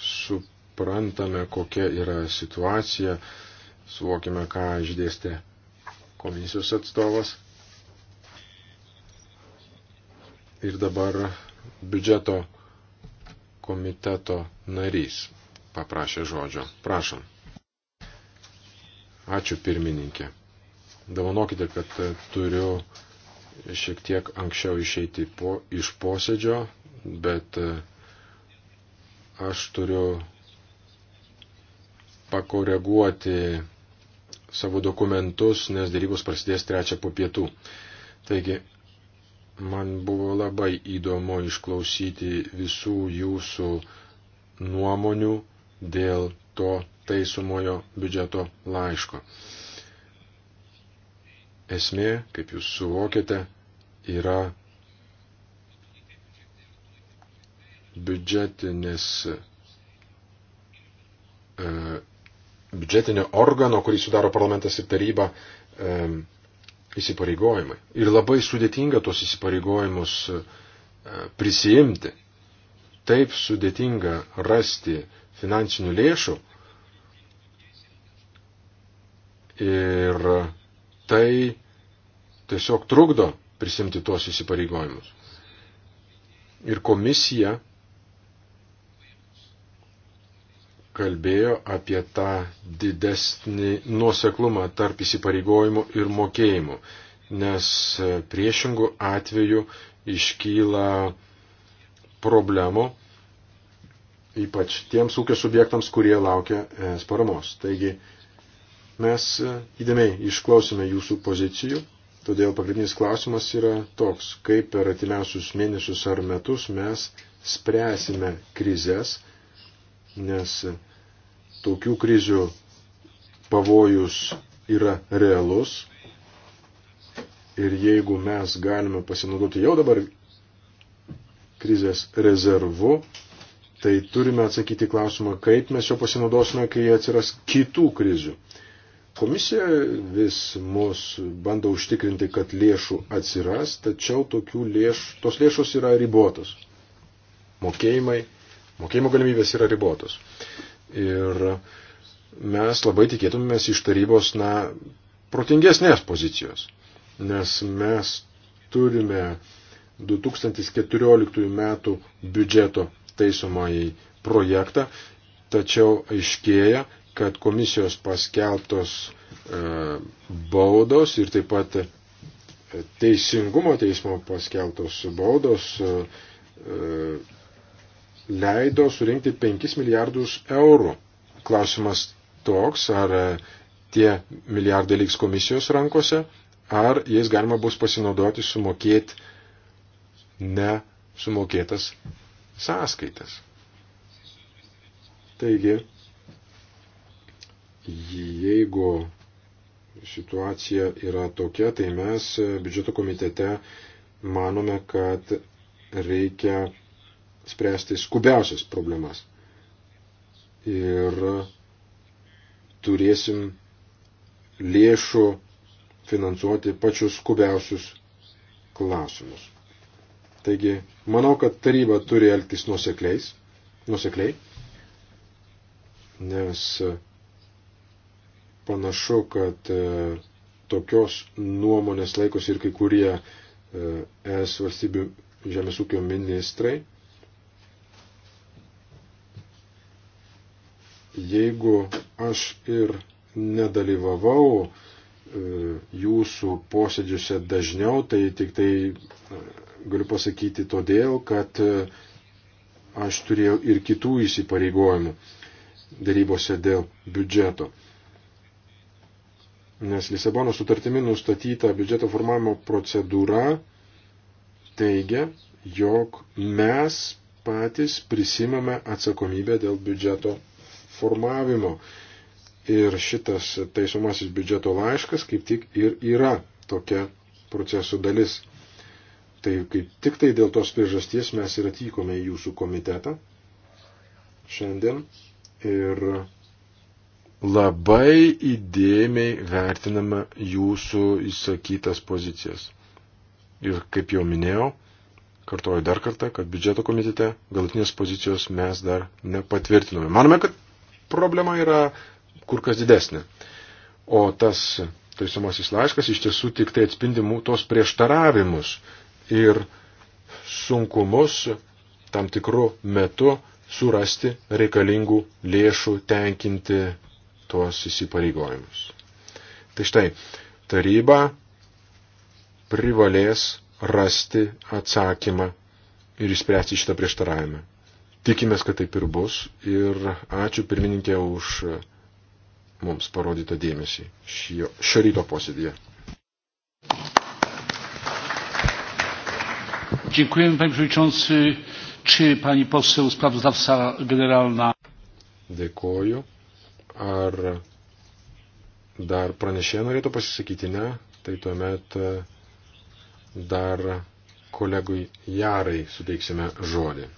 suprantame, kokia yra situacija, suvokime, ką išdėstė komisijos atstovas. ir dabar biudžeto komiteto narys paprašė žodžio. Prašom. Ačiū pirmininkė. Davonokite, kad turiu šiek tiek anksčiau išeiti po, iš posėdžio, bet aš turiu pakoreguoti savo dokumentus, nes dėrybos prasidės trečią po pietų. Taigi Man buvo labai įdomu išklausyti visų jūsų nuomonių dėl to taisomojo biudžeto laiško. Esmė, kaip jūs suvokite, yra biudžetinės, e, biudžetinio organo, kurį sudaro parlamentas ir taryba, e, įsipareigojimai. Ir labai sudėtinga tos įsipareigojimus e, prisijimti. Taip sudėtinga rasti finansinių lėšų. Ir tai tiesiog trukdo prisimti tuos įsipareigojimus. Ir komisija kalbėjo apie tą didesnį nuoseklumą tarp įsipareigojimų ir mokėjimų, nes e, priešingų atveju iškyla problemų, ypač tiems ūkio subjektams, kurie laukia e, paramos. Taigi mes e, įdėmiai išklausime jūsų pozicijų, todėl pagrindinis klausimas yra toks, kaip per atimiausius mėnesius ar metus mes spręsime krizės, nes tokių krizių pavojus yra realus ir jeigu mes galime pasinaudoti jau dabar krizės rezervu, tai turime atsakyti klausimą, kaip mes jo pasinaudosime, kai atsiras kitų krizių. Komisija vis mus bando užtikrinti, kad lėšų atsiras, tačiau tokių lėš, tos lėšos yra ribotos. Mokėjimai Mokėjimo galimybės yra ribotos. Ir mes labai tikėtumės iš tarybos, na, protingesnės pozicijos. Nes mes turime 2014 metų biudžeto taisomąjį projektą, tačiau aiškėja, kad komisijos paskelbtos e, baudos ir taip pat e, teisingumo teismo paskelbtos baudos e, leido surinkti 5 milijardus eurų. Klausimas toks, ar e, tie milijardai liks komisijos rankose, ar jais galima bus pasinaudoti sumokėti nesumokėtas sąskaitas. Taigi, jeigu situacija yra tokia, tai mes biudžeto komitete manome, kad reikia spręsti skubiausias problemas. Ir turėsim lėšų finansuoti pačius skubiausius klausimus. Taigi, manau, kad taryba turi elgtis nusekliais, nusekliai, nes panašu, kad e, tokios nuomonės laikosi ir kai kurie e, es valstybių žemės ūkio ministrai jeigu aš ir nedalyvavau e, jūsų posėdžiuose dažniau, tai tik tai e, galiu pasakyti todėl, kad e, aš turėjau ir kitų įsipareigojimų darybose dėl biudžeto. Nes Lisabono sutartimi nustatyta biudžeto formavimo procedūra teigia, jog mes patys prisimame atsakomybę dėl biudžeto formavimo. Ir šitas taisomasis biudžeto laiškas kaip tik ir yra tokia procesų dalis. Tai kaip tik tai dėl tos priežasties mes ir atvykome į jūsų komitetą šiandien ir labai įdėmiai vertiname jūsų įsakytas pozicijas. Ir kaip jau minėjau, kartuoju dar kartą, kad biudžeto komitete galutinės pozicijos mes dar nepatvirtinome. Manome, kad problema yra kur kas didesnė. O tas taisamasis laiškas iš tiesų tik tai atspindi tos prieštaravimus ir sunkumus tam tikru metu surasti reikalingų lėšų tenkinti tuos įsipareigojimus. Tai štai, taryba privalės rasti atsakymą ir išspręsti šitą prieštaravimą. Tikimės, kad taip ir bus. Ir ačiū pirmininkė už mums parodytą dėmesį šio, šio ryto posėdėje. Dziękujemy panie przewodniczący. Czy pani poseł sprawozdawca generalna? Dėkoju. Ar dar pranešė norėtų pasisakyti, ne? Tai tuomet dar kolegui Jarai suteiksime žodį.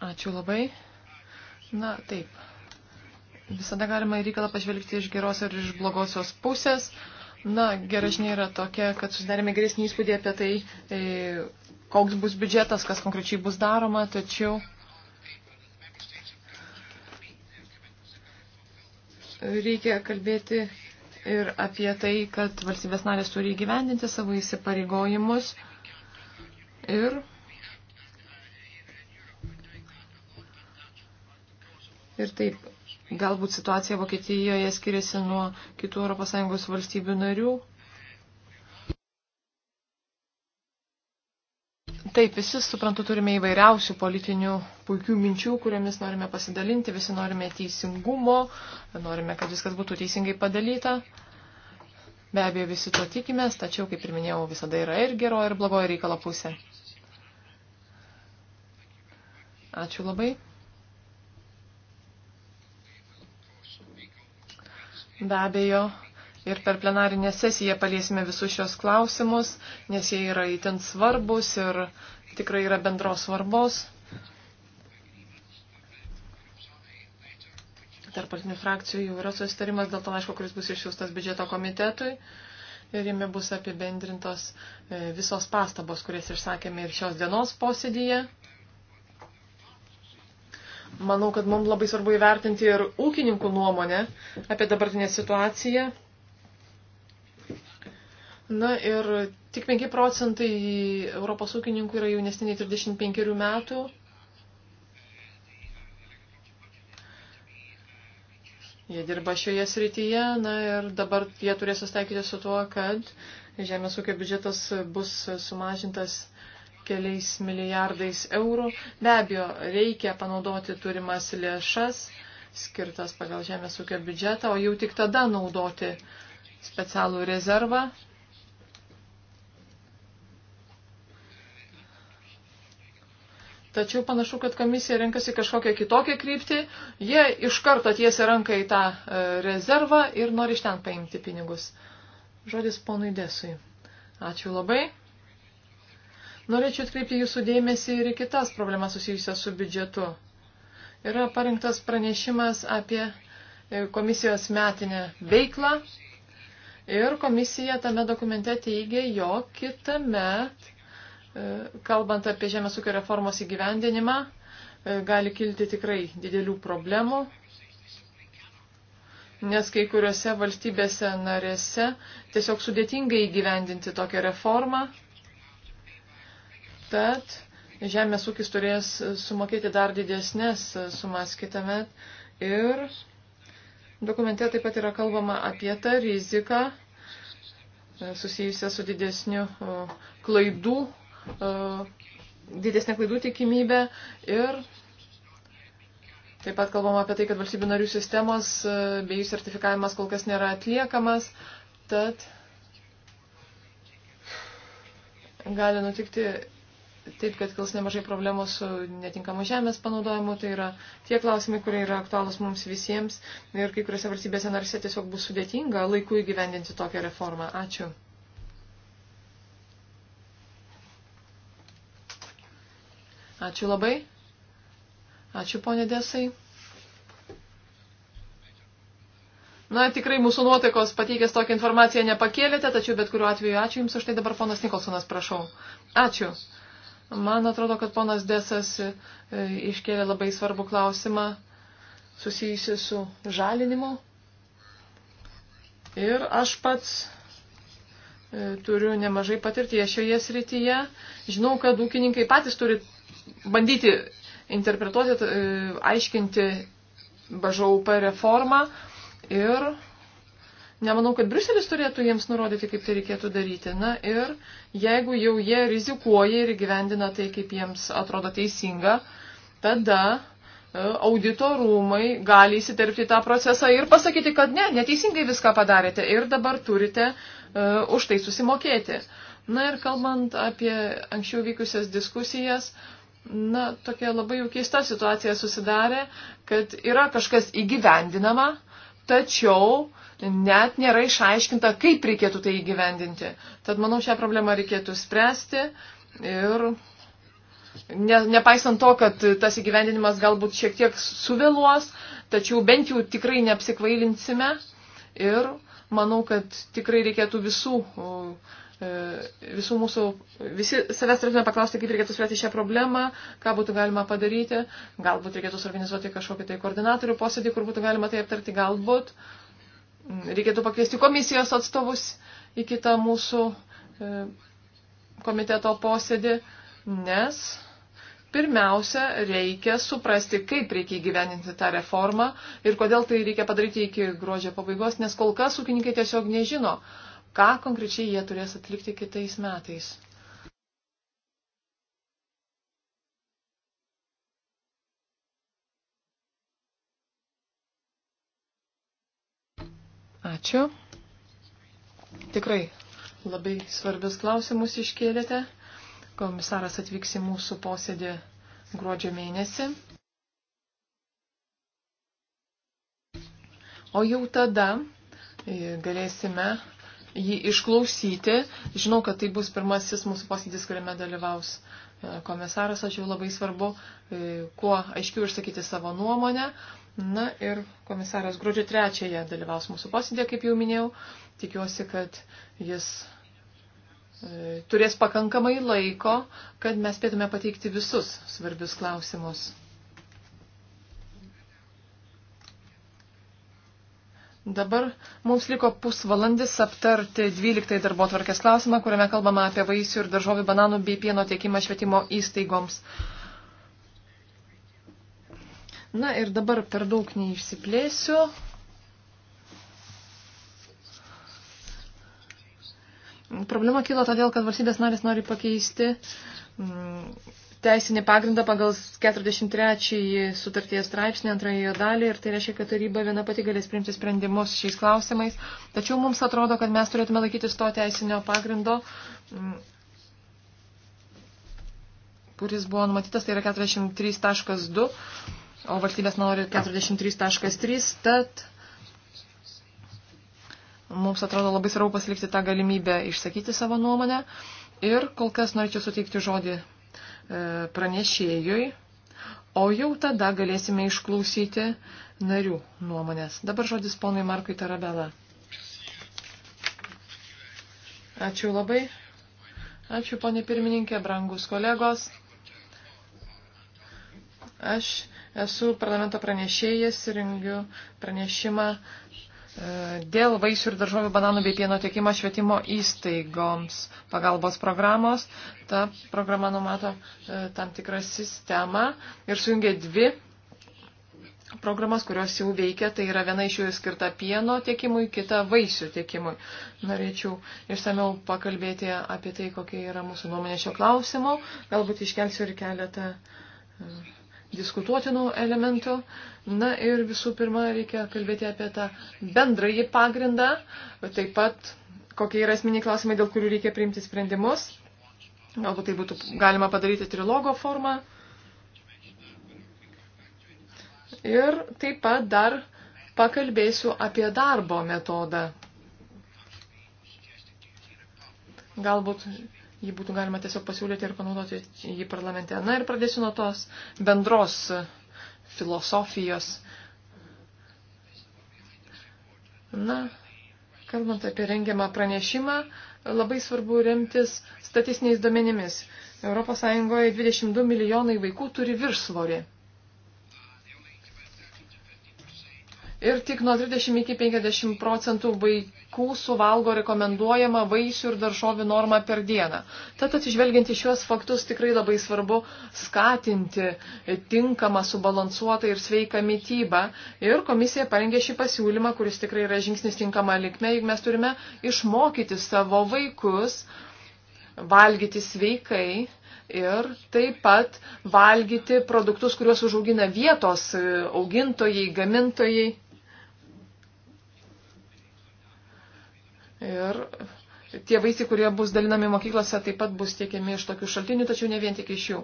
Ačiū labai. Na, taip. Visada galima į reikalą pažvelgti iš geros ir iš blogosios pusės. Na, gera žinia yra tokia, kad susidarėme geresnį įspūdį apie tai, e, koks bus biudžetas, kas konkrečiai bus daroma, tačiau reikia kalbėti ir apie tai, kad valstybės narės turi įgyvendinti savo įsipareigojimus ir Ir taip, galbūt situacija Vokietijoje skiriasi nuo kitų ES valstybių narių. Taip, visi, suprantu, turime įvairiausių politinių puikių minčių, kuriomis norime pasidalinti, visi norime teisingumo, norime, kad viskas būtų teisingai padalyta. Be abejo, visi to tikimės, tačiau, kaip ir minėjau, visada yra ir geroji, ir blogoji reikalo pusė. Ačiū labai. Be abejo, ir per plenarinę sesiją paliesime visus šios klausimus, nes jie yra įtin svarbus ir tikrai yra bendros svarbos. Tarp partinių frakcijų jau yra susitarimas dėl to laiško, kuris bus išsiųstas biudžeto komitetui ir jame bus apibendrintos e, visos pastabos, kurias išsakėme ir šios dienos posėdyje manau, kad mums labai svarbu įvertinti ir ūkininkų nuomonę apie dabartinę situaciją. Na ir tik 5 procentai Europos ūkininkų yra jaunesni nei 35 metų. Jie dirba šioje srityje, na ir dabar jie turės susitaikyti su tuo, kad žemės ūkio biudžetas bus sumažintas keliais milijardais eurų. Be abejo, reikia panaudoti turimas lėšas, skirtas pagal žemės ūkio biudžetą, o jau tik tada naudoti specialų rezervą. Tačiau panašu, kad komisija renkasi kažkokią kitokią kryptį. Jie iš karto tiesia ranką į tą e, rezervą ir nori iš ten paimti pinigus. Žodis ponui Desui. Ačiū labai. Norėčiau atkreipti jūsų dėmesį ir į kitas problemas susijusias su biudžetu. Yra parinktas pranešimas apie e, komisijos metinę veiklą ir komisija tame dokumente teigia, jog kitame, e, kalbant apie žemės ūkio reformos įgyvendinimą, e, gali kilti tikrai didelių problemų, nes kai kuriuose valstybėse narėse tiesiog sudėtingai įgyvendinti tokią reformą Tad žemės ūkis turės sumokėti dar didesnės sumas kitame. Ir dokumente taip pat yra kalbama apie tą riziką susijusią su didesniu klaidų, didesnė klaidų tikimybė ir Taip pat kalbama apie tai, kad valstybių narių sistemos e, bei jų sertifikavimas kol kas nėra atliekamas, tad gali nutikti taip, kad kils nemažai problemų su netinkamu žemės panaudojimu. Tai yra tie klausimai, kurie yra aktualūs mums visiems ir kai kuriuose valstybėse narse tiesiog bus sudėtinga laiku įgyvendinti tokią reformą. Ačiū. Ačiū labai. Ačiū, ponė Desai. Na, tikrai mūsų nuotaikos pateikęs tokią informaciją nepakėlėte, tačiau bet kuriuo atveju ačiū Jums už tai dabar ponas Nikolsonas, prašau. Ačiū. Man atrodo, kad ponas Desas e, iškėlė labai svarbų klausimą susijusi su žalinimu. Ir aš pats e, turiu nemažai patirties šioje srityje. Žinau, kad ūkininkai patys turi bandyti interpretuoti, e, aiškinti BŽUP reformą ir Nemanau, kad Bruselis turėtų jiems nurodyti, kaip tai reikėtų daryti. Na ir jeigu jau jie rizikuoja ir gyvendina tai, kaip jiems atrodo teisinga, tada e, auditorumai gali įsiterpti į tą procesą ir pasakyti, kad ne, neteisingai viską padarėte ir dabar turite uh, už tai susimokėti. Na ir kalbant apie anksčiau vykusias diskusijas, na, tokia labai jau keista situacija susidarė, kad yra kažkas įgyvendinama, uh, tačiau net nėra išaiškinta, kaip reikėtų tai įgyvendinti. Tad manau, šią problemą reikėtų spręsti ir ne, nepaisant to, kad tas įgyvendinimas galbūt šiek tiek suvėluos, tačiau bent jau tikrai neapsikvailinsime ir manau, kad tikrai reikėtų visų E, visų mūsų, visi savęs turėtume paklausti, kaip reikėtų spręsti šią problemą, ką būtų galima padaryti, galbūt reikėtų suorganizuoti kažkokį tai koordinatorių posėdį, kur būtų galima tai aptarti, galbūt reikėtų pakviesti komisijos atstovus į kitą mūsų e, komiteto posėdį, nes pirmiausia, reikia suprasti, kaip reikia įgyveninti tą reformą ir kodėl tai reikia padaryti iki gruodžio pabaigos, nes kol kas ūkininkai tiesiog nežino, uh, ką konkrečiai jie turės atlikti kitais metais. Ačiū. Tikrai labai svarbius klausimus iškėlėte. Komisaras atvyks į mūsų posėdį gruodžio mėnesį. O jau tada e, galėsime jį išklausyti. Žinau, kad tai bus pirmasis mūsų posėdis, kuriame dalyvaus e, komisaras, tačiau labai svarbu e, kuo aiškiau išsakyti savo nuomonę. Na ir komisaras gruodžio trečiąją dalyvaus mūsų posėdė, kaip jau minėjau. Tikiuosi, kad jis e, turės pakankamai laiko, kad mes spėtume pateikti visus svarbius klausimus. Dabar mums liko pusvalandis aptarti 12 darbo tvarkės klausimą, kuriame kalbama apie vaisių ir daržovių bananų bei pieno tiekimą švietimo įstaigoms. Na ir dabar per daug neišsiplėsiu. Problema kilo todėl, kad valstybės narės nori pakeisti mm, teisinį pagrindą pagal 43 sutarties straipsnį antrąją dalį ir tai reiškia, kad taryba viena pati galės priimti sprendimus šiais klausimais. Tačiau mums atrodo, kad mes turėtume laikytis to teisinio pagrindo, mm, kuris buvo numatytas, tai yra 43.2, o valstybės nori 43.3, tad mums atrodo labai svarbu pasilikti tą galimybę išsakyti savo nuomonę. Ir kol kas norėčiau suteikti žodį E, pranešėjui, o jau tada galėsime išklausyti narių nuomonės. Dabar žodis ponui Markui Tarabela. Ačiū labai. Ačiū, ponė pirmininkė, brangus kolegos. Aš esu parlamento pranešėjas ir rengiu pranešimą Dėl vaisių ir daržovių bananų bei pieno tiekimo švietimo įstaigoms pagalbos programos. Ta programa numato e, tam tikrą sistemą ir sujungia dvi programas, kurios jau veikia. Tai yra viena iš jų skirta pieno tiekimui, kita vaisių tiekimui. Norėčiau išsameu pakalbėti apie tai, kokia yra mūsų nuomonė šio klausimo. Galbūt iškelsiu ir keletą e, diskutuotinų elementų. Na ir visų pirma, reikia kalbėti apie tą bendrąjį pagrindą, taip pat kokie yra esminiai klausimai, dėl kurių reikia priimti sprendimus. Galbūt tai būtų galima padaryti trilogo formą. Ir taip pat dar pakalbėsiu apie darbo metodą. Galbūt jį būtų galima tiesiog pasiūlyti ir panaudoti jį parlamente. Na ir pradėsiu nuo tos bendros filosofijos. Na, kalbant apie rengiamą pranešimą, labai svarbu remtis statistiniais duomenimis. ES 22 milijonai vaikų turi viršsvorį. ir tik nuo 30 iki 50 procentų vaikų suvalgo rekomenduojama vaisių ir daržovių normą per dieną. Tad atsižvelgiant į šiuos faktus tikrai labai svarbu skatinti tinkamą, subalansuotą ir sveiką mytybą. Ir komisija parengė šį pasiūlymą, kuris tikrai yra žingsnis tinkama likme, juk mes turime išmokyti savo vaikus valgyti sveikai ir taip pat valgyti produktus, kuriuos užaugina vietos augintojai, gamintojai. Ir tie vaisiai, kurie bus dalinami mokyklose, taip pat bus tiekiami iš tokių šaltinių, tačiau ne vien tik iš jų.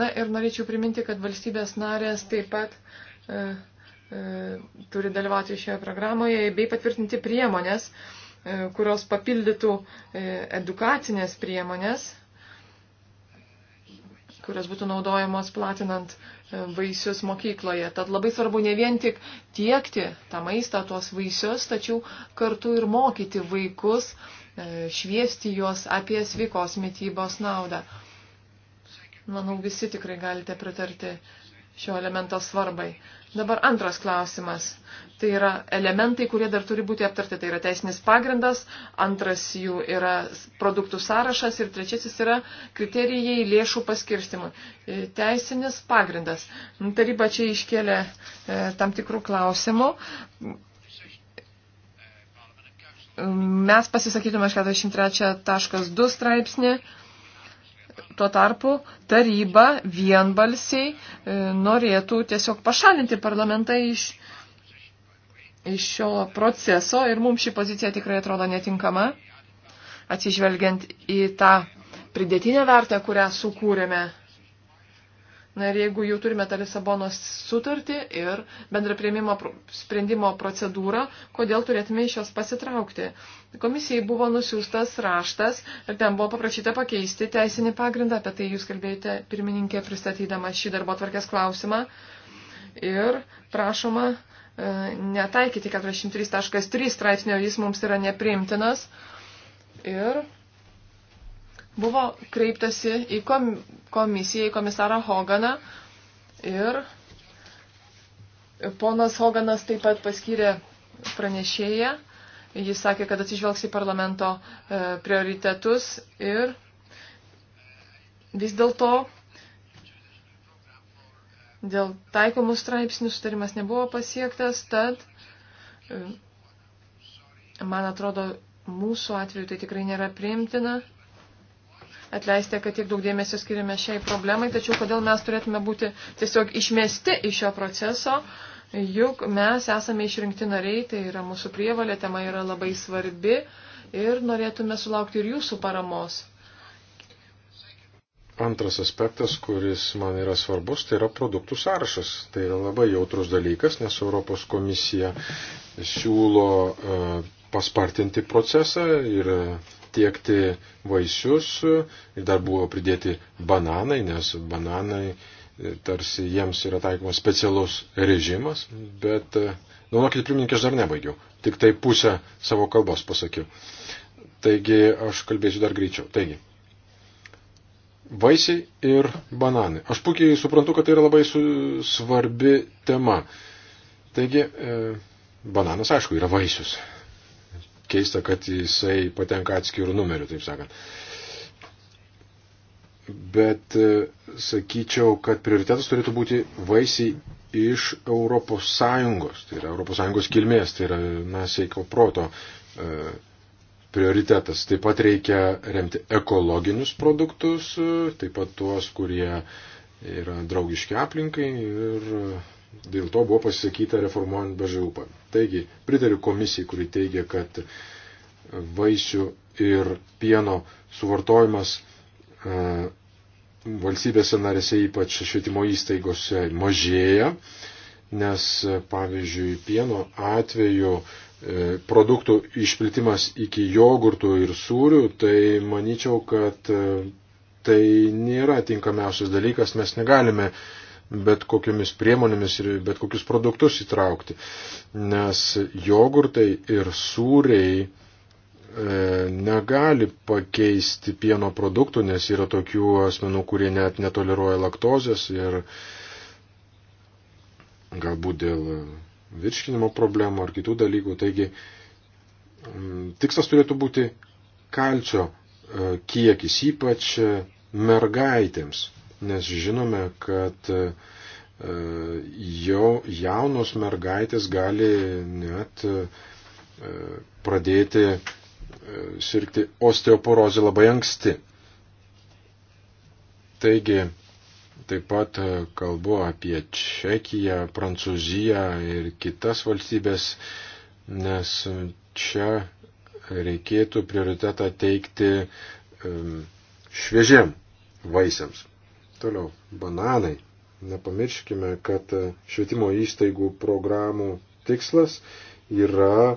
Na ir norėčiau priminti, kad valstybės narės taip pat e, e, turi dalyvauti šioje programoje bei patvirtinti priemonės, e, kurios papildytų e, edukacinės priemonės. E, kurios būtų naudojamos platinant e, vaisius mokykloje. Tad labai svarbu ne vien tik tiekti tą maistą, tuos vaisius, tačiau kartu ir mokyti vaikus, e, šviesti juos apie sveikos mytybos naudą. Manau, visi tikrai galite pritarti šio elemento svarbai. Dabar antras klausimas. Tai yra elementai, kurie dar turi būti aptarti. Tai yra teisinis pagrindas, antras jų yra produktų sąrašas ir trečiasis yra kriterijai lėšų paskirstimui. E, teisinis pagrindas. Taryba čia iškėlė e, tam tikrų klausimų. Mes pasisakytume 43.2 straipsnį. E, Tuo tarpu taryba vienbalsiai e, norėtų tiesiog pašalinti parlamentą iš, iš šio proceso ir mums ši pozicija tikrai atrodo netinkama, atsižvelgiant į tą pridėtinę vertę, kurią sukūrėme Na ir jeigu jau turime tą Lisabonos sutartį ir bendra prieimimo sprendimo procedūrą, kodėl turėtume iš jos pasitraukti? Komisijai buvo nusiųstas raštas ir ten buvo paprašyta pakeisti teisinį pagrindą, apie tai jūs kalbėjote pirmininkė pristatydama šį darbo tvarkės klausimą. Ir prašoma e, netaikyti 43.3 straipsnio, jis mums yra nepriimtinas. Ir buvo kreiptasi į komisiją, į komisarą Hoganą ir ponas Hoganas taip pat paskyrė pranešėją. Jis sakė, kad atsižvelgs į parlamento e, prioritetus ir vis dėlto dėl taikomų straipsnių sutarimas nebuvo pasiektas, tad e, man atrodo, mūsų atveju tai tikrai nėra priimtina. Atleisti, kad tiek daug dėmesio skiriame šiai problemai, tačiau kodėl mes turėtume būti tiesiog išmesti iš šio proceso, juk mes esame išrinkti nariai, tai yra mūsų prievalė, tema yra labai svarbi ir norėtume sulaukti ir jūsų paramos. Antras aspektas, kuris man yra svarbus, tai yra produktų sąrašas. Tai yra labai jautrus dalykas, nes Europos komisija siūlo e, paspartinti procesą ir tiekti vaisius ir dar buvo pridėti bananai, nes bananai e, tarsi jiems yra taikomas specialus režimas, bet, e, naunokit, pirmininkė, aš dar nebaigiau, tik tai pusę savo kalbos pasakiau. Taigi, aš kalbėsiu dar greičiau. Taigi, vaisiai ir bananai. Aš puikiai suprantu, kad tai yra labai su, svarbi tema. Taigi, e, bananas, aišku, yra vaisius keista, kad jisai patenka atskirų numerių, taip sakant. Bet e, sakyčiau, kad prioritetas turėtų būti vaisiai iš Europos Sąjungos, tai yra Europos Sąjungos kilmės, tai yra, na, sveiko proto e, prioritetas. Taip pat reikia remti ekologinius produktus, e, taip pat tuos, kurie yra draugiški aplinkai ir dėl to buvo pasisakyta reformuojant BŽUP. Taigi, pritariu komisijai, kuri teigia, kad vaisių ir pieno suvartojimas e, valstybėse narėse, ypač švietimo įstaigose, mažėja, nes, pavyzdžiui, pieno atveju e, produktų išplitimas iki jogurtų ir sūrių, tai manyčiau, kad e, tai nėra tinkamiausias dalykas, mes negalime bet kokiamis priemonėmis ir bet kokius produktus įtraukti. Nes jogurtai ir sūriai e, negali pakeisti pieno produktų, nes yra tokių asmenų, kurie net netoleruoja laktozės ir galbūt dėl virškinimo problemų ar kitų dalykų. Taigi, tikslas turėtų būti kalcio e, kiekis, ypač e, mergaitėms nes žinome, kad e, jau jaunos mergaitės gali net e, pradėti e, sirgti osteoporozę labai anksti. Taigi, taip pat kalbu apie Čekiją, Prancūziją ir kitas valstybės, nes čia reikėtų prioritetą teikti šviežiam vaisiams. Toliau, bananai. Nepamirškime, kad e, švietimo įstaigų programų tikslas yra e,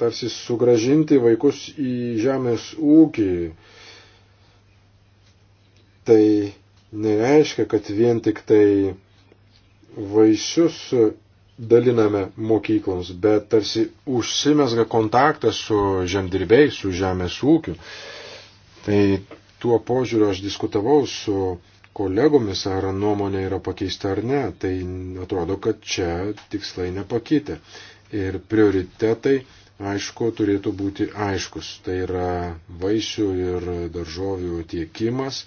tarsi sugražinti vaikus į žemės ūkį. Tai nereiškia, kad vien tik tai vaisius daliname mokykloms, bet tarsi užsimesga kontaktas su žemdirbiais, su žemės ūkiu. Tai tuo požiūriu aš diskutavau su kolegomis, ar nuomonė yra pakeista ar ne, tai atrodo, kad čia tikslai nepakitė. Ir prioritetai, aišku, turėtų būti aiškus. Tai yra vaisių ir daržovių tiekimas.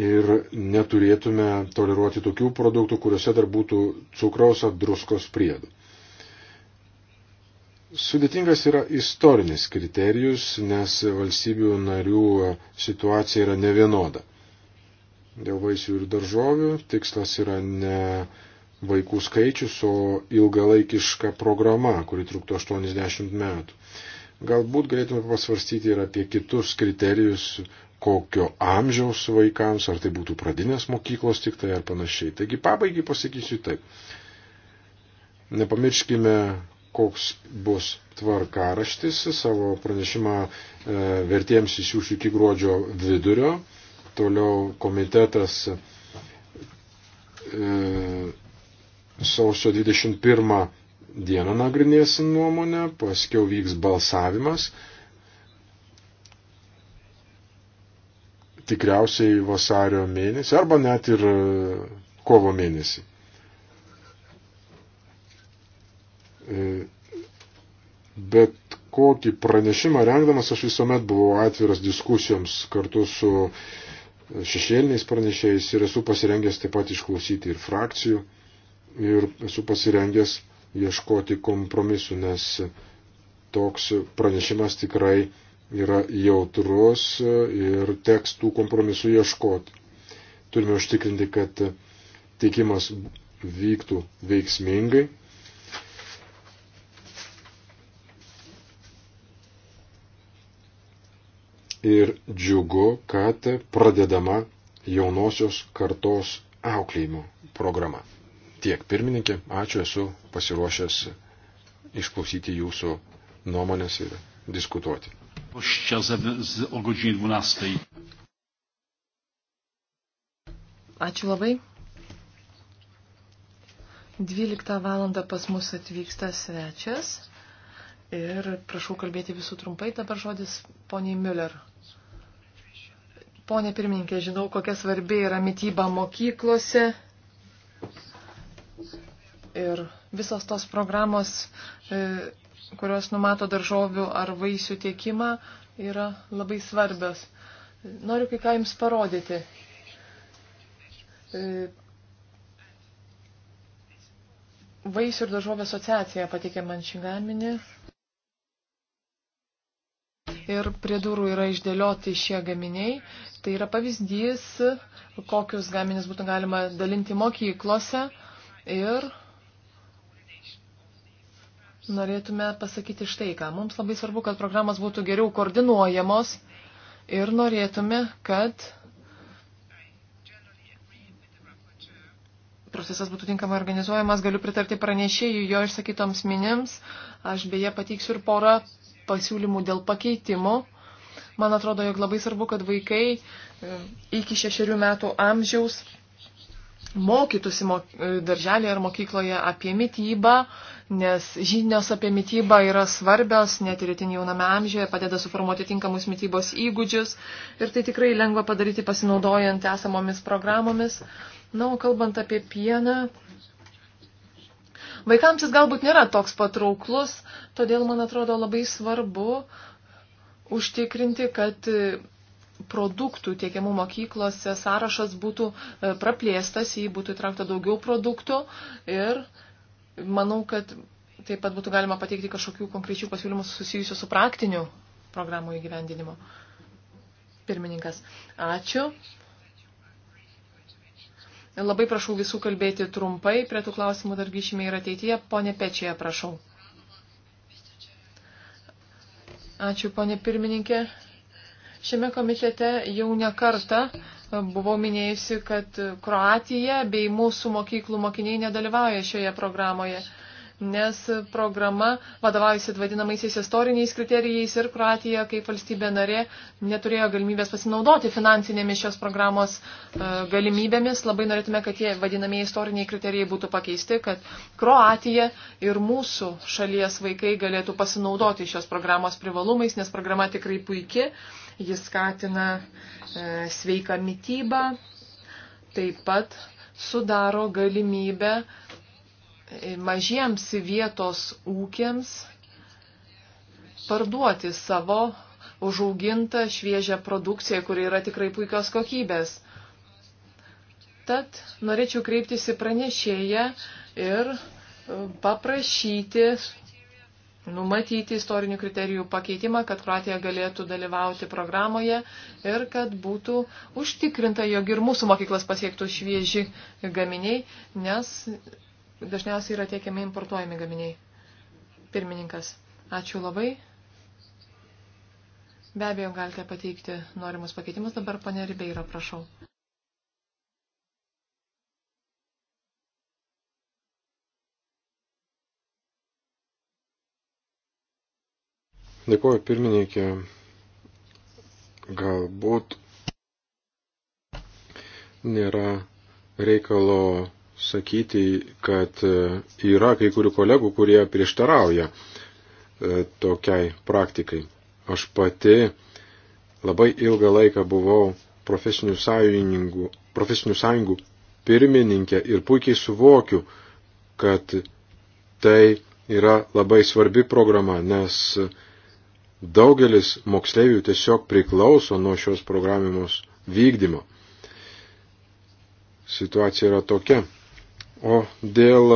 Ir neturėtume toleruoti tokių produktų, kuriuose dar būtų cukraus ar druskos priedų. Sudėtingas yra istorinis kriterijus, nes valstybių narių situacija yra nevienoda. Dėl vaisių ir daržovių tikslas yra ne vaikų skaičius, o ilgalaikiška programa, kuri truktų 80 metų. Galbūt galėtume pasvarstyti ir apie kitus kriterijus, kokio amžiaus vaikams, ar tai būtų pradinės mokyklos tik tai ar panašiai. Taigi pabaigai pasakysiu taip. Nepamirškime koks bus tvarkaraštis. Savo pranešimą e, vertėjams išsiųsiu iki gruodžio vidurio. Toliau komitetas e, sausio 21 dieną nagrinės nuomonę, paskiau vyks balsavimas. Tikriausiai vasario mėnesį arba net ir e, kovo mėnesį. E, bet kokį pranešimą rengdamas aš visuomet buvau atviras diskusijoms kartu su šešėliniais pranešėjais ir esu pasirengęs taip pat išklausyti ir frakcijų ir esu pasirengęs ieškoti kompromisų, nes toks pranešimas tikrai yra jautrus ir tekstų kompromisų ieškoti. Turime užtikrinti, kad teikimas vyktų veiksmingai, ir džiugu, kad pradedama jaunosios kartos auklėjimo programa. Tiek pirmininkė, ačiū, esu pasiruošęs išklausyti jūsų nuomonės ir diskutuoti. Ačiū labai. 12 val. pas mus atvyksta svečias. Ir prašau kalbėti visų trumpai, dabar žodis poniai Müller. Pone pirmininkė, žinau, kokia svarbi yra mytyba mokyklose. Ir visos tos programos, e, kurios numato daržovių ar vaisių tiekimą, yra labai svarbios. Noriu kai ką Jums parodyti. E, vaisių ir daržovė asociacija patikė man šį gaminį ir prie durų yra išdėlioti šie gaminiai. Tai yra pavyzdys, kokius gaminius būtų galima dalinti mokyklose ir norėtume pasakyti štai ką. Mums labai svarbu, kad programas būtų geriau koordinuojamos ir norėtume, kad procesas būtų tinkamai organizuojamas, galiu pritarti pranešėjų jo išsakytoms minims. Aš beje pateiksiu ir porą pasiūlymų dėl pakeitimo. Man atrodo, jog labai svarbu, kad vaikai e, iki šešerių metų amžiaus mokytųsi e, darželėje ar mokykloje apie mytybą, nes žinios apie mytybą yra svarbios, net ir itin jauname amžiuje, padeda suformuoti tinkamus mytybos įgūdžius ir tai tikrai lengva padaryti pasinaudojant esamomis programomis. Na, o kalbant apie pieną, Vaikams jis galbūt nėra toks patrauklus, todėl man atrodo labai svarbu užtikrinti, kad produktų tiekiamų mokyklose sąrašas būtų e, praplėstas, jį būtų įtraukta daugiau produktų ir manau, kad taip pat būtų galima pateikti kažkokių konkrečių pasiūlymų susijusių su praktiniu programų įgyvendinimu. Pirmininkas, ačiū. Labai prašau visų kalbėti trumpai, prie tų klausimų dar grįšime ir ateityje. Pone Pečioje, prašau. Ačiū, ponė pirmininkė. Šiame komitete jau ne kartą buvau minėjusi, kad Kroatija bei mūsų mokyklų mokiniai nedalyvauja šioje programoje nes programa vadovaujasi vadinamaisiais istoriniais kriterijais ir Kroatija kaip valstybė narė neturėjo galimybės pasinaudoti finansinėmis šios programos e, galimybėmis. Labai norėtume, kad tie vadinamieji istoriniai kriterijai būtų pakeisti, kad Kroatija ir mūsų šalies vaikai galėtų pasinaudoti šios programos privalumais, nes programa tikrai puikia, jis skatina e, sveiką mytybą, taip pat sudaro galimybę mažiems vietos ūkiams parduoti savo užaugintą šviežią produkciją, kuri yra tikrai puikios kokybės. Tad norėčiau kreiptis į pranešėją ir e, paprašyti numatyti istorinių kriterijų pakeitimą, kad Kroatija galėtų dalyvauti programoje ir kad būtų užtikrinta, jog ir mūsų mokyklas pasiektų švieži gaminiai, nes dažniausiai yra tiekiami importuojami gaminiai. Pirmininkas, ačiū labai. Be abejo, galite pateikti norimus pakeitimus. Dabar ponė Ribeira, prašau. Dėkuoju pirmininkė. Galbūt nėra reikalo sakyti, kad e, yra kai kurių kolegų, kurie prieštarauja e, tokiai praktikai. Aš pati labai ilgą laiką buvau profesinių sąjungų, profesinių sąjungų pirmininkė ir puikiai suvokiu, kad tai yra labai svarbi programa, nes daugelis moksleivių tiesiog priklauso nuo šios programimos vykdymo. Situacija yra tokia. O dėl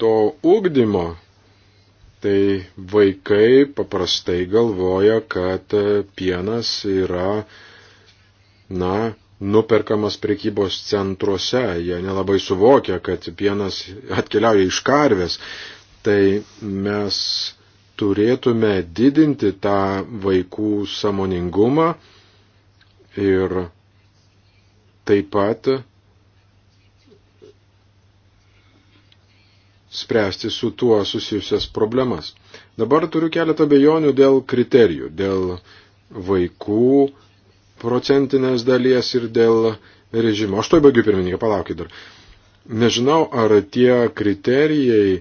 to ugdymo, tai vaikai paprastai galvoja, kad pienas yra, na, nuperkamas prekybos centruose. Jie nelabai suvokia, kad pienas atkeliauja iš karvės. Tai mes turėtume didinti tą vaikų samoningumą ir taip pat spręsti su tuo susijusias problemas. Dabar turiu keletą bejonių dėl kriterijų, dėl vaikų procentinės dalies ir dėl režimo. Aš to baigiu pirmininką, palaukit dar. Nežinau, ar tie kriterijai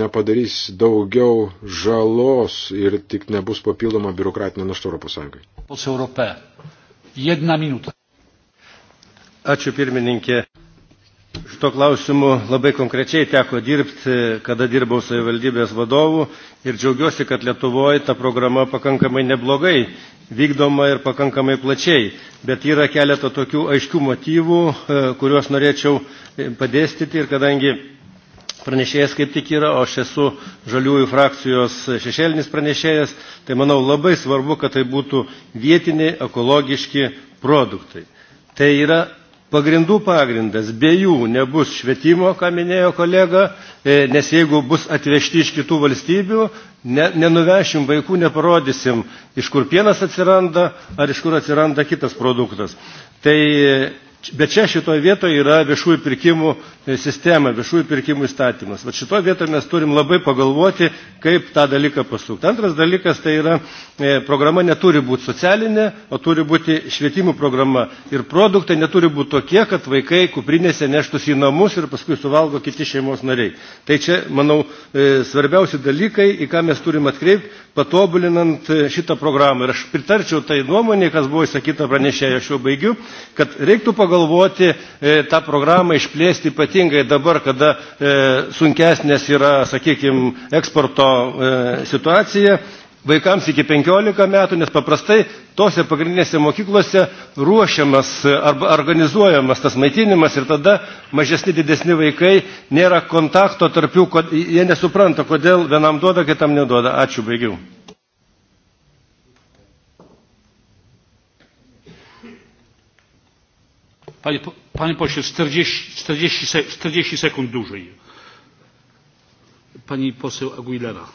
nepadarys daugiau žalos ir tik nebus papildoma biurokratinė našta Europos Sąjungai. Ačiū pirmininkė. Šito klausimu labai konkrečiai teko dirbti, e, kada dirbau savivaldybės vadovų ir džiaugiuosi, kad Lietuvoje ta programa pakankamai neblogai vykdoma ir pakankamai plačiai. Bet yra keletą tokių aiškių motyvų, e, kuriuos norėčiau e, padėstyti ir kadangi pranešėjas kaip tik yra, o aš esu žaliųjų frakcijos šešėlinis pranešėjas, tai manau labai svarbu, kad tai būtų vietiniai ekologiški produktai. Tai yra pagrindų pagrindas, be jų nebus švietimo, ką minėjo kolega, e, nes jeigu bus atvežti iš kitų valstybių, ne, nenuvešim vaikų, neparodysim, iš kur pienas atsiranda ar iš kur atsiranda kitas produktas. Tai Bet čia šitoje vietoje yra viešųjų pirkimų e, sistema, viešųjų pirkimų įstatymas. Va šitoje vietoje mes turim labai pagalvoti, kaip tą dalyką pasukti. Antras dalykas tai yra e, programa neturi būti socialinė, o turi būti švietimo programa. Ir produktai neturi būti tokie, kad vaikai kuprinėse neštųsi į namus ir paskui suvalgo kiti šeimos nariai. Tai čia, manau, e, svarbiausi dalykai, į ką mes turim atkreipti, patobulinant šitą programą. Ir aš pritarčiau tai nuomonė, kas buvo įsakyta pranešėjo, aš jau baigiu, kad reiktų pagalvoti galvoti e, tą programą išplėsti ypatingai dabar, kada e, sunkesnės yra, sakykime, eksporto e, situacija vaikams iki 15 metų, nes paprastai tose pagrindinėse mokyklose ruošiamas e, arba organizuojamas tas maitinimas ir tada mažesni didesni vaikai nėra kontakto tarp jų, jie nesupranta, kodėl vienam duoda, kitam neduoda. Ačiū, baigiau. Panie, panie pośle, 40, 40, 40 sekund dłużej. Pani poseł Aguilera.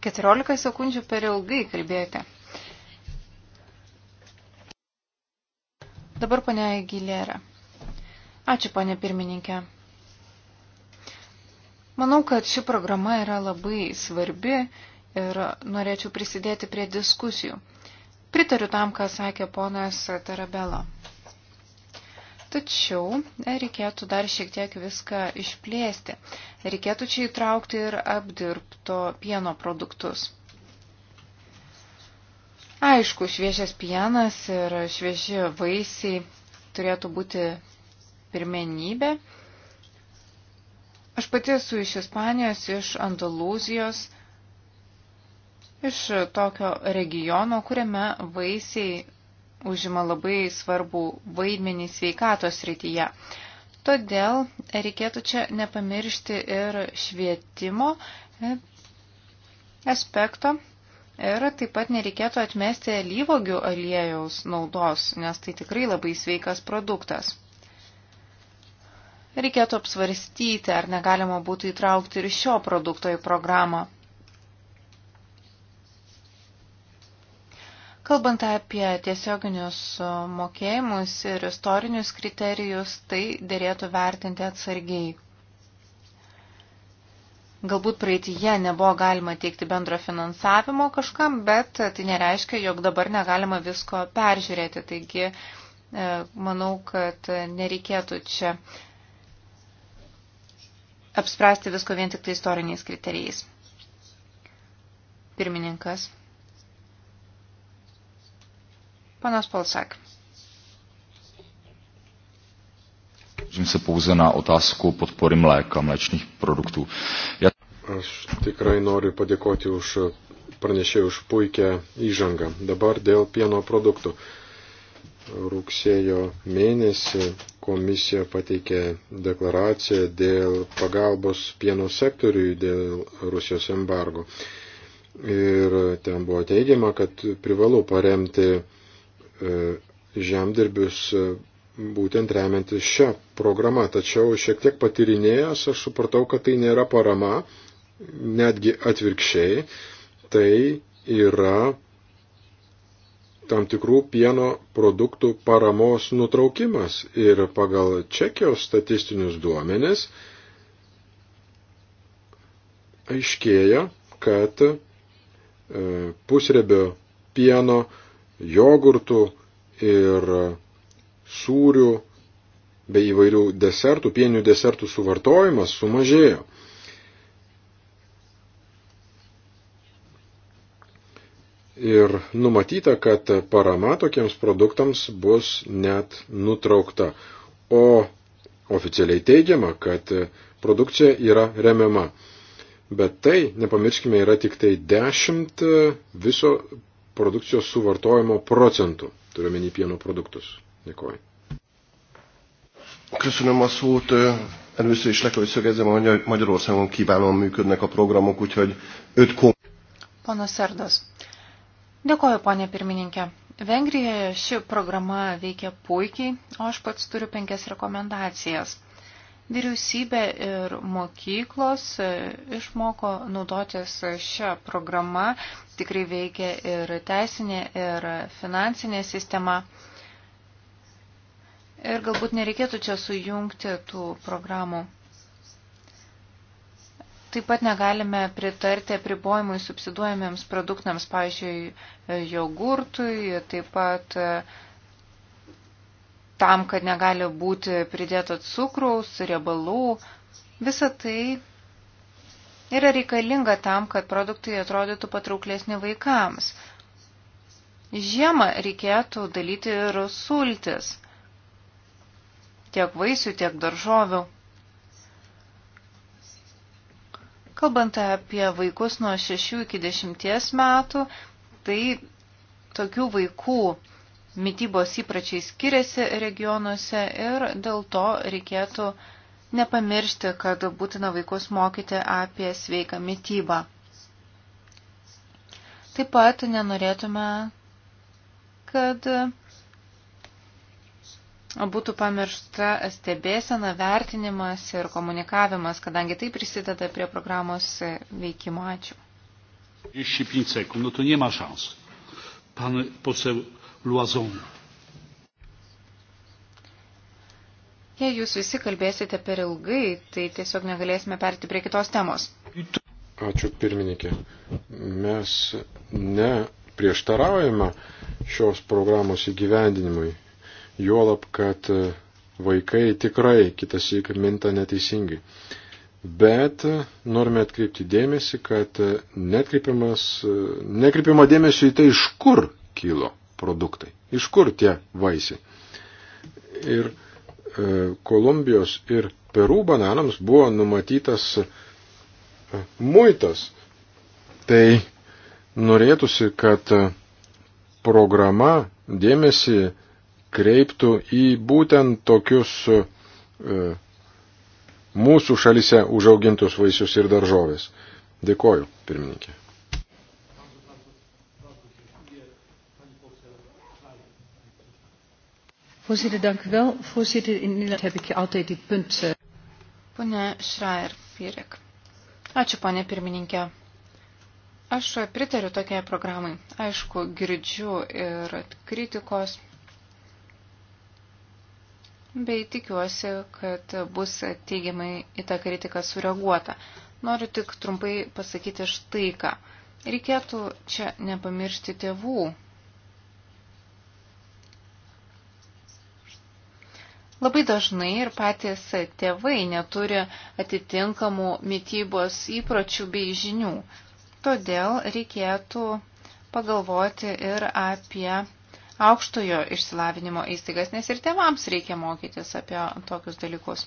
14 sekundžių per ilgai kalbėjote. Dabar ponia Aguilera. Ačiū, ponia pirmininkė. Manau, kad ši programa yra labai svarbi ir norėčiau prisidėti prie diskusijų. Pritariu tam, ką sakė ponas Tarabelo. Tačiau reikėtų dar šiek tiek viską išplėsti. Reikėtų čia įtraukti ir apdirbto pieno produktus. Aišku, šviežias pienas ir švieži vaisiai turėtų būti pirmenybė. Aš pati esu iš Ispanijos, iš Andalūzijos iš tokio regiono, kuriame vaisiai užima labai svarbų vaidmenį sveikatos rytyje. Todėl reikėtų čia nepamiršti ir švietimo aspekto. Ir taip pat nereikėtų atmesti alyvogių aliejaus naudos, nes tai tikrai labai sveikas produktas. Reikėtų apsvarstyti, ar negalima būtų įtraukti ir šio produkto į programą. Kalbant apie tiesioginius mokėjimus ir istorinius kriterijus, tai dėrėtų vertinti atsargiai. Galbūt praeitįje nebuvo galima teikti bendro finansavimo kažkam, bet tai nereiškia, jog dabar negalima visko peržiūrėti. Taigi, e, manau, kad nereikėtų čia apspręsti visko vien tik tai istoriniais kriterijais. Pirmininkas. Panas Polsak. Žím se pouze na otázku podpory mléka, mléčných produktů. Ja... Aš tikrai noriu padėkoti už pranešėjų už puikią įžangą. Dabar dėl pieno produktų. Rugsėjo mėnesį komisija pateikė deklaraciją dėl pagalbos pieno sektoriui dėl Rusijos embargo. Ir ten buvo teigiama, kad privalu paremti E, žemdirbius e, būtent remiantis šią programą. Tačiau šiek tiek patirinėjęs aš supratau, kad tai nėra parama, netgi atvirkščiai, tai yra tam tikrų pieno produktų paramos nutraukimas. Ir pagal Čekijos statistinius duomenis aiškėja, kad e, pusrebio pieno jogurtų ir sūrių bei įvairių desertų, pienių desertų suvartojimas sumažėjo. Ir numatyta, kad parama tokiems produktams bus net nutraukta. O oficialiai teigiama, kad produkcija yra remiama. Bet tai, nepamirškime, yra tik tai 10 viso produkcijos suvartojimo procentų, turiuomenį pieno produktus. Dėkuoju. Köszönöm a szót. Először is le kell, hogy szögezzem, hogy Magyarországon kiválóan működnek a programok, úgyhogy öt kom... Panas Sardas. Dėkoju, ponė pirmininkė. Vengrijoje ši programa veikia puikiai, o aš pats turiu penkias rekomendacijas. Vyriausybė ir mokyklos e, išmoko naudotis šią programą, tikrai veikia ir teisinė, ir finansinė sistema. Ir galbūt nereikėtų čia sujungti tų programų. Taip pat negalime pritarti apribojimui subsiduojamiems produktams, pavyzdžiui, jogurtui, taip pat tam, kad negali būti pridėta cukraus, riebalų. Visa tai yra reikalinga tam, kad produktai atrodytų patrauklesni vaikams. Žiemą reikėtų dalyti ir sultis. Tiek vaisių, tiek daržovių. Kalbant apie vaikus nuo 6 iki 10 metų, tai tokių vaikų mytybos įpračiai skiriasi regionuose ir dėl to reikėtų nepamiršti, kad būtina vaikus mokyti apie sveiką mytybą. Taip pat nenorėtume, kad būtų pamiršta stebėsena, vertinimas ir komunikavimas, kadangi tai prisideda prie programos veikimo. Ačiū. 35 sekund, no to nie ma szans. Pan poseł Luazon. Jei jūs visi kalbėsite per ilgai, tai tiesiog negalėsime perti prie kitos temos. Ačiū pirmininkė. Mes ne prieštaraujame šios programos įgyvendinimui. Juolab, kad e, vaikai tikrai kitas įminta neteisingai. Bet e, norime atkreipti dėmesį, kad e, nekreipiama dėmesio į tai, iš kur kilo produktai. Iš kur tie vaisiai? Ir e, Kolumbijos ir Perų bananams buvo numatytas e, muitas. Tai norėtųsi, kad e, programa dėmesį kreiptų į būtent tokius e, mūsų šalise užaugintus vaisius ir daržovės. Dėkoju, pirmininkė. Voorzitter, dank u wel. Voorzitter, in Nederland heb ik altijd dit punt. Eh, Pone Šrair Pirek. Ačiū, ponė pirmininkė. Aš pritariu tokiai programai. Aišku, girdžiu ir kritikos. Bei tikiuosi, kad bus teigiamai į tą kritiką sureaguota. Noriu tik trumpai pasakyti štai ką. Reikėtų čia nepamiršti tėvų, Labai dažnai ir patys tėvai neturi atitinkamų mytybos įpročių bei žinių. Todėl reikėtų pagalvoti ir apie aukštojo išsilavinimo įstaigas, nes ir tėvams reikia mokytis apie tokius dalykus.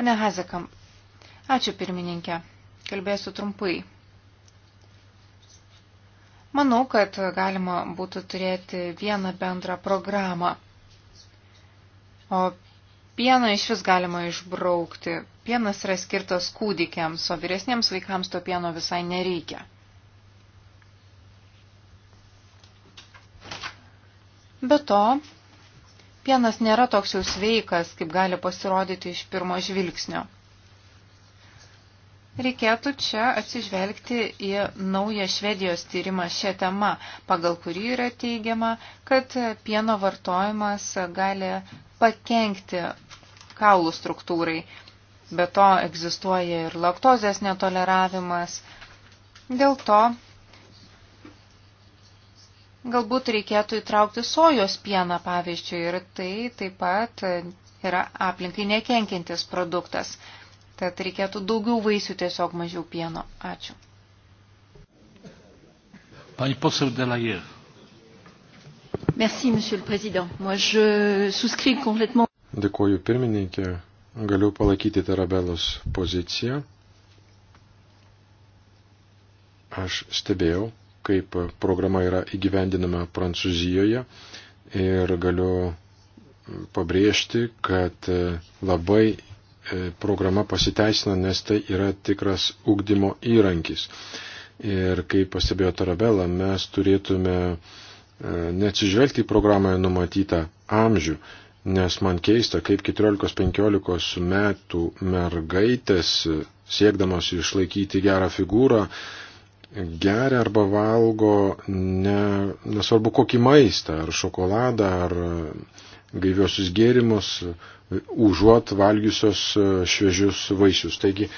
Pane eh, Hazekamp, ačiū pirmininkė, kalbėsiu trumpai. Manau, kad galima būtų turėti vieną bendrą programą. O pieną iš vis galima išbraukti. Pienas yra skirtas kūdikiams, o vyresniems vaikams to pieno visai nereikia. Be to, pienas nėra toks jau sveikas, kaip gali pasirodyti iš pirmo žvilgsnio. Reikėtų čia atsižvelgti į naują Švedijos tyrimą šią temą, pagal kurį yra teigiama, kad pieno vartojimas gali pakenkti kaulų struktūrai. Be to egzistuoja ir laktozės netoleravimas. Dėl to galbūt reikėtų įtraukti sojos pieną, pavyzdžiui, ir tai taip pat yra aplinkai nekenkintis produktas. Tad reikėtų daugiau vaisių, tiesiog mažiau pieno. Ačiū. Pani posel Delajer. Merci, monsieur le président. Moi, je souscris complètement. Dėkuoju pirmininkė. Galiu palaikyti Tarabelos poziciją. Aš stebėjau, kaip programa yra įgyvendinama Prancūzijoje ir galiu pabrėžti, kad labai E, programa pasiteisina, nes tai yra tikras ugdymo įrankis. Ir kaip pastebėjo Tarabela, mes turėtume e, neatsižvelgti į programoje numatytą amžių, nes man keista, kaip 14-15 metų mergaitės, e, siekdamos išlaikyti gerą figūrą, geria arba valgo, ne, nesvarbu kokį maistą, ar šokoladą, ar gaiviosius gėrimus, užuot valgiusios e, šviežius vaisius. Taigi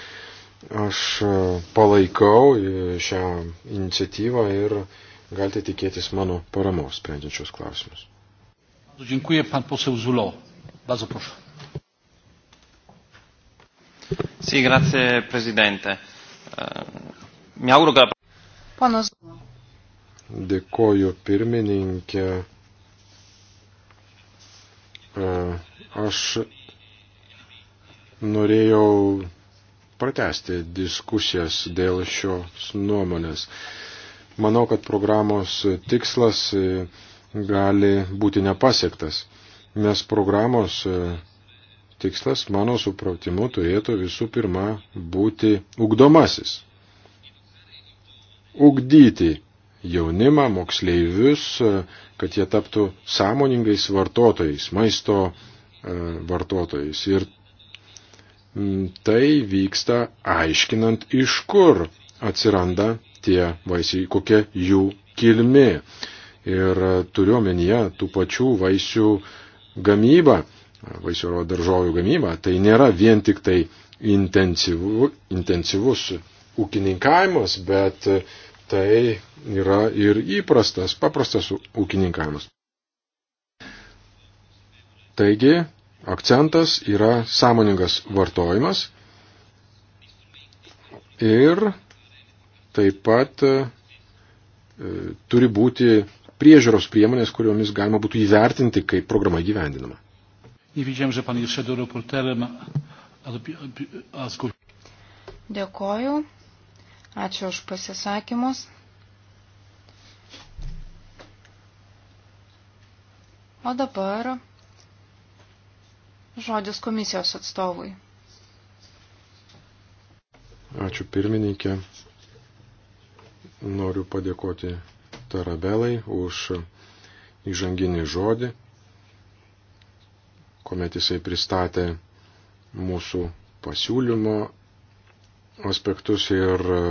aš e, palaikau e, šią iniciatyvą ir galite tikėtis mano paramos sprendžiančios klausimus. Dziękuję pan poseł Zulo. Bardzo proszę. Sì, grazie Presidente. Ehm, mi auguro che la... Ponas Dėkoju pirmininkė. E, aš norėjau pratesti diskusijas dėl šios nuomonės. Manau, kad programos tikslas e, gali būti nepasiektas, nes programos e, tikslas, mano supratimu, turėtų visų pirma būti ugdomasis. Ugdyti jaunimą, moksleivius, e, kad jie taptų sąmoningais vartotojais, maisto e, vartotojais. Ir tai vyksta aiškinant, iš kur atsiranda tie vaisiai, kokia jų kilmė. Ir e, turiu omenyje tų pačių vaisių gamybą, vaisių ir daržovių gamybą. Tai nėra vien tik tai intensyvu, intensyvus ūkininkavimas, bet tai yra ir įprastas, paprastas ūkininkavimas. Taigi, akcentas yra sąmoningas vartojimas ir taip pat e, turi būti priežiūros priemonės, kuriomis galima būtų įvertinti, kaip programa įgyvendinama. Dėkoju. Ačiū už pasisakymus. O dabar žodis komisijos atstovui. Ačiū pirmininkė. Noriu padėkoti Tarabelai už įžanginį žodį, kuomet jisai pristatė mūsų pasiūlymo aspektus ir e,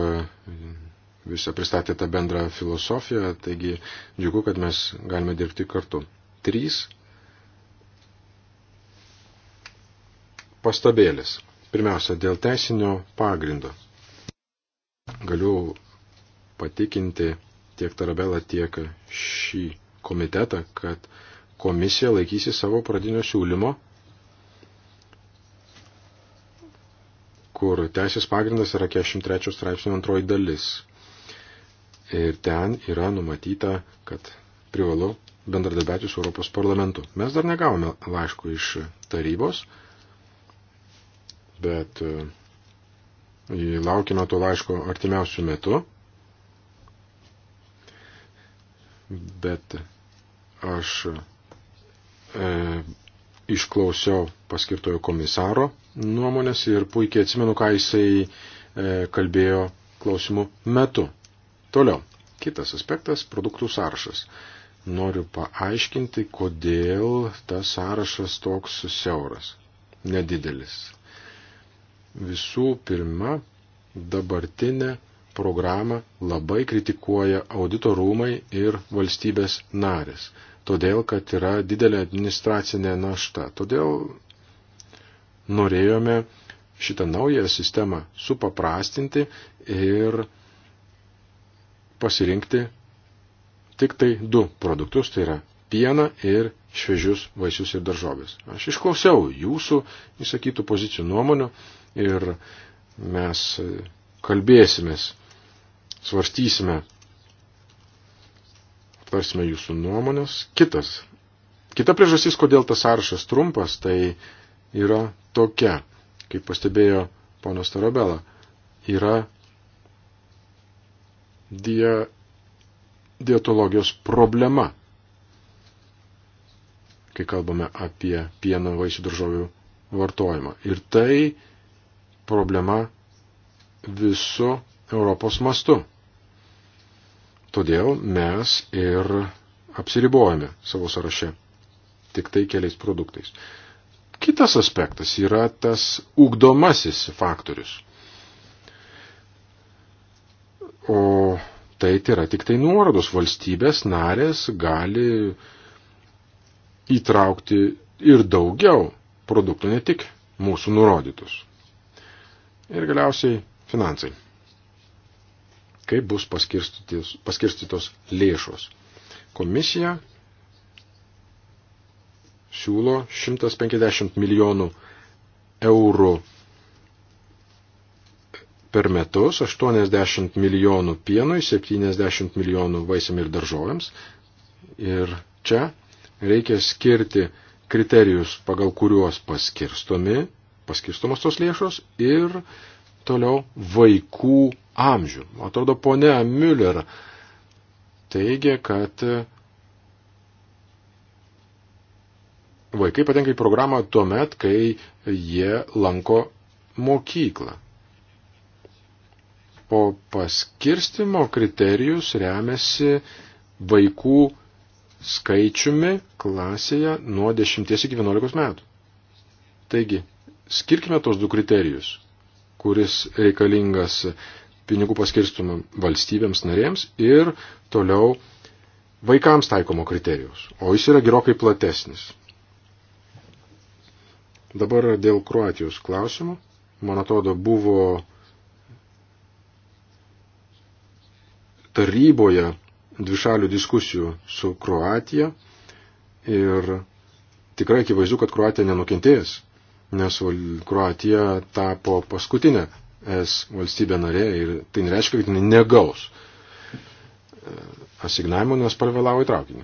visą pristatė tą bendrą filosofiją, taigi džiugu, kad mes galime dirbti kartu. Trys pastabėlis. Pirmiausia, dėl teisinio pagrindo. Galiu patikinti tiek Tarabelą, tiek šį komitetą, kad komisija laikysi savo pradinio siūlymo kur teisės pagrindas yra 43 straipsnio antroji dalis. Ir ten yra numatyta, kad privalu bendradarbiauti su Europos parlamentu. Mes dar negavome laiško iš tarybos, bet e, laukime to laiško artimiausių metų. Bet aš e, išklausiau paskirtojo komisaro nuomonės ir puikiai atsimenu, ką jisai e, kalbėjo klausimų metu. Toliau, kitas aspektas - produktų sąrašas. Noriu paaiškinti, kodėl tas sąrašas toks siauras, nedidelis. Visų pirma, dabartinę programą labai kritikuoja audito rūmai ir valstybės narės todėl kad yra didelė administracinė našta. Todėl norėjome šitą naują sistemą supaprastinti ir pasirinkti tik tai du produktus, tai yra pieną ir šviežius vaisius ir daržovės. Aš išklausiau jūsų įsakytų pozicijų nuomonių ir mes kalbėsimės, svarstysime aptarsime jūsų nuomonės. Kitas. Kita priežastis, kodėl tas sąrašas trumpas, tai yra tokia, kaip pastebėjo ponas Tarabela, yra die, dietologijos problema, kai kalbame apie pieno vaisių daržovių vartojimą. Ir tai problema visu Europos mastu. Todėl mes ir apsiribojame savo sąraše tik tai keliais produktais. Kitas aspektas yra tas ugdomasis faktorius. O tai yra tik tai nuorodos. Valstybės narės gali įtraukti ir daugiau produktų, ne tik mūsų nurodytus. Ir galiausiai finansai kaip bus paskirstytos lėšos. Komisija siūlo 150 milijonų eurų per metus, 80 milijonų pienui, 70 milijonų vaisiam ir daržovėms. Ir čia reikia skirti kriterijus, pagal kuriuos paskirstomi, paskirstomos tos lėšos ir uh, Toliau vaikų amžių. Atrodo, ponia Müller teigia, kad vaikai patenka į programą tuo met, kai jie lanko mokyklą. O paskirstimo kriterijus remiasi vaikų skaičiumi klasėje nuo 10 iki 11 metų. Taigi, skirkime tos du kriterijus kuris reikalingas pinigų paskirstumam valstybėms narėms ir toliau vaikams taikomo kriterijus, o jis yra gerokai platesnis. Dabar dėl Kroatijos klausimų, man atrodo, buvo taryboje dvišalių diskusijų su Kroatija ir tikrai akivaizdu, kad Kroatija nenukentėjęs nes Kroatija tapo paskutinę es valstybę narė ir tai nereiškia, kad negaus e, asignavimo, nes parvėlavo į traukinį.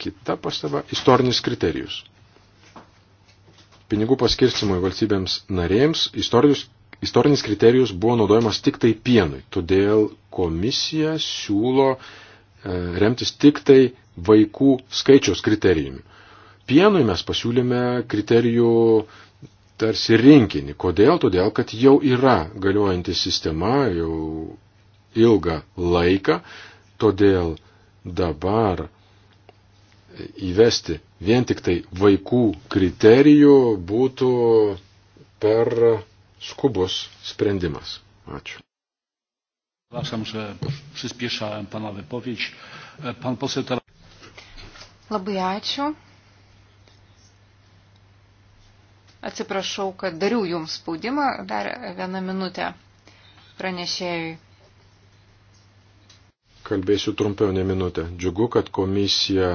Kita pastaba – istorinis kriterijus. Pinigų paskirstimui valstybėms narėms istorinis, istorinis kriterijus buvo naudojamas tik tai pienui, todėl komisija siūlo e, remtis tik tai vaikų skaičiaus kriterijumi pienui mes pasiūlėme kriterijų tarsi rinkinį. Kodėl? Todėl, kad jau yra galiojanti sistema, jau ilgą laiką, todėl dabar įvesti vien tik tai vaikų kriterijų būtų per skubus sprendimas. Ačiū. Przepraszam, że przyspieszałem Pana wypowiedź. Pan poseł teraz... Labai ačiū. Atsiprašau, kad dariau jums spaudimą. Dar vieną minutę pranešėjui. Kalbėsiu trumpiau ne minutę. Džiugu, kad komisija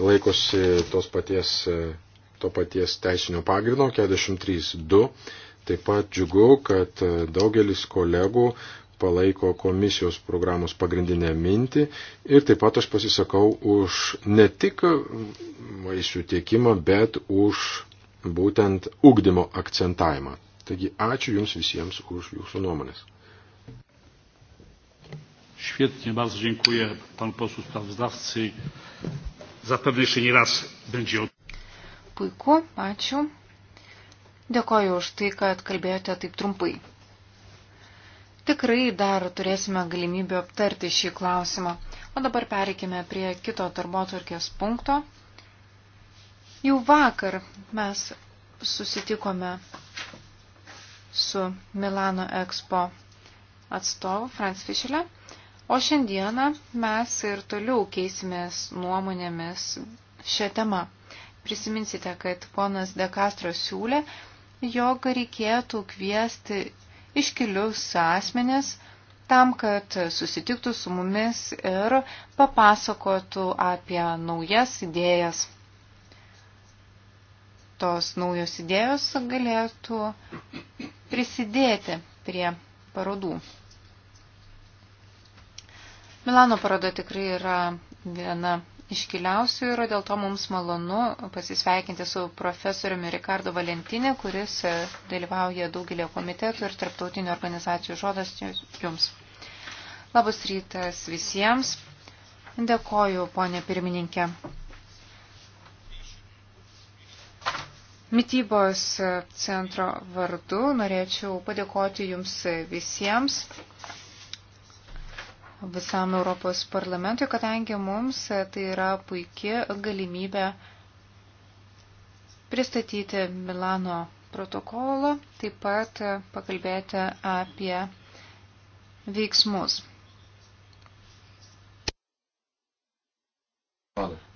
laikosi tos paties, to paties teisinio pagrindo 43.2. Taip pat džiugu, kad daugelis kolegų palaiko komisijos programos pagrindinę mintį ir taip pat aš pasisakau už ne tik vaisių tiekimą, bet už būtent ugdymo akcentavimą. Taigi ačiū Jums visiems už Jūsų nuomonės. Świetnie, bardzo dziękuję panu posłu sprawozdawcy. Zapewne jeszcze nie raz będzie o. Puiku, ačiū. Dėkoju už tai, kad kalbėjote taip trumpai. Tikrai dar turėsime galimybę aptarti šį klausimą. O dabar pereikime prie kito darbo tvarkės punkto. Jau vakar mes susitikome su Milano Expo atstovu Franz Fischle, o šiandieną mes ir toliau keisimės nuomonėmis šią temą. Prisiminsite, kad ponas De Castro siūlė, jog reikėtų kviesti iškilius asmenis, tam, kad susitiktų su mumis ir papasakotų apie naujas idėjas tos naujos idėjos galėtų prisidėti prie parodų. Milano paroda tikrai yra viena iškiliausių ir dėl to mums malonu pasisveikinti su profesoriumi Ricardo Valentinė, kuris dalyvauja daugelio komitetų ir tarptautinių organizacijų žodas jums. Labas rytas visiems. Dėkoju, ponė pirmininkė. mytybos centro vardu norėčiau padėkoti Jums visiems, visam Europos parlamentui, kadangi mums tai yra puikia galimybė pristatyti Milano protokolo, taip pat pakalbėti apie veiksmus.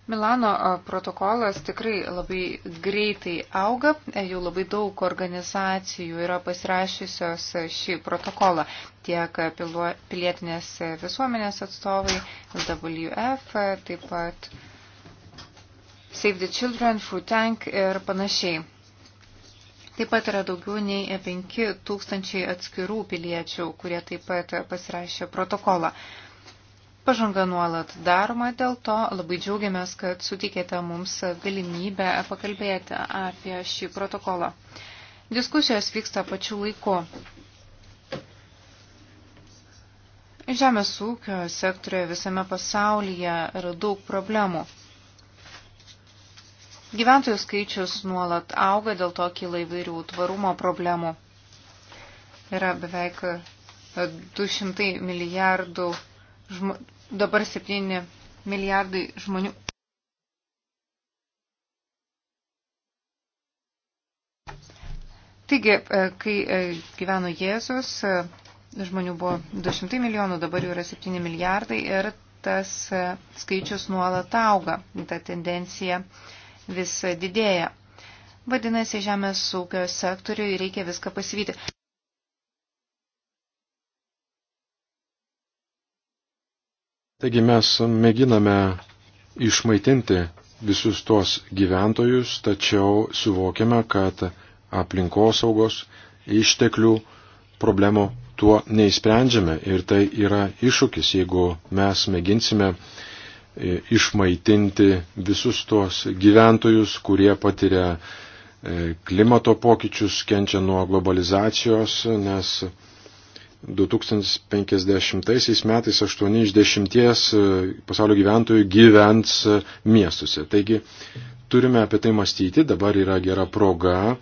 Milano protokolas tikrai labai greitai auga, e, jau labai daug organizacijų yra pasirašysios e, šį protokolą, tiek e, pilietinės visuomenės atstovai, WF, taip pat Save the Children, Food Tank ir panašiai. Taip pat yra daugiau nei 5 tūkstančiai atskirų piliečių, kurie taip pat pasirašė protokolą. Pažanga nuolat daroma, dėl to labai džiaugiamės, kad sutikėte mums galimybę pakalbėti apie šį protokolą. Diskusijos vyksta pačiu laiku. Žemės ūkio sektorioje visame pasaulyje yra daug problemų. Gyventojų skaičius nuolat auga, dėl to kyla įvairių tvarumo problemų. Yra beveik 200 milijardų žmo, dabar 7 milijardai žmonių. Taigi, e, kai e, gyveno Jėzus, e, žmonių buvo 200 milijonų, dabar jau yra 7 milijardai ir tas skaičius nuolat auga, ta tendencija vis didėja. Vadinasi, žemės ūkio sektoriui reikia viską pasivyti. Taigi mes mėginame išmaitinti visus tos gyventojus, tačiau suvokiame, kad aplinkosaugos išteklių problemų tuo neįsprendžiame ir tai yra iššūkis, jeigu mes mėginsime e, išmaitinti visus tuos gyventojus, kurie patiria e, klimato pokyčius, kenčia nuo globalizacijos, nes 2050 metais 8 iš 10 e, pasaulio gyventojų gyvens e, miestuose. Taigi turime apie tai mąstyti, dabar yra gera proga,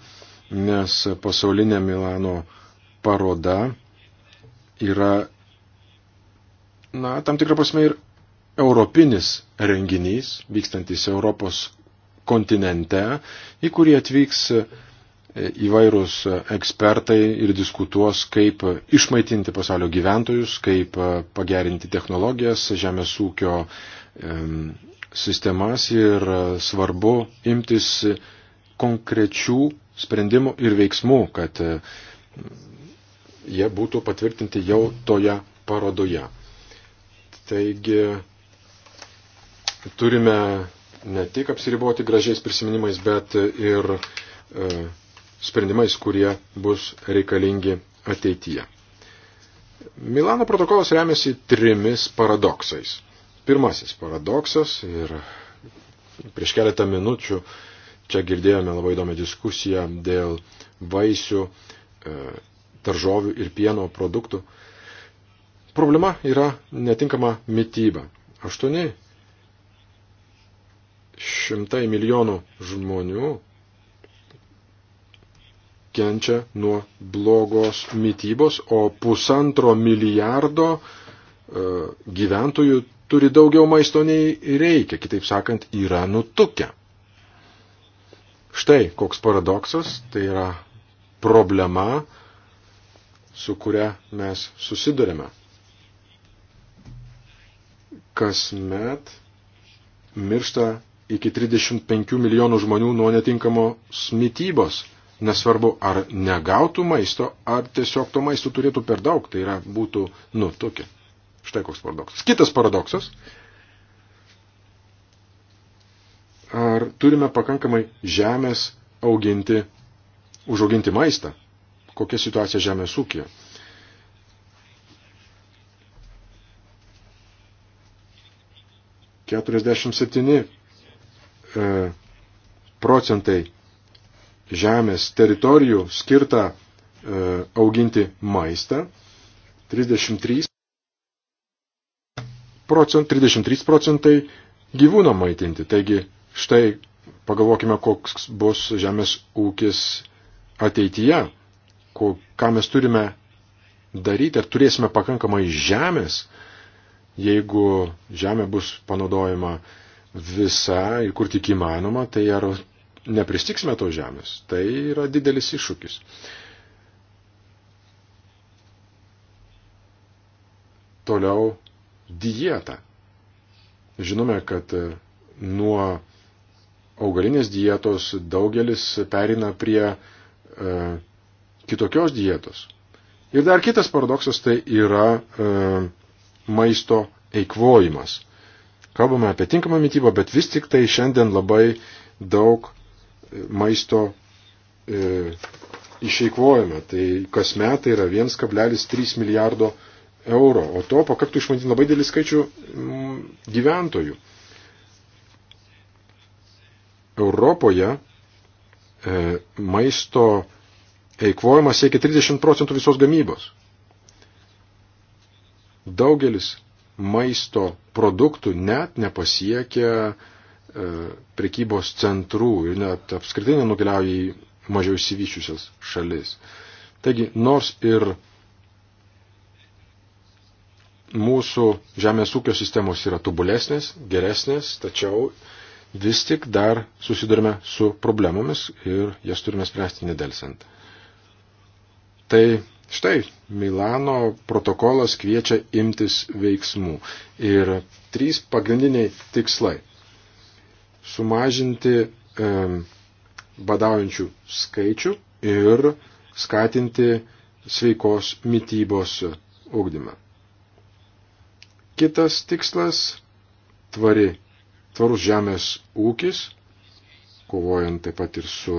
nes pasaulinė Milano paroda yra, na, tam tikrą prasme ir europinis renginys, vykstantis Europos kontinente, į kurį atvyks įvairūs ekspertai ir diskutuos, kaip išmaitinti pasaulio gyventojus, kaip e, pagerinti technologijas, žemės ūkio sistemas ir e, svarbu imtis konkrečių sprendimų ir veiksmų, kad e, jie būtų patvirtinti jau toje parodoje. Taigi turime ne tik apsiriboti gražiais prisiminimais, bet ir sprendimais, kurie bus reikalingi ateityje. Milano protokolas remiasi trimis paradoksais. Pirmasis paradoksas ir prieš keletą minučių čia girdėjome labai įdomią diskusiją dėl vaisių, e, daržovių ir pieno produktų. Problema yra netinkama mytyba. 8 šimtai milijonų žmonių kenčia nuo blogos mytybos, o pusantro milijardo e, gyventojų turi daugiau maisto nei reikia, kitaip sakant, yra nutukę. Štai koks paradoksas, tai yra problema, su kuria mes susidurėme. Kasmet miršta iki 35 milijonų žmonių nuo netinkamos mytybos nesvarbu ar negautų maisto, ar tiesiog to maisto turėtų per daug, tai yra būtų, nu, tokia. Štai koks paradoksas. Kitas paradoksas. Ar turime pakankamai žemės auginti, užauginti maistą? Kokia situacija žemės ūkija? Keturiasdešimt septyni e, procentai žemės teritorijų skirta e, auginti maistą 33 procent, 33 procentai gyvūno maitinti. Taigi štai pagalvokime, koks bus žemės ūkis ateityje, ko, ką mes turime daryti, ar turėsime pakankamai žemės, jeigu žemė bus panaudojama visa ir kur tik įmanoma, tai ar nepristiksime to žemės. Tai yra didelis iššūkis. Toliau dieta. Žinome, kad e, nuo augalinės dietos daugelis perina prie e, kitokios dietos. Ir dar kitas paradoksas tai yra e, maisto eikvojimas. Kalbame apie tinkamą mytybą, bet vis tik tai šiandien labai daug maisto e, išeikvojame. Tai kas metai yra 1,3 milijardo eurų, o to pakaktų išmantinti labai dėlį skaičių m, mm, gyventojų. Europoje e, maisto eikvojimas siekia 30 procentų visos gamybos. Daugelis maisto produktų net nepasiekia e, E, prekybos centrų ir net apskritai nenukeliauja į mažiau įsivyščiusias šalis. Taigi, nors ir mūsų žemės ūkio sistemos yra tobulesnės, geresnės, tačiau vis tik dar susidurime su problemomis ir jas turime spręsti nedelsant. Tai štai Milano protokolas kviečia imtis veiksmų ir trys pagrindiniai tikslai sumažinti badaujančių skaičių ir skatinti sveikos mytybos ugdymą. Kitas tikslas - tvari, tvarus žemės ūkis, kovojant taip pat ir su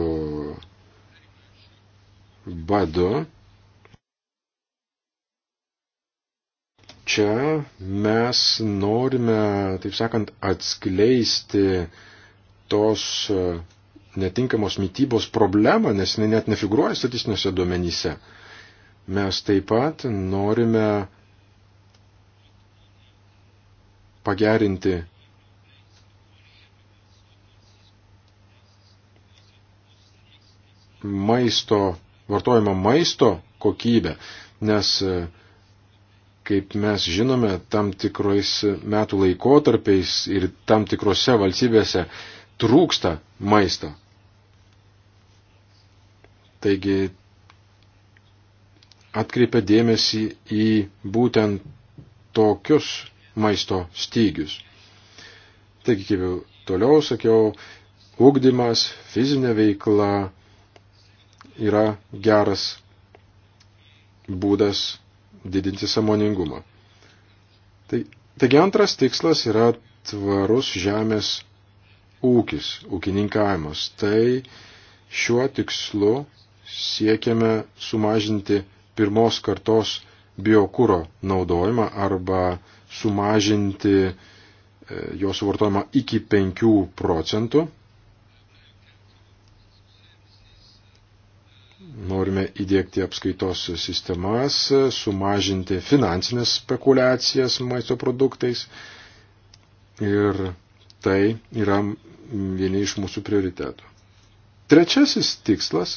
badu. Čia mes norime, taip sakant, atskleisti tos e, netinkamos mytybos problemą, nes jinai net nefigūruoja statistiniuose duomenyse. Mes taip pat norime pagerinti maisto, vartojimo maisto kokybę, nes, e, kaip mes žinome, tam tikrais metų laikotarpiais ir tam tikrose valstybėse trūksta maisto. Taigi atkreipia dėmesį į būtent tokius maisto stygius. Taigi, kaip jau toliau sakiau, ūkdymas, fizinė veikla yra geras būdas didinti samoningumą. Tai, taigi antras tikslas yra tvarus žemės ūkis, ūkininkavimas. Tai šiuo tikslu siekiame sumažinti pirmos kartos biokūro naudojimą arba sumažinti e, jo suvartojimą iki 5 procentų. Norime įdėkti apskaitos sistemas, sumažinti finansinės spekulacijas maisto produktais ir Tai yra vieni iš mūsų prioritetų. Trečiasis tikslas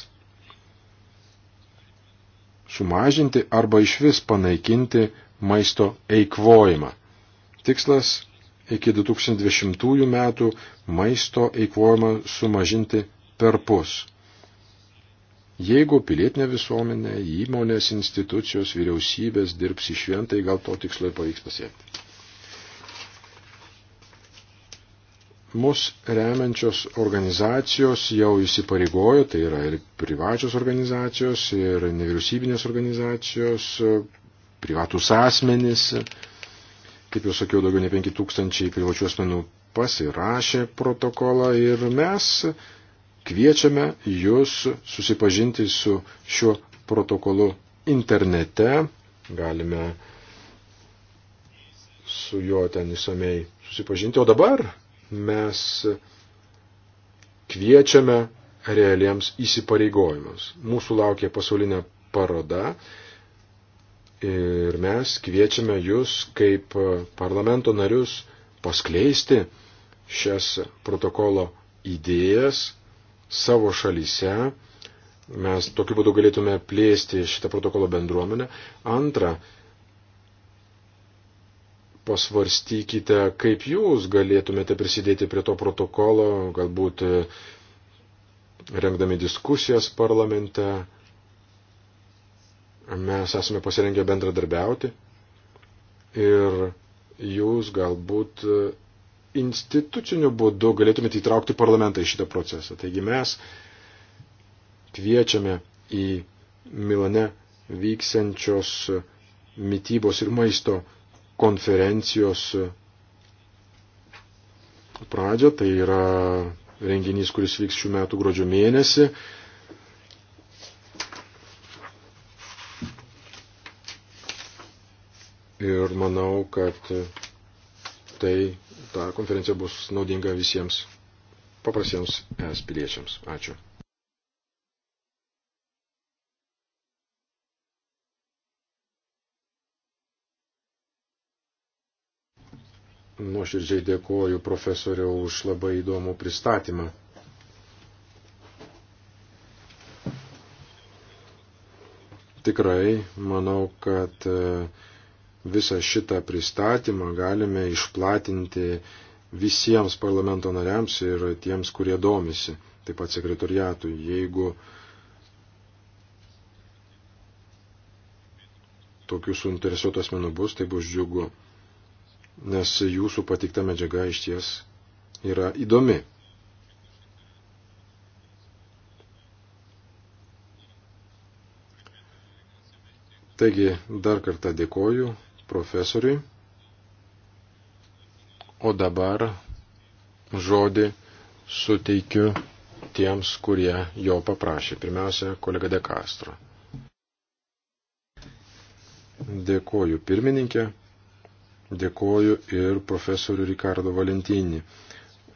- sumažinti arba iš vis panaikinti maisto eikvojimą. Tikslas iki 2020 metų maisto eikvojimą sumažinti per pus. Jeigu pilietinė visuomenė, įmonės, institucijos, vyriausybės dirbs iš vien, tai gal to tikslo ir pavyks pasiekti. mus remiančios organizacijos jau įsipareigojo, tai yra ir privačios organizacijos, ir nevyriausybinės organizacijos, privatus asmenys, kaip jau sakiau, daugiau nei 5000 privačių asmenų pasirašė protokolą ir mes kviečiame jūs susipažinti su šiuo protokolu internete. Galime su juo ten įsamei susipažinti. O dabar mes kviečiame realiems įsipareigojimams. Mūsų laukia pasaulinė paroda ir mes kviečiame jūs kaip parlamento narius paskleisti šias protokolo idėjas savo šalyse. Mes tokiu būdu galėtume plėsti šitą protokolo bendruomenę. Antra, pasvarstykite, kaip jūs galėtumėte prisidėti prie to protokolo, galbūt e, rengdami diskusijas parlamente. Mes esame pasirengę bendradarbiauti ir jūs galbūt e, instituciniu būdu galėtumėte įtraukti parlamentą į šitą procesą. Taigi mes kviečiame į Milane vyksiančios mytybos ir maisto konferencijos pradžią. Tai yra renginys, kuris vyks šių metų gruodžio mėnesį. Ir manau, kad tai ta konferencija bus naudinga visiems paprastiems es piliečiams. Ačiū. Nuoširdžiai dėkoju profesoriau už labai įdomų pristatymą. Tikrai manau, kad e, visą šitą pristatymą galime išplatinti visiems parlamento nariams ir tiems, kurie domisi, taip pat sekretoriatui, jeigu tokių suinteresuotų asmenų bus, tai bus džiugu nes jūsų patikta medžiaga iš ties yra įdomi. Taigi dar kartą dėkoju profesoriui. O dabar žodį suteikiu tiems, kurie jo paprašė. Pirmiausia, kolega De Castro. Dėkoju pirmininkė. Dėkoju ir profesoriu Ricardo Valentinį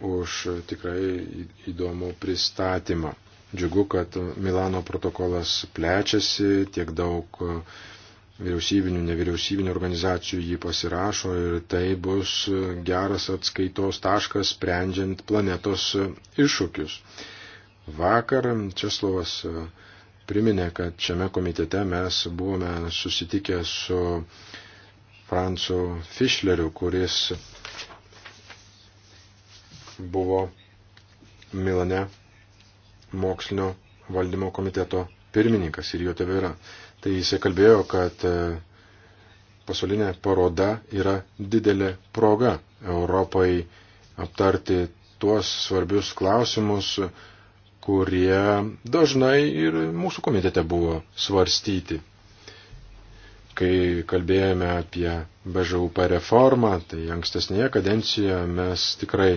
už tikrai įdomų pristatymą. Džiugu, kad Milano protokolas plečiasi, tiek daug vyriausybinių, nevyriausybinių organizacijų jį pasirašo ir tai bus geras atskaitos taškas sprendžiant planetos iššūkius. Vakar Česlovas priminė, kad šiame komitete mes buvome susitikę su Francu Fischleriu, kuris buvo Milane mokslinio valdymo komiteto pirmininkas ir jo tebe yra. Tai jisai kalbėjo, kad e, pasaulinė paroda yra didelė proga Europai aptarti tuos svarbius klausimus, kurie dažnai ir mūsų komitete buvo svarstyti. Kai kalbėjome apie BŽUP reformą, tai ankstesnėje kadencijoje mes tikrai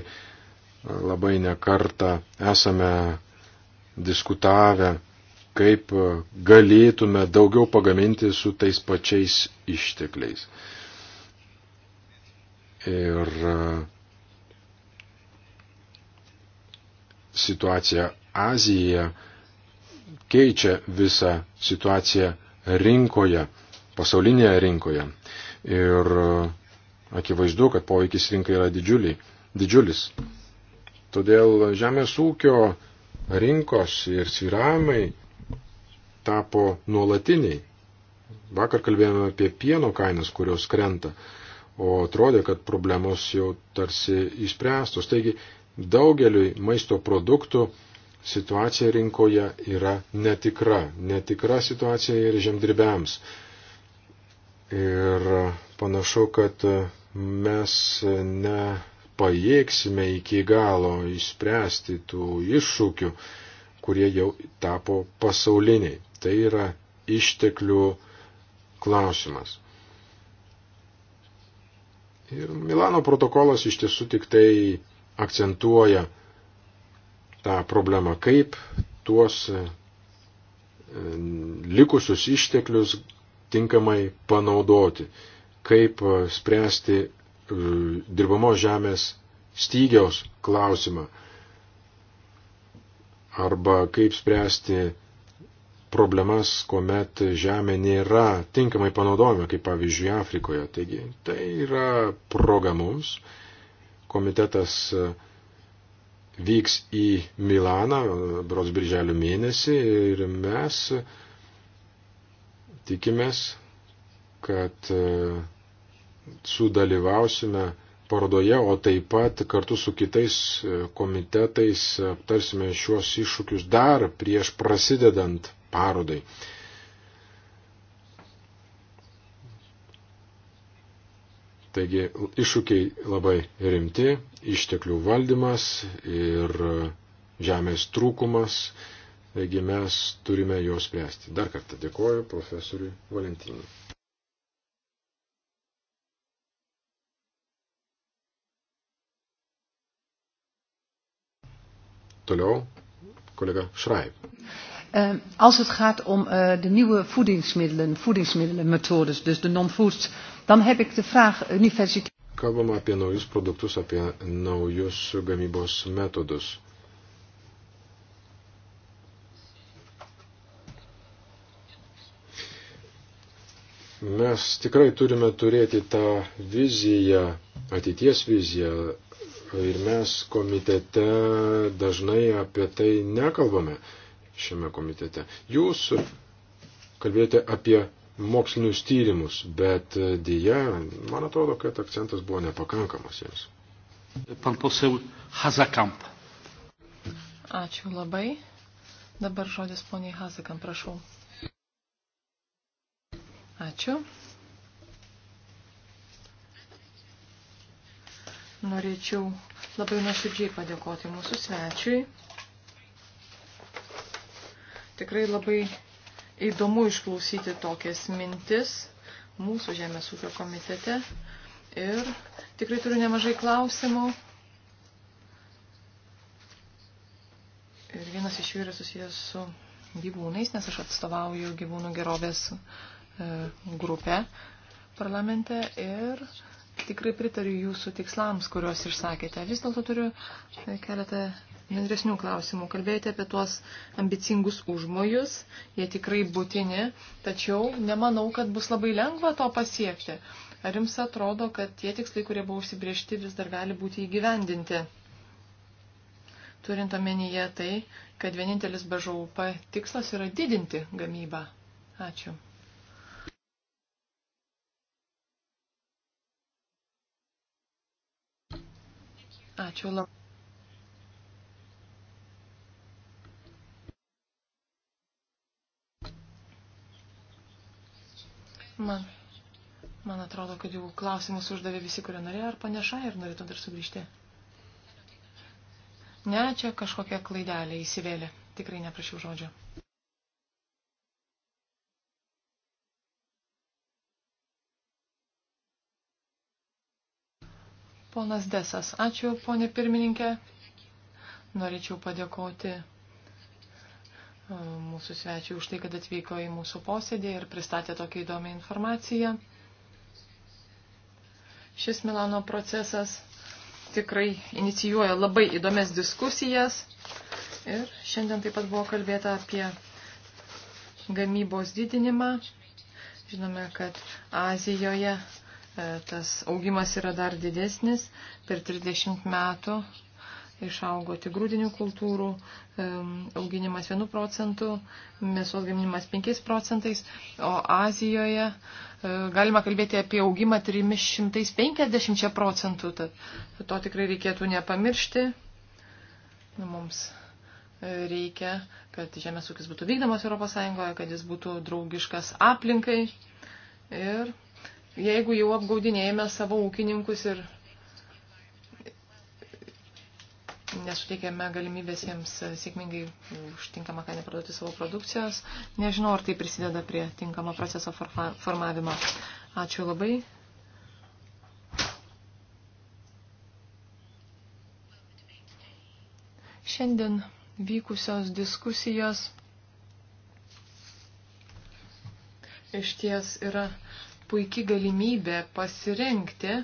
labai nekartą esame diskutavę, kaip galėtume daugiau pagaminti su tais pačiais ištekliais. Ir situacija Azijoje keičia visą situaciją rinkoje pasaulinėje rinkoje. Ir e, akivaizdu, kad poveikis rinkai yra didžiuliai, didžiulis. Todėl žemės ūkio rinkos ir sviravimai tapo nuolatiniai. Vakar kalbėjome apie pieno kainas, kurios krenta, o atrodė, kad problemos jau tarsi išspręstos. Taigi daugeliui maisto produktų situacija rinkoje yra netikra. Netikra situacija ir žemdirbiams. Ir panašu, kad mes nepajėgsime iki galo išspręsti tų iššūkių, kurie jau tapo pasauliniai. Tai yra išteklių klausimas. Ir Milano protokolas iš tiesų tik tai akcentuoja tą problemą, kaip tuos e, likusius išteklius tinkamai panaudoti, kaip e, spręsti e, dirbamo žemės stygiaus klausimą arba kaip spręsti problemas, kuomet žemė nėra tinkamai panaudojama, kaip pavyzdžiui Afrikoje. Taigi tai yra proga mums. Komitetas e, vyks į Milaną, bros birželio mėnesį, ir mes Tikimės, kad e, sudalyvausime parodoje, o taip pat kartu su kitais e, komitetais aptarsime šiuos iššūkius dar prieš prasidedant parodai. Taigi iššūkiai labai rimti, išteklių valdymas ir e, žemės trūkumas, Taigi mes turime juos spręsti. Dar kartą dėkoju profesoriui Valentinui. Toliau collega Schrijf. Uh, ehm, als het gaat om uh, de nieuwe voedingsmiddelen, voedingsmiddelenmethodes, dus de non-foods, dan heb ik de vraag eh, universiteit. Kalbama apie naujus produktus, apie naujus gamybos metodus. Mes tikrai turime turėti tą viziją, ateities viziją, ir mes komitete dažnai apie tai nekalbame šiame komitete. Jūs kalbėjote apie mokslinius tyrimus, bet dėja, man atrodo, kad akcentas buvo nepakankamas jiems. Pan posel Hazakamp. Ačiū labai. Dabar žodis poniai Hazakam, prašau. Ačiū. Norėčiau labai nuoširdžiai padėkoti mūsų svečiui. Tikrai labai įdomu išklausyti tokias mintis mūsų Žemės ūkio komitete. Ir tikrai turiu nemažai klausimų. Ir vienas iš jų yra susijęs su gyvūnais, nes aš atstovauju gyvūnų gerovės E, grupę parlamente ir tikrai pritariu jūsų tikslams, kuriuos išsakėte. Vis dėlto turiu e, keletą bendresnių klausimų. Kalbėjote apie tuos ambicingus užmojus, jie tikrai būtini, tačiau nemanau, kad bus labai lengva to pasiekti. Ar jums atrodo, kad tie tikslai, kurie buvo užsibriežti, vis dar gali būti įgyvendinti? Turint omenyje tai, kad vienintelis BŽUP tikslas yra didinti gamybą. Ačiū. Ačiū labai. Man, man atrodo, kad jau klausimus uždavė visi, kurie norėjo, ar paneša ir norėtų dar sugrįžti. Ne, čia kažkokia klaidelė įsivėlė. Tikrai neprašiau žodžio. Ponas Desas, ačiū, ponė pirmininkė. Norėčiau padėkoti e, mūsų svečiui už tai, kad atvyko į mūsų posėdį ir pristatė tokią įdomią informaciją. Šis Milano procesas tikrai inicijuoja labai įdomias diskusijas ir šiandien taip pat buvo kalbėta apie gamybos didinimą. Žinome, kad Azijoje E, tas augimas yra dar didesnis. Per 30 metų išaugo tik grūdinių kultūrų e, auginimas 1 procentu, mėsos gaminimas 5 procentais, o Azijoje e, galima kalbėti apie augimą 350 procentų. Tad to tikrai reikėtų nepamiršti. Mums reikia, kad žemės ūkis būtų vykdomas ES, kad jis būtų draugiškas aplinkai. Ir jeigu jau apgaudinėjame savo ūkininkus ir nesuteikėme galimybės jiems sėkmingai užtinkamą kainą parduoti savo produkcijos, nežinau, ar tai prisideda prie tinkamo proceso formavimo. Ačiū labai. Šiandien vykusios diskusijos iš ties yra puikia galimybė pasirenkti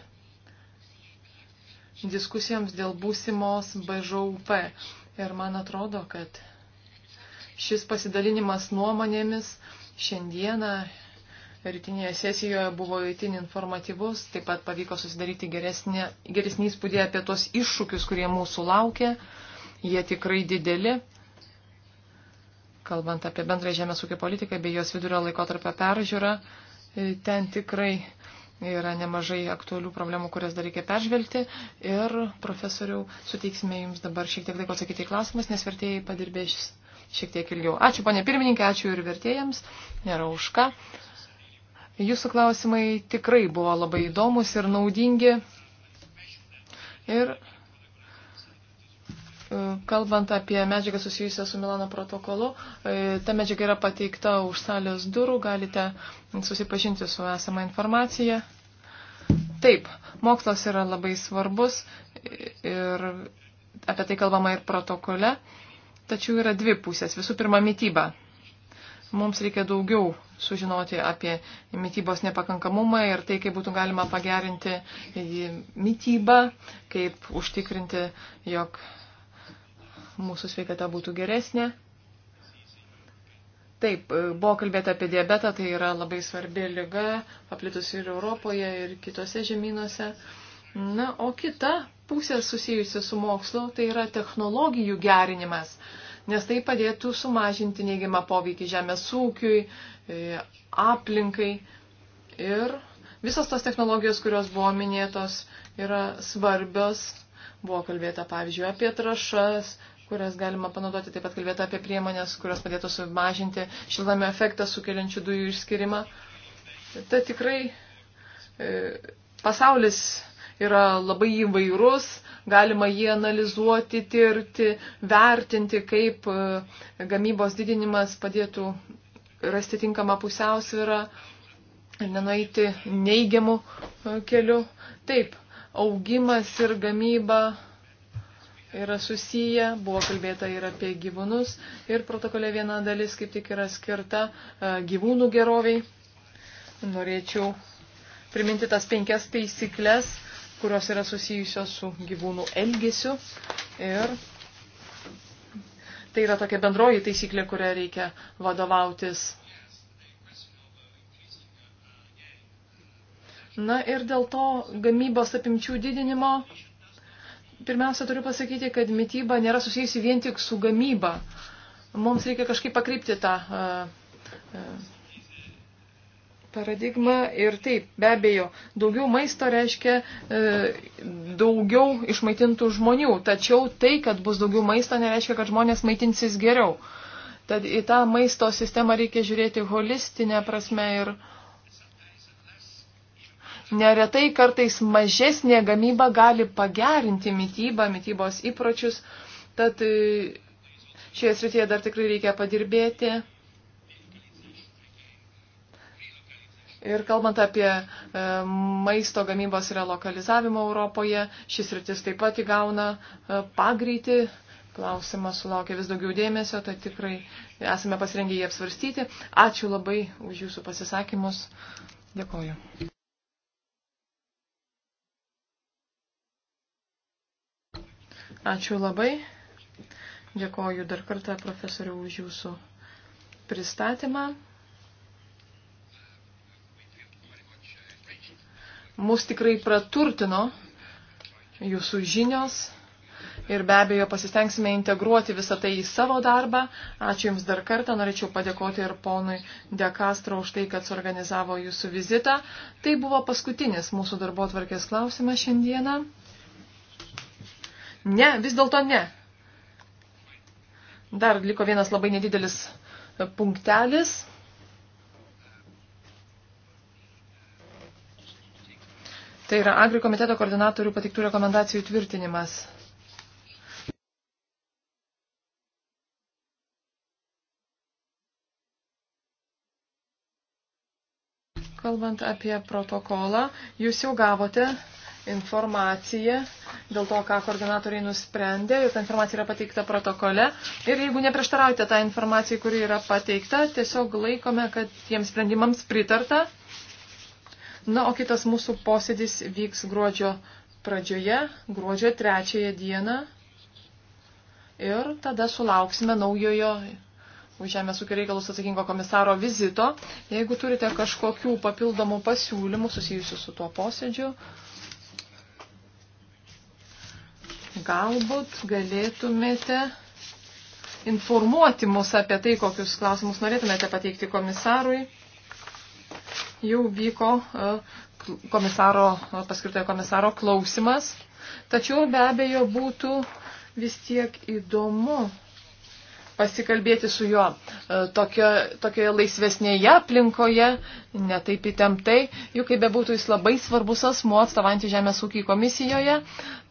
diskusijoms dėl būsimos BŽUP. Ir man atrodo, kad šis pasidalinimas nuomonėmis šiandieną rytinėje sesijoje buvo įtin informatyvus, taip pat pavyko susidaryti geresnį, geresnį įspūdį apie tos iššūkius, kurie mūsų laukia. Jie tikrai dideli. Kalbant apie bendrą žemės ūkio politiką bei jos vidurio laikotarpio peržiūrą, ten tikrai yra nemažai aktualių problemų, kurias dar reikia peržvelgti. Ir profesoriau, suteiksime jums dabar šiek tiek laiko atsakyti į klausimus, nes vertėjai padirbės šiek tiek ilgiau. Ačiū, ponė pirmininkė, ačiū ir vertėjams. Nėra už ką. Jūsų klausimai tikrai buvo labai įdomus ir naudingi. Ir Kalbant apie medžiagą susijusią su Milano protokolu, e, ta medžiaga yra pateikta už salės durų, galite susipažinti su esama informacija. Taip, mokslas yra labai svarbus ir apie tai kalbama ir protokole, tačiau yra dvi pusės. Visų pirma, mytyba. Mums reikia daugiau sužinoti apie mytybos nepakankamumą ir tai, kaip būtų galima pagerinti mytybą, kaip užtikrinti, jog mūsų sveikata būtų geresnė. Taip, e, buvo kalbėta apie diabetą, tai yra labai svarbi lyga, paplitusi ir Europoje, ir kitose žemynuose. Na, o kita pusė susijusi su mokslu, tai yra technologijų gerinimas, nes tai padėtų sumažinti neigiamą poveikį žemės ūkiui, e, aplinkai ir visas tos technologijos, kurios buvo minėtos, yra svarbios. Buvo kalbėta, pavyzdžiui, apie trašas, kurias galima panaudoti. Taip pat kalbėta apie priemonės, kurios padėtų sumažinti šiltame efektą sukeliančių dujų išskirimą. Ta tikrai e, pasaulis yra labai įvairus, galima jį analizuoti, tirti, vertinti, kaip e, gamybos didinimas padėtų rasti tinkamą pusiausvyrą ir nenueiti neigiamų e, kelių. Taip, augimas ir gamyba yra susiję, buvo kalbėta ir apie gyvūnus ir protokolė viena dalis kaip tik yra skirta e, gyvūnų geroviai. Norėčiau priminti tas penkias taisyklės, kurios yra susijusios su gyvūnų elgesiu ir tai yra tokia bendroji taisyklė, kurią reikia vadovautis. Na ir dėl to gamybos apimčių didinimo pirmiausia, turiu pasakyti, kad mytyba nėra susijusi vien tik su gamyba. Mums reikia kažkaip pakreipti tą paradigmą ir taip, be abejo, daugiau maisto reiškia e, daugiau išmaitintų žmonių, tačiau tai, kad bus daugiau maisto, nereiškia, kad žmonės maitinsis geriau. Tad į tą maisto sistemą reikia žiūrėti holistinę prasme ir uh, neretai kartais mažesnė gamyba gali pagerinti mytybą, mytybos įpročius. Tad e, šioje srityje dar tikrai reikia padirbėti. Ir kalbant apie e, maisto gamybos relokalizavimą Europoje, šis rytis taip pat įgauna e, pagreitį, klausimas sulaukia vis daugiau dėmesio, tai tikrai esame pasirengę jį apsvarstyti. Ačiū labai už jūsų pasisakymus. Dėkoju. Ačiū labai. Dėkoju dar kartą profesoriu už jūsų pristatymą. Mus tikrai praturtino jūsų žinios ir be abejo pasistengsime integruoti visą tai į savo darbą. Ačiū Jums dar kartą, norėčiau padėkoti ir ponui De Castro už tai, kad suorganizavo Jūsų vizitą. Tai buvo paskutinis mūsų darbo tvarkės klausimas šiandieną. Ne, vis dėlto ne. Dar liko vienas labai nedidelis e, punktelis. Tai yra Agri komiteto koordinatorių patiktų rekomendacijų tvirtinimas. Kalbant apie protokolą, jūs jau gavote informaciją dėl to, ką koordinatoriai nusprendė. Ir ta informacija yra pateikta protokole. Ir jeigu neprieštaraujate tą tai informaciją, kuri yra pateikta, tiesiog laikome, kad tiems sprendimams pritarta. Na, o kitas mūsų posėdis vyks gruodžio pradžioje, gruodžio trečiąją dieną. Ir tada sulauksime naujojo už Žemės ūkio reikalus atsakingo komisaro vizito. Jeigu turite kažkokių papildomų pasiūlymų susijusių su tuo posėdžiu, Galbūt galėtumėte informuoti mus apie tai, kokius klausimus norėtumėte pateikti komisarui. Jau vyko e, komisaro, e, paskirtojo komisaro klausimas, tačiau be abejo būtų vis tiek įdomu pasikalbėti su juo e, tokio, tokioje laisvesnėje aplinkoje, netaip įtemptai, juk kaip bebūtų jis labai svarbus asmuo atstovantį Žemės ūkį komisijoje,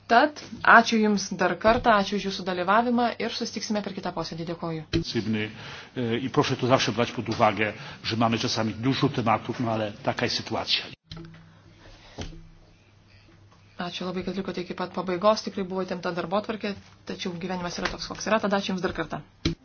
Tad ačiū Jums dar kartą, ačiū už Jūsų dalyvavimą ir susitiksime per kitą posėdį. Dėkoju. E, I proszę to zawsze brać pod uwagę, że mamy czasami dużo tematów, no ale taka jest sytuacja. Ačiū labai, kad likote iki pat pabaigos, tikrai buvo įtempta darbo tvarkė, tačiau gyvenimas yra toks, koks yra, tada ačiū Jums dar kartą.